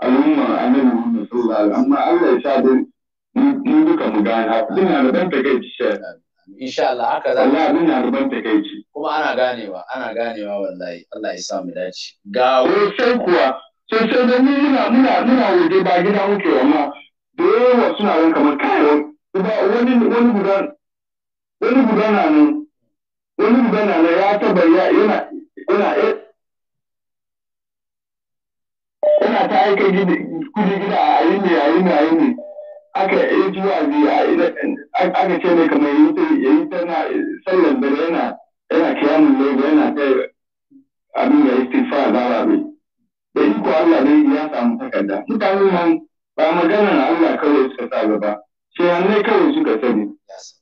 al'ummar annabi Muhammad sallallahu alaihi amma Allah ya sa dai mun duka mu gane haka ina da ban takeici shi insha Allah haka za Allah ina da ban takeici kuma ana ganewa ana ganewa wallahi Allah ya sa mu dace ga sai kuwa sai sai da mu muna muna muna waje ba gida muke amma da yawa suna ran kamar kai wani wani wani wani ya yana yana ana ta aika kudi gida a yi ne a yi ne a yi ne aka yi zuwa aka ce ne kamar yi ta yi ta na sallar dare yana yana kiyamun lagos yana ta abin da istighfar da rabe da iko Allah ne ya samu takarda mutane nan ba na Allah kawai suka sa gaba sai hannai kawai suka sani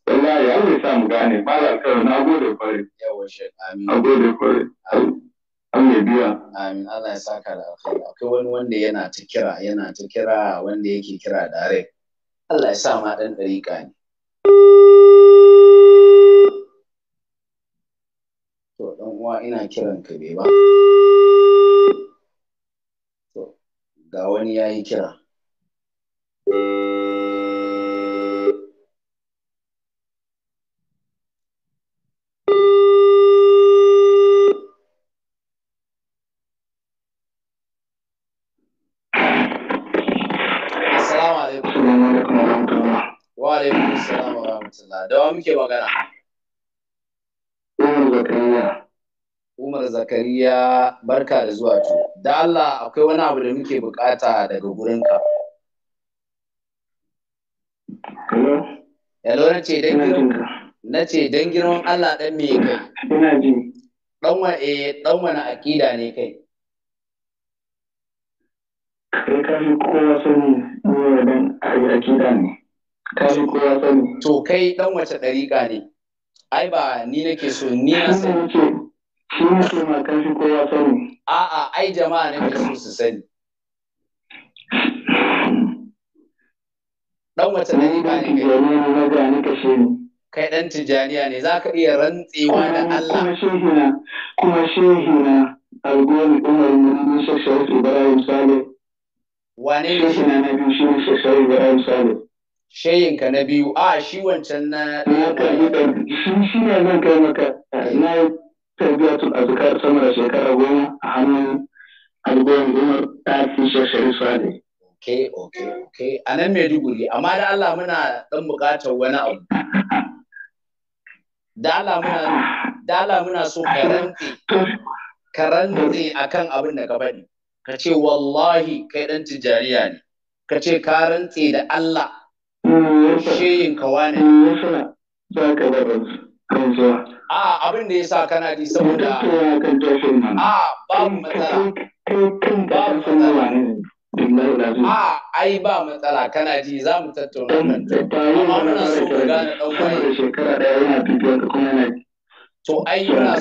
wallahi Allah ya sa mu gane ba alƙawari na gode kwarai na gode kwarai Allah biya. Amin Allah ya saka da alkhairi. Akwai wani wanda yana ta kira yana ta kira wanda yake kira direct. Allah ya sa ma dan dariƙa ne. To dan uwa ina kiran ka bai ba. To ga wani yayi kira. rahmatullah da wa muke magana Umar Zakariya Umar Zakariya barka da zuwa to da Allah akwai wani abu da muke bukata daga gurinka Hello na ce dan na ce dan girman Allah dan me kai ina ji dan wa eh dan wani akida ne kai kai ka kowa sani ne dan akida ne sani to kai dan wace dariƙa ne ai ba ni nake so ni na sani shi ne so ma kashi ko ya sani a'a ai jama'a ke so su sani dan wace dariƙa ne kai kai ɗan tijaniya ne za ka iya rantsewa da Allah. Kuma na kuma na Algoni Umar Muhammad Shashar Ibrahim Sale. Wane ne? shi na biyu shi ne Shashar Ibrahim Sale. shayinka na biyu a shi wancan na shi shi ne zan kai maka eh, na yi tarbiyatul azkar sama da shekara goma a hannun algoyin umar ta fi shashari sale ok ok ok a nan maiduguri amma da allah muna dan bukatar wani abu da allah muna da allah muna so karante a kan abin da ka faɗi ka ce wallahi kai dan tijariya ne ka ce ka rantse da allah Mm-hmm. shehin kawane mm-hmm. za ka a abin da ya sa kana ji saboda a babu matsala babu matsala a ai ba matsala kana ji za mu tattauna amma muna so mu gane dan shekara yana kuma yana to ai muna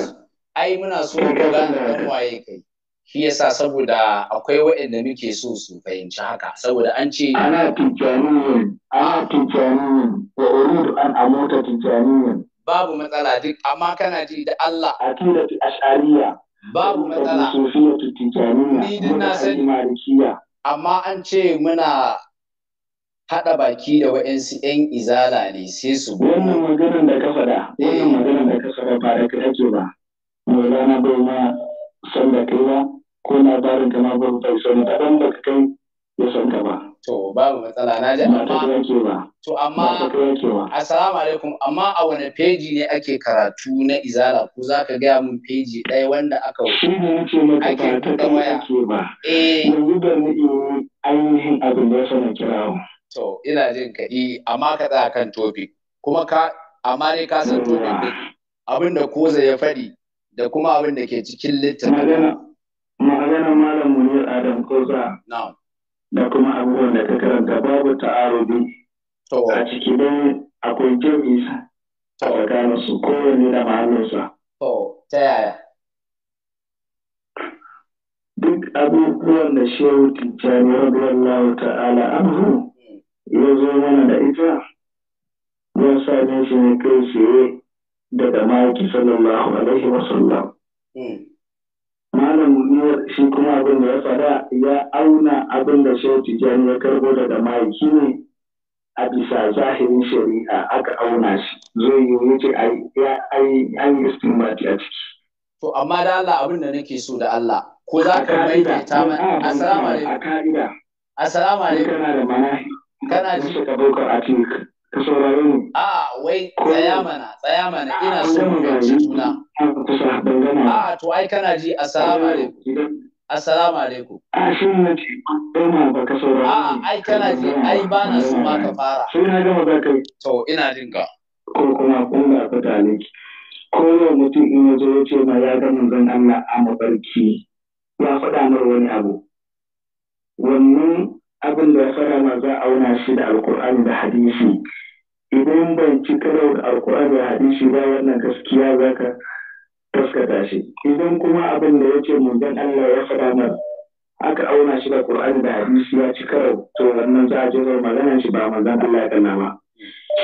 muna so mu gane dan waye kai shi yasa saboda akwai waɗanda muke so su fahimci haka saboda an ce ana tijjaniyin ana tijjaniyin wa uridu an amota tijjaniyin babu matsala duk amma kana ji da Allah akidatu ash'ariya babu matsala sufiyatu tijjaniya ni din na sani malikiya amma an ce muna haɗa baki da waɗansu ‘yan izala ne sai su Wannan maganar da ka faɗa, wannan eh. maganar da ka faɗa ba da ka ake ba, Maulana bai ma san da kai ba, ko barin ka ma ba ku kai sani kaɗan ba ka kai ya san ka ba. To babu matsala na ji amma to amma assalamu alaikum amma a wani peji ne ake karatu na izala ko za ka gaya mun peji ɗaya wanda aka ake da waya. Eh. Yanzu da ni ainihin abin da ya sanar kirawo. To ina jin ka eh, amma ka tsaya kan Tobi, kuma ka amma ne ka san tobi abin da koza ya faɗi da kuma abin da ke cikin littafin. maganar malam munir adam kosa da kuma abubuwan da ta karanta babu ta'arubi a ciki dai akwai jami'i a tsakanin su kowane da ma'anarsa ta yaya duk abubuwan da shehu tijjani radiyallahu ta'ala Abu hmm. ya zo mana da ita ya same shi ne kai tsaye daga maki sallallahu alaihi wasallam hmm. Wannan mummunar shi kuma abin da ya fada ya auna abin da shehu tijjani ya karbo daga mahaifi ne a bisa zahirin shari'a aka auna shi zai yi wuce an yi istimati a ciki. To amma da Allah abin da nake so da Allah ko za ka ta mana assalamu alaikum. A ka'ida. Assalamu Ka Kana da mana. Kana ji. Ka a cikin ka saurare mu. wai tsaya mana tsaya mana ina so mu juna. a to ai kana ji assalamu alaikum assalamu alaikum a shin na ce dama ba ka saurara a ai kana ji ai ba na so ma ka fara sai na gama za ka yi. to ina jin ka ko kuma kun ga fita ne ko yau mutum in ya zo ya ce ma ya ga manzon Allah a mafarki ya faɗa mar wani abu wannan abin da ya faɗa ma za a auna shi da alkur'ani da hadisi idan ban ci karo da alkur'ani da hadisi ba wannan gaskiya za ka. gaskata shi idan kuma abin da yake manzon Allah ya faɗa mana aka auna shi da Qur'an da hadisi ya ci karo to wannan za a jira magana shi ba manzon Allah ya kana ba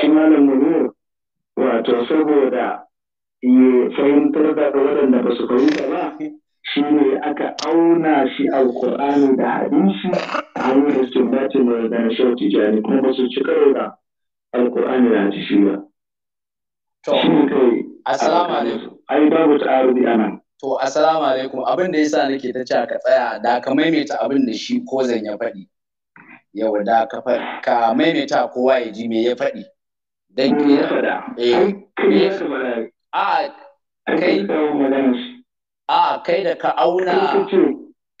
shi malam munir wato saboda ya fahimtar da waɗanda ba su fahimta ba shi ne aka auna shi alkur'ani da hadisi a hanyar ce mai da tijani kuma ba su ci karo da alkur'ani da hadisi ba. To, assalamu alaikum. ai babu ta'arudi nan. to assalamu alaikum abin da yasa nake ta ce ka tsaya da ka maimaita abin da shi ko zan ya faɗi yau da ka ka maimaita kowa ya ji me ya faɗi dan ke ya faɗa eh, eh. a kai a kai da ka auna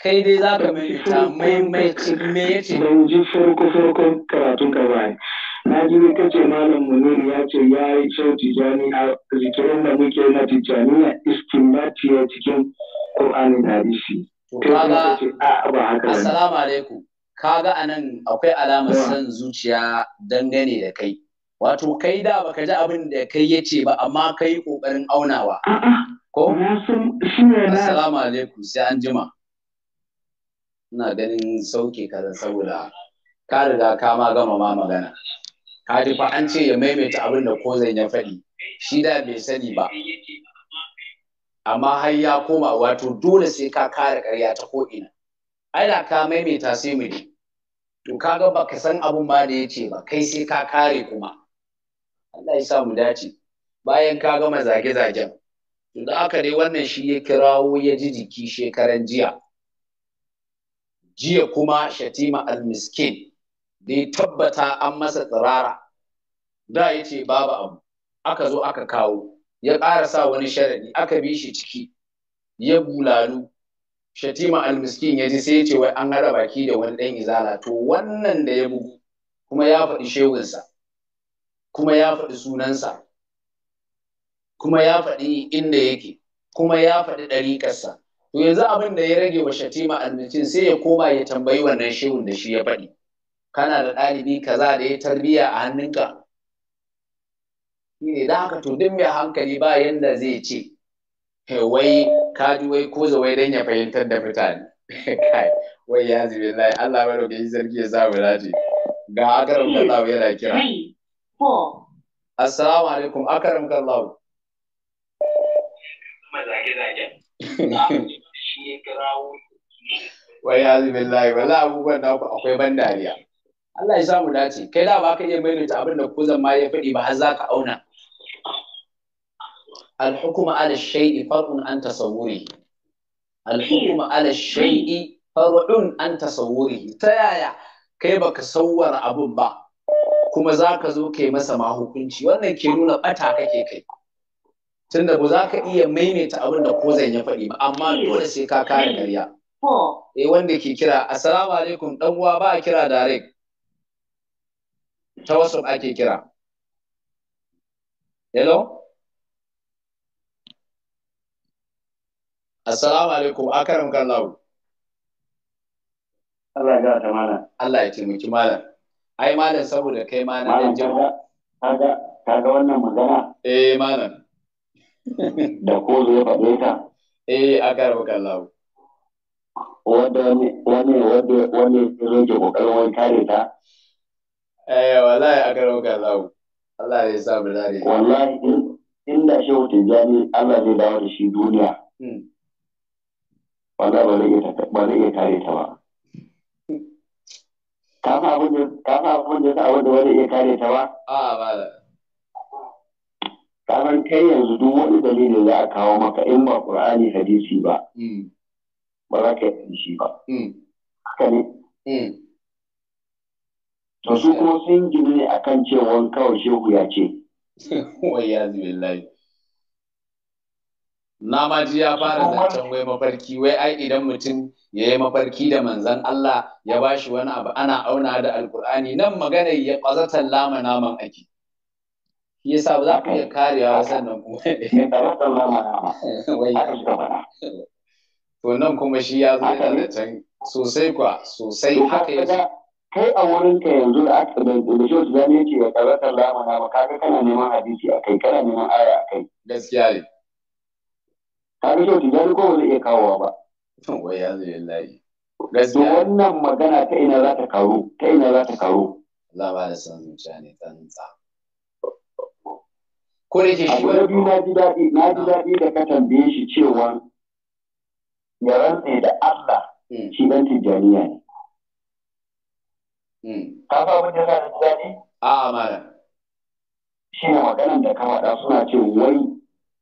kai dai za ka maimaita maimaita me yace. ban ji farko farkon karatun ka bai. na ji ka kace malam munir ya ce ya yi cewa tijani a zikirin da muke na a istinbati ya cikin qur'ani da hadisi kaga assalamu alaikum kaga nan akwai alamar san zuciya dangane da kai wato kai da baka ji abin da kai ya ce ba amma kai ƙoƙarin aunawa ko assalamu alaikum sai an jima ina ganin sauke kaza saboda ka riga ka ma gama ma magana kaji fa an ce ya maimaita abin da kozan ya faɗi shi da bai sani ba amma har ya koma wato dole sai ka kare ƙarya ta ko'ina ai da ka maimaita sai mu ne to kaga ba ka san abin ba da ya ba kai sai ka kare kuma Allah ya sa mu dace bayan ka gama zage-zagen to da aka dai wannan shi ya kirawo ya ji jiki shekaran jiya jiya kuma shatima al-miskin da ya tabbata an masa tsirara da ya ce babu abu aka zo aka kawo ya ƙara sa wani sharadi aka bi shi ciki ya bulalu shatima al al-miskin ya ji sai ya ce wai an haɗa baki da wani ɗan izala to wannan da ya bugu kuma ya faɗi shehunsa kuma ya faɗi sunansa kuma ya faɗi inda yake kuma ya faɗi ɗariƙarsa to yanzu abin da ya rage wa shatima al al-miskin sai ya koma ya tambayi wannan shehun da shi ya faɗi kana da ɗalibi kaza da ya tarbiya a hannunka ne da haka to duk mai hankali ba yanda zai ce wai kaji wai ko zawai dan ya fahimtar da mutane kai wai ya zube lai Allah ya roƙe shi sarki ya sa mu dace ga akaram kallahu yana kira assalamu alaikum akaram kallahu wai ya zube lai wala abubuwan da akwai ban dariya Allah ya samu dace kai da ba ka iya maimaita abin da kuzan ma ya faɗi ba har za ka auna الحكم على الشيء an عن تصوره ala shay'i farun an tasawuri ta yaya kai baka sawwara abun ba kuma za ka zo kai masa ma hukunci wannan ke nuna bata kake kai tunda ba za ka iya maimaita abin da ko ya faɗi ba amma dole sai ka kare ƙarya hmm. eh wanda ke kira assalamu alaikum dan uwa ba kira direct ta WhatsApp ake kira hello assalamu alaikum akaram kallahu Allah ya ta malam Allah ya taimaki malam ai malam saboda kai ma na dan jama'a kaga kaga wannan magana eh malam da ko zai faɗe ta eh akaram kallahu wanda wani wani wani zo ke kokarin wani kare ta eh wallahi a garau ga zawo Allah ya sa mu dare wallahi in inda wata tijjani Allah zai dawo da shi duniya hmm. wanda ba zai iya kare ta ba kafa abin da sa wanda ba zai iya kare ta ba a ba da kamar kai yanzu duk wani dalilin za a kawo maka in ba qur'ani hadisi ba hmm. ba za ka yi shi ba hmm. haka ne to su kuma sun gini ne kan cewa kawai shehu ya ce wai ya zubillahi na ma ji ya fara zancen wai mafarki wai ai idan mutum ya yi mafarki da manzan Allah ya ba shi wani abu ana auna da alkur'ani nan magana ya ƙwazatan lama naman ake shi yasa ba za ku iya karewa sannan kuma to nan kuma shi ya zo da zancen sosai kwa sosai haka ya kai a wurin ka yanzu da aka da da shi zani yake ya karatar lamana ba ka ga kana neman hadisi a kai kana neman aya a kai gaskiya ne ka ga shi zani ko ba zai iya kawowa ba wai ya zai layi gaskiya wannan magana ta ina za ta karo ta ina za ta karo Allah ba da san zuciya ne tsantsa ko ne ke shi wani na ji daɗi na ji daɗi da ka tambaye shi cewa ya rantse da Allah hmm. shi dan tijaniya ne Hmm. Ka fa abin da ya sa ne? A'a malam. Shi ne maganan da ka faɗa suna ce wai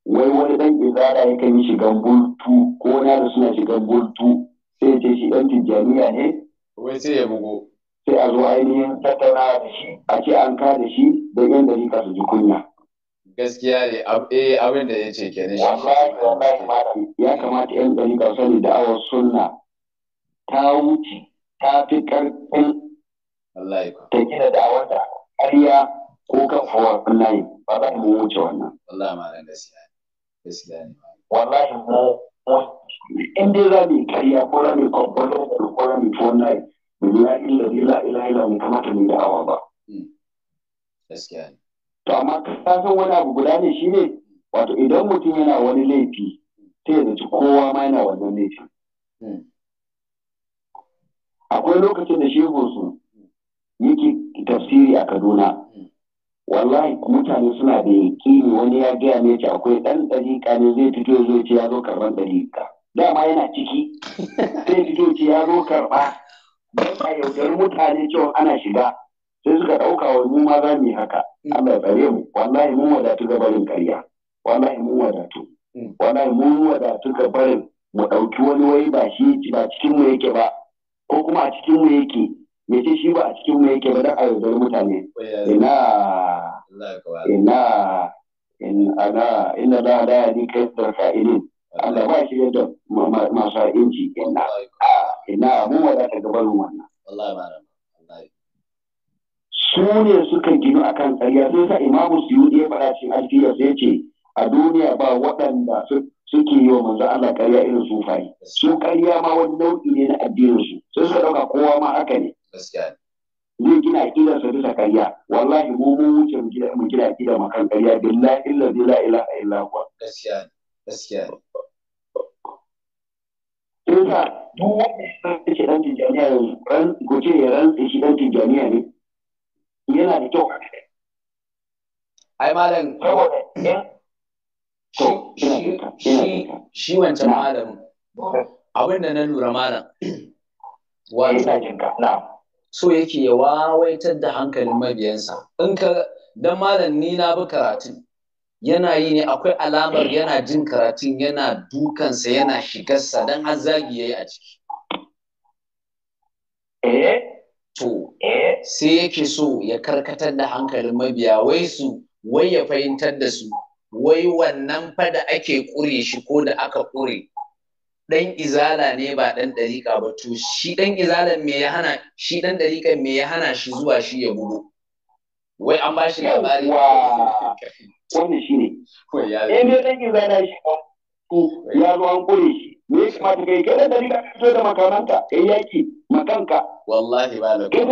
wai wani ɗan izara ya kan yi shigan bultu ko na da suna shigan bultu sai ce shi ɗan tijjaniya ne. Wai sai ya bugo. Sai a zo ainihin tattaunawa da shi a ce an ka da shi don yan dariƙa su ji kunya. gaskiya ne eh abin da ya ce kenan shi ya kamata yan gari ka sani da awar sunna ta wuce ta fi karfin wallahi ba da gina da'awarta ƙarya ko kafawa wallahi ba za mu wuce wannan wallahi malam gaskiya gaskiya ne wallahi mu in dai za mu yi ƙarya ko za mu yi kwakwalwa ko za mu yi tuwon ya illa illa illa illa mu kamata mu yi da'awa ba hmm. gaskiya ne to amma ka san wani abu guda ne shi ne? wato idan mutum yana wani laifi sai ya zaci kowa ma yana wannan laifin hmm. akwai lokacin da shehu su yake tafsiri a Kaduna wallahi mutane suna da yakini wani ya gaya ne ce akwai ɗan ɗariƙa ne zai fito zo ce ya zo karɓar ɗariƙa dama yana ciki zai fito ce ya zo karɓa don a yaudar mutane cewa ana shiga sai suka ɗauka wa mu ma za mu yi haka mm. Allah tsare mu wallahi mun wadatu ga barin ƙarya wallahi mun wadatu mm. wallahi mun wadatu ga barin mu ɗauki wani wai ba shi ba cikin mu yake ba ko kuma a cikin mu yake Me ce shi ba a cikin mu yake ba da a yaudar mutane ina ina ina ina la la kai kaidar fa'ilin Allah ba shi yadda masu inji ina ina mu ta gaban wannan wallahi malam su ne suka gino a kan tsariya sai sa imamu suyudi ya fara cin alfiya sai ce a duniya ba waɗanda suke yi wa manzo Allah ƙarya irin sufaye su ƙarya ma wani nau'i ne na addinin su sai su ɗauka kowa ma haka ne yin gina aƙidar su bisa karya. wallahi mu mun wuce mu gina mu aƙida mu kan ƙarya billahi illazi la ilaha illa huwa gaskiya gaskiya in ka duk wanda ya ce dan tijaniya ne ran goce ya rantsa shi dan tijaniya ne yana da kyau ai malam to shi shi wancan malamin abin da na lura malam eh, wato so yake ya wawaitar da hankalin mabiyansa in ka dan malam ni na bi karatun yana yi ne akwai alamar yana jin karatun yana dukansa yana shigarsa don har zagi yi a ciki eh to eh? sai yake so ya karkatar da hankalin mabiya wai su wai ya fahimtar da su wai wannan fa da ake ƙure shi ko da aka ƙure ɗan izala ne ba ɗan ɗariƙa ba to shi ɗan izalan me ya hana shi ɗan ɗariƙan me ya hana shi zuwa shi ya bugu wai an ba shi labari wannan shi ne eh me ɗan izala shi ya zo an kure shi me ya kamata kai kai ɗan ɗariƙa ka fito da makaranta kai yaki makanka wallahi ba da tun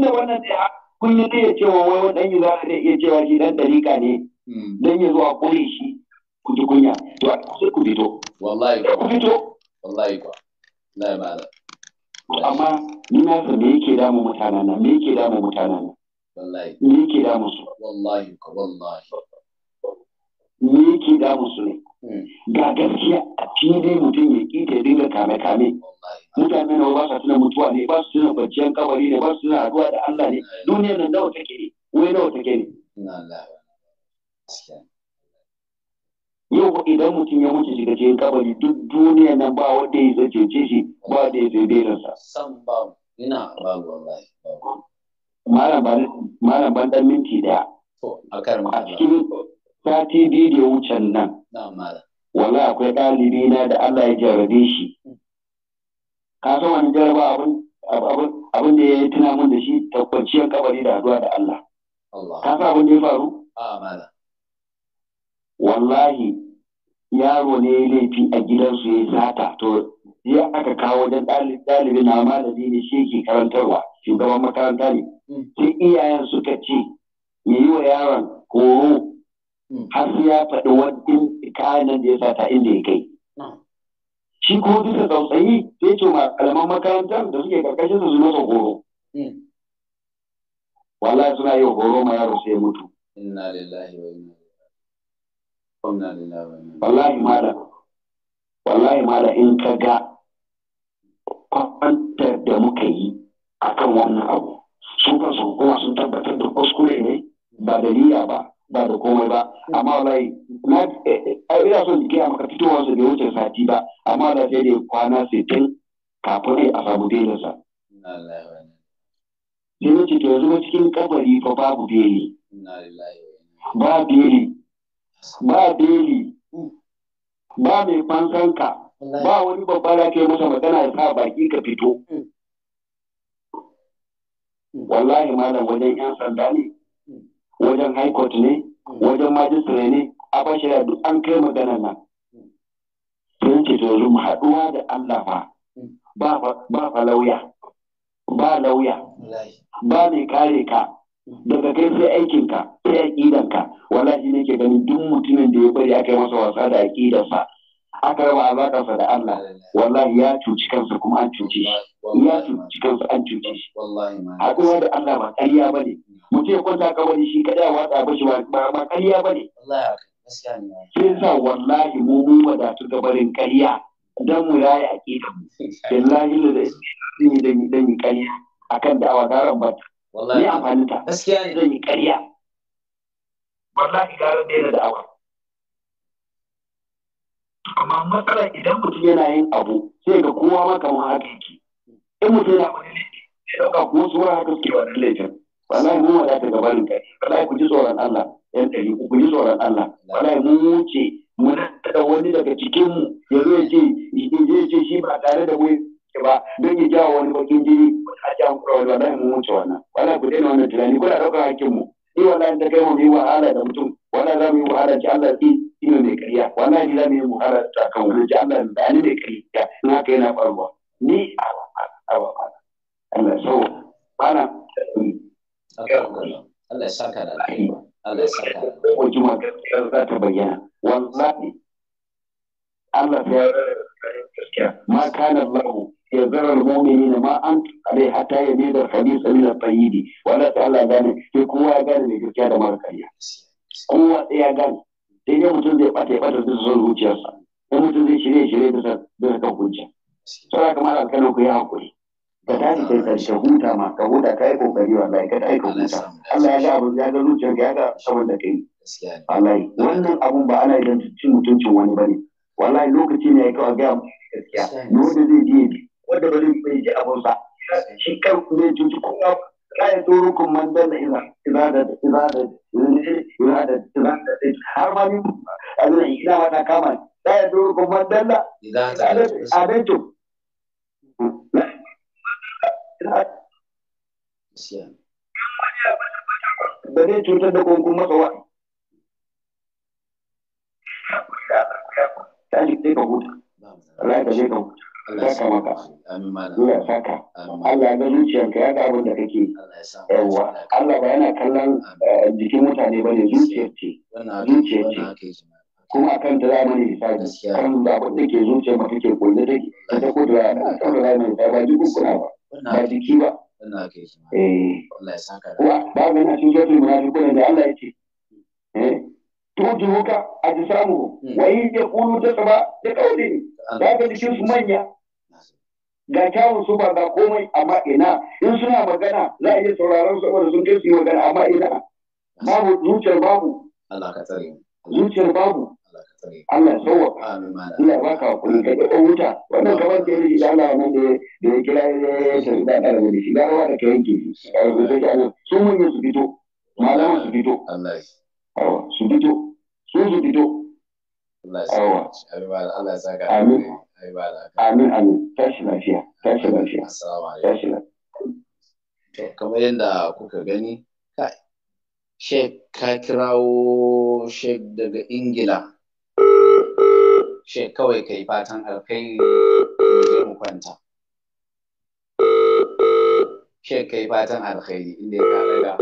da wannan da kullum ya cewa wai wani ɗan izala zai iya cewa shi ɗan ɗariƙa ne hmm. dan ya zo a shi ku ji kunya to sai ku fito wallahi ku fito wallahi ku wallahi malam amma ni na san me yake damu mutanen nan me yake damu mutanen nan wallahi me yake damu su wallahi ku wallahi me yake damu su ne hmm. ga gaskiya a cikin fili mutum ya ki ta dinga kame kame mutane nawa ba sa tuna mutuwa ne ba su tuna kwanciyar kabari ne ba su tuna haɗuwa da Allah ne duniyar nan nawa take ne wai nawa take ne yau idan mutum ya mutu shiga cikin kabari duk duniya nan ba wanda ya zai cece shi ba da ya zai belinsa. San ba ina ba wallahi. Malam ban dan minti daya. A cikin sati biyu da ya wucen nan. Wala akwai ɗalibi na da Allah ya jarabe shi. Ka san wani jaraba abin da ya tuna mun da shi tabbaciyar kabari da addu'a da Allah. Ka san abin da ya faru? Wallahi yaro ne laifi a gidansu ya sata to ya aka kawo wajen ɗalibi na malami ne shi ke karantarwa shugaban makaranta ne mm. sai iyayen suka ce ya yi wa yaron horo mm. har sai ya faɗi wajen kayan nan da ya sata inda ya kai mm. shi ko duka tsautsayi sai ce kalaman makarantar da suke karkashin su sau horo Wala suna yi horo ma yaro sai mutu inna lillahi wa inna wallahi malam wallahi malam in ka ga kwantar da muka yi a kan wannan abu Sun su kansu kuma sun tabbatar da kuskure ne ba da niyya ba ba da komai ba amma wallahi na eh, eh, ina son jike a maka fitowa su bai wuce sati ba amma da sai da kwana sittin kafin a samu belinsa. Sai na ce to yanzu cikin kabari fa babu beli. Ba beli ba beli ba mai fansanka ba wani babbar da ke masa magana ya sa baki ka fito mm. Mm. wallahi malam wajen yan sanda ne mm. wajen high court ne wajen majistare ne a bashi duk an kai magana nan sun ce to haɗuwa da Allah fa ba fa lauya ba lauya ba mai kare ka daga kai sai aikinka sai ka wallahi ne ke ganin duk mutumin da ya bari aka yi masa wasa da sa aka raba sa da Allah wallahi ya cuci kansa kuma an cuci shi ya cuci kansa an cuci shi haɗuwa da Allah ba ƙarya ba ne mutum ya kwanta ka wani shi kaɗai a watsa ba shi ba ƙarya ba ne sai sa wallahi mu mu tu da barin ƙarya dan mu raye aƙidanmu billahi da zai yi dan yi ƙarya akan da'awa garan ba wallahi amfani ta gaskiya ne zan yi ƙarya wallahi gara daina da awa amma matsala idan mutum yana yin abu sai ga kowa ma kamar haka yake in mutum yana wani laifi ya ɗauka kuma su wura haka suke wannan laifin wallahi mun wadata gabanin kai wallahi ku ji tsoron Allah yan ɗari ku ji tsoron Allah wallahi mun wuce mun da wani daga cikin mu ya zo ya ce shi ba tare da wai ba don ya jawo wani bakin jini a ci an wani mun wuce wannan ku daina wannan tunani kuna hakkin mu ni wallahi ta kai mu yi wahala da mutum za mu yi wahala ci Allah ki mai za mu yi wahala ta kan wani ci Allah da ni mai in haka yana faruwa ni a ba Allah so Allah ya saka da Allah ya saka da za ta bayyana wallahi Allah ya ma kana يذر المؤمنين ما أنت عليه حتى يميل الخبيث من الطيب ولا تعالى غني في قوة غني لكي هذا ما كان قوة يا غني sai dai mutum zai ɓata ya ɓata da son zuciyarsa sai mutum zai shirye shirye bisa bisa kan hujja kamar alƙalin ku ya hakuri ka tashi kai ta huta ma ka huta ka yi kokari wallahi ka tashi ka huta Allah ya ga abin ya ga zuciyar ya ga abin da kai wannan abun ba ana idan cin mutuncin wani wallahi lokaci ne ya kawo ga gaskiya ne wanda zai wanda bari mu yi abin ba shi kan kai zai ji kowa kai doro kun man da ina ina da ina da ina da ina da har ma ni abin ina wata kama kai doro kun man da la ina da abinci ba zai cutar da kunkun matsawa ta ji sai ka huta Allah ya ka ka huta Allah ya Allah ya saka Allah ya ga zuciyarka ya ga abin da kake Allah ba yana kallon eh, jikin mutane ba ne zuciyar ce zuciyar ce kuma akan ta zama ne hisabi kan da abin da ke zuciyar ma kake kulle take ta ko da kan da zama ne ba jikin kuna ba ba jiki ba eh babu yana cikin zuciyar munafiqun da Allah yake eh tujuhuka ajsamuhum hmm. wa in yaqulu tasba da qawlihi za ka shi manya ga kyawun su ba ga komai amma ina in suna magana za a iya sauraron su wanda sun kai su yi magana amma ina babu zuciyar babu Allah ka tsare zuciyar babu Allah sauwa Allah ba ka hakuri ka ga wuta wannan kamar da yake da Allah nan da ya kira ya san da da da shi da rawa da kai yake shi a rubuce da Allah su mun su fito malaman su fito Allah su fito su su fito amin amin amin tashi lafiya tashi lafiya assalamu alaikum to kamar yadda kuka gani Sheikh ka kirawo Sheikh daga Ingila Sheikh kawai ka yi fatan alkai je mu kwanta Sheikh ka yi fatan alkhairi inda ya ka daga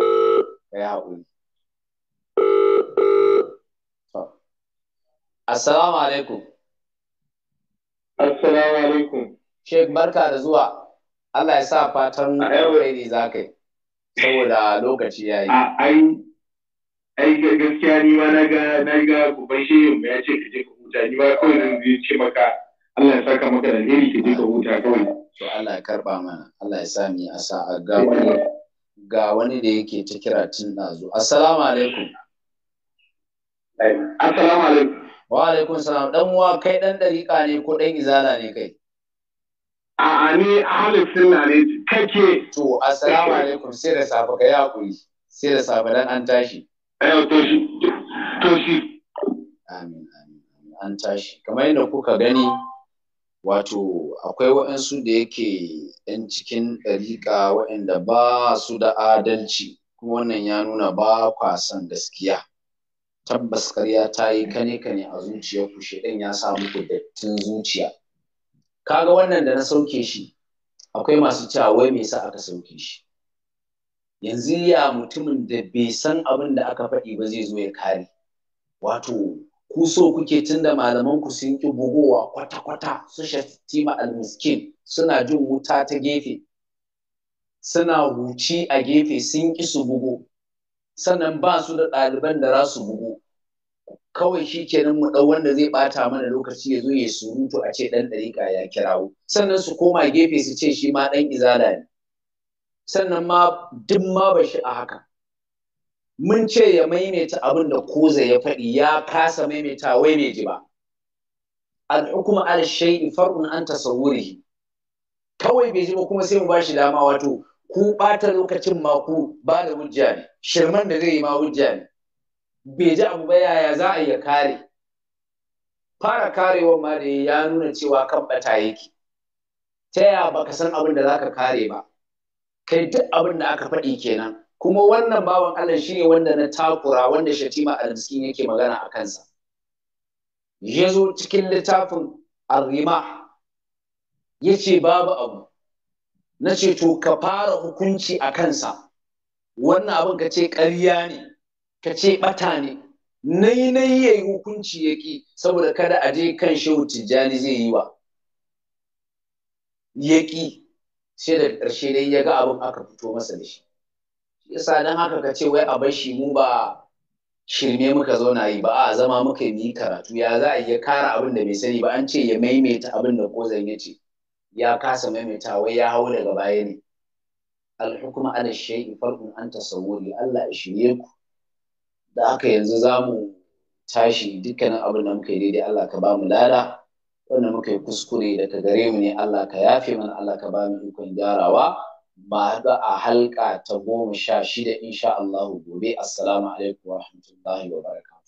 ya haƙuri Assalamu alaikum. Assalamu alaikum. Sheikh barka da zuwa. Allah ya sa fatan alkhairi za ka yi. Saboda lokaci ya yi. A Ai, ai gaskiya ni ma na ga na ga ya ce ka je ka huta ni ma kawai nan zai ce maka Allah ya saka maka da alheri ka je ka huta kawai. To Allah ya karba mana. Allah ya sa ni a sa'a ga wani ga wani da yake ta kira tun ɗazu. Assalamu alaikum. Assalamu alaikum. Wa alaikun salam dan uwa kai dan dariƙa ne ko dan izala ne kai? A'a ni ahlus sunna ne kake. To assalamu alaikum sai da safe kai hakuri sai da safa dan an tashi. Eh to shi to shi. Amin amin an tashi kamar yadda kuka gani wato akwai waɗansu da yake ɗan cikin ɗariƙa waɗanda ba su da adalci kuma wannan ya nuna ba kwasan gaskiya tabbas ƙarya ta yi kane kane a zuciyarku shedan ya sa muku dattin zuciya kaga wannan da na sauke shi akwai masu cewa wai me yasa aka sauke shi yanzu ya mutumin da bai san abin da aka faɗi ba zai zo ya kare wato ku so kuke tunda malaman ku sun ki bugowa kwata-kwata su ma almiskin suna jin wuta ta gefe suna huci a gefe sun ki su bugo sannan ba su da ɗaliban da za su bugu kawai shi kenan mu ɗau wanda zai ɓata mana lokaci ya zo ya surutu a ce ɗan ɗariƙa ya kirawo sannan su koma gefe su ce shi ma ɗan izala ne sannan ma duk ma ba shi a haka mun ce ya maimaita abin da koza ya faɗi ya kasa maimaita wai mai ji ba al'ukuma al shay'i far'un an tasawwurihi kawai bai ji ba kuma sai mu ba shi dama wato ku ɓata lokacin ma ku ba da hujja ne shirman da zai yi ma hujja ne bai ji abu ba yaya za a iya kare fara karewa ma da ya nuna cewa kan bata yake ta yaya baka san abin da za ka kare ba kai duk abin da aka faɗi kenan kuma wannan bawan Allah shine wanda na takura wanda shatima arziki yake magana a kansa ya zo cikin littafin arrima ya ce babu abu na ce to ka fara hukunci a kansa wannan abin ka ce ƙarya ne ka ce ɓata ne nai nai ya yi hukunci ya ƙi saboda kada a je kan shehu tijjani zai yi wa ya ƙi sai da ƙarshe dai ya ga abin aka fito masa da shi yasa don haka ka ce wai a bar shi mu ba shirme muka zauna yi ba a zama muka yi karatu ya za a iya kara abin da bai sani ba an ce ya maimaita abin da ko zan ya ce ya kasa maimaita wai ya hau daga baya ne alhukuma ala shay'i farqun an tasawwuri Allah ya shirye ku da haka yanzu zamu tashi dukkanin abin da muka yi daidai Allah ka bamu mu lada wanda muka yi kuskure daga gare mu ne Allah ka yafe mana Allah ka bamu mu ikon gyarawa ba ga a halka ta goma sha shida insha Allah gobe assalamu alaikum wa rahmatullahi wa barakatuh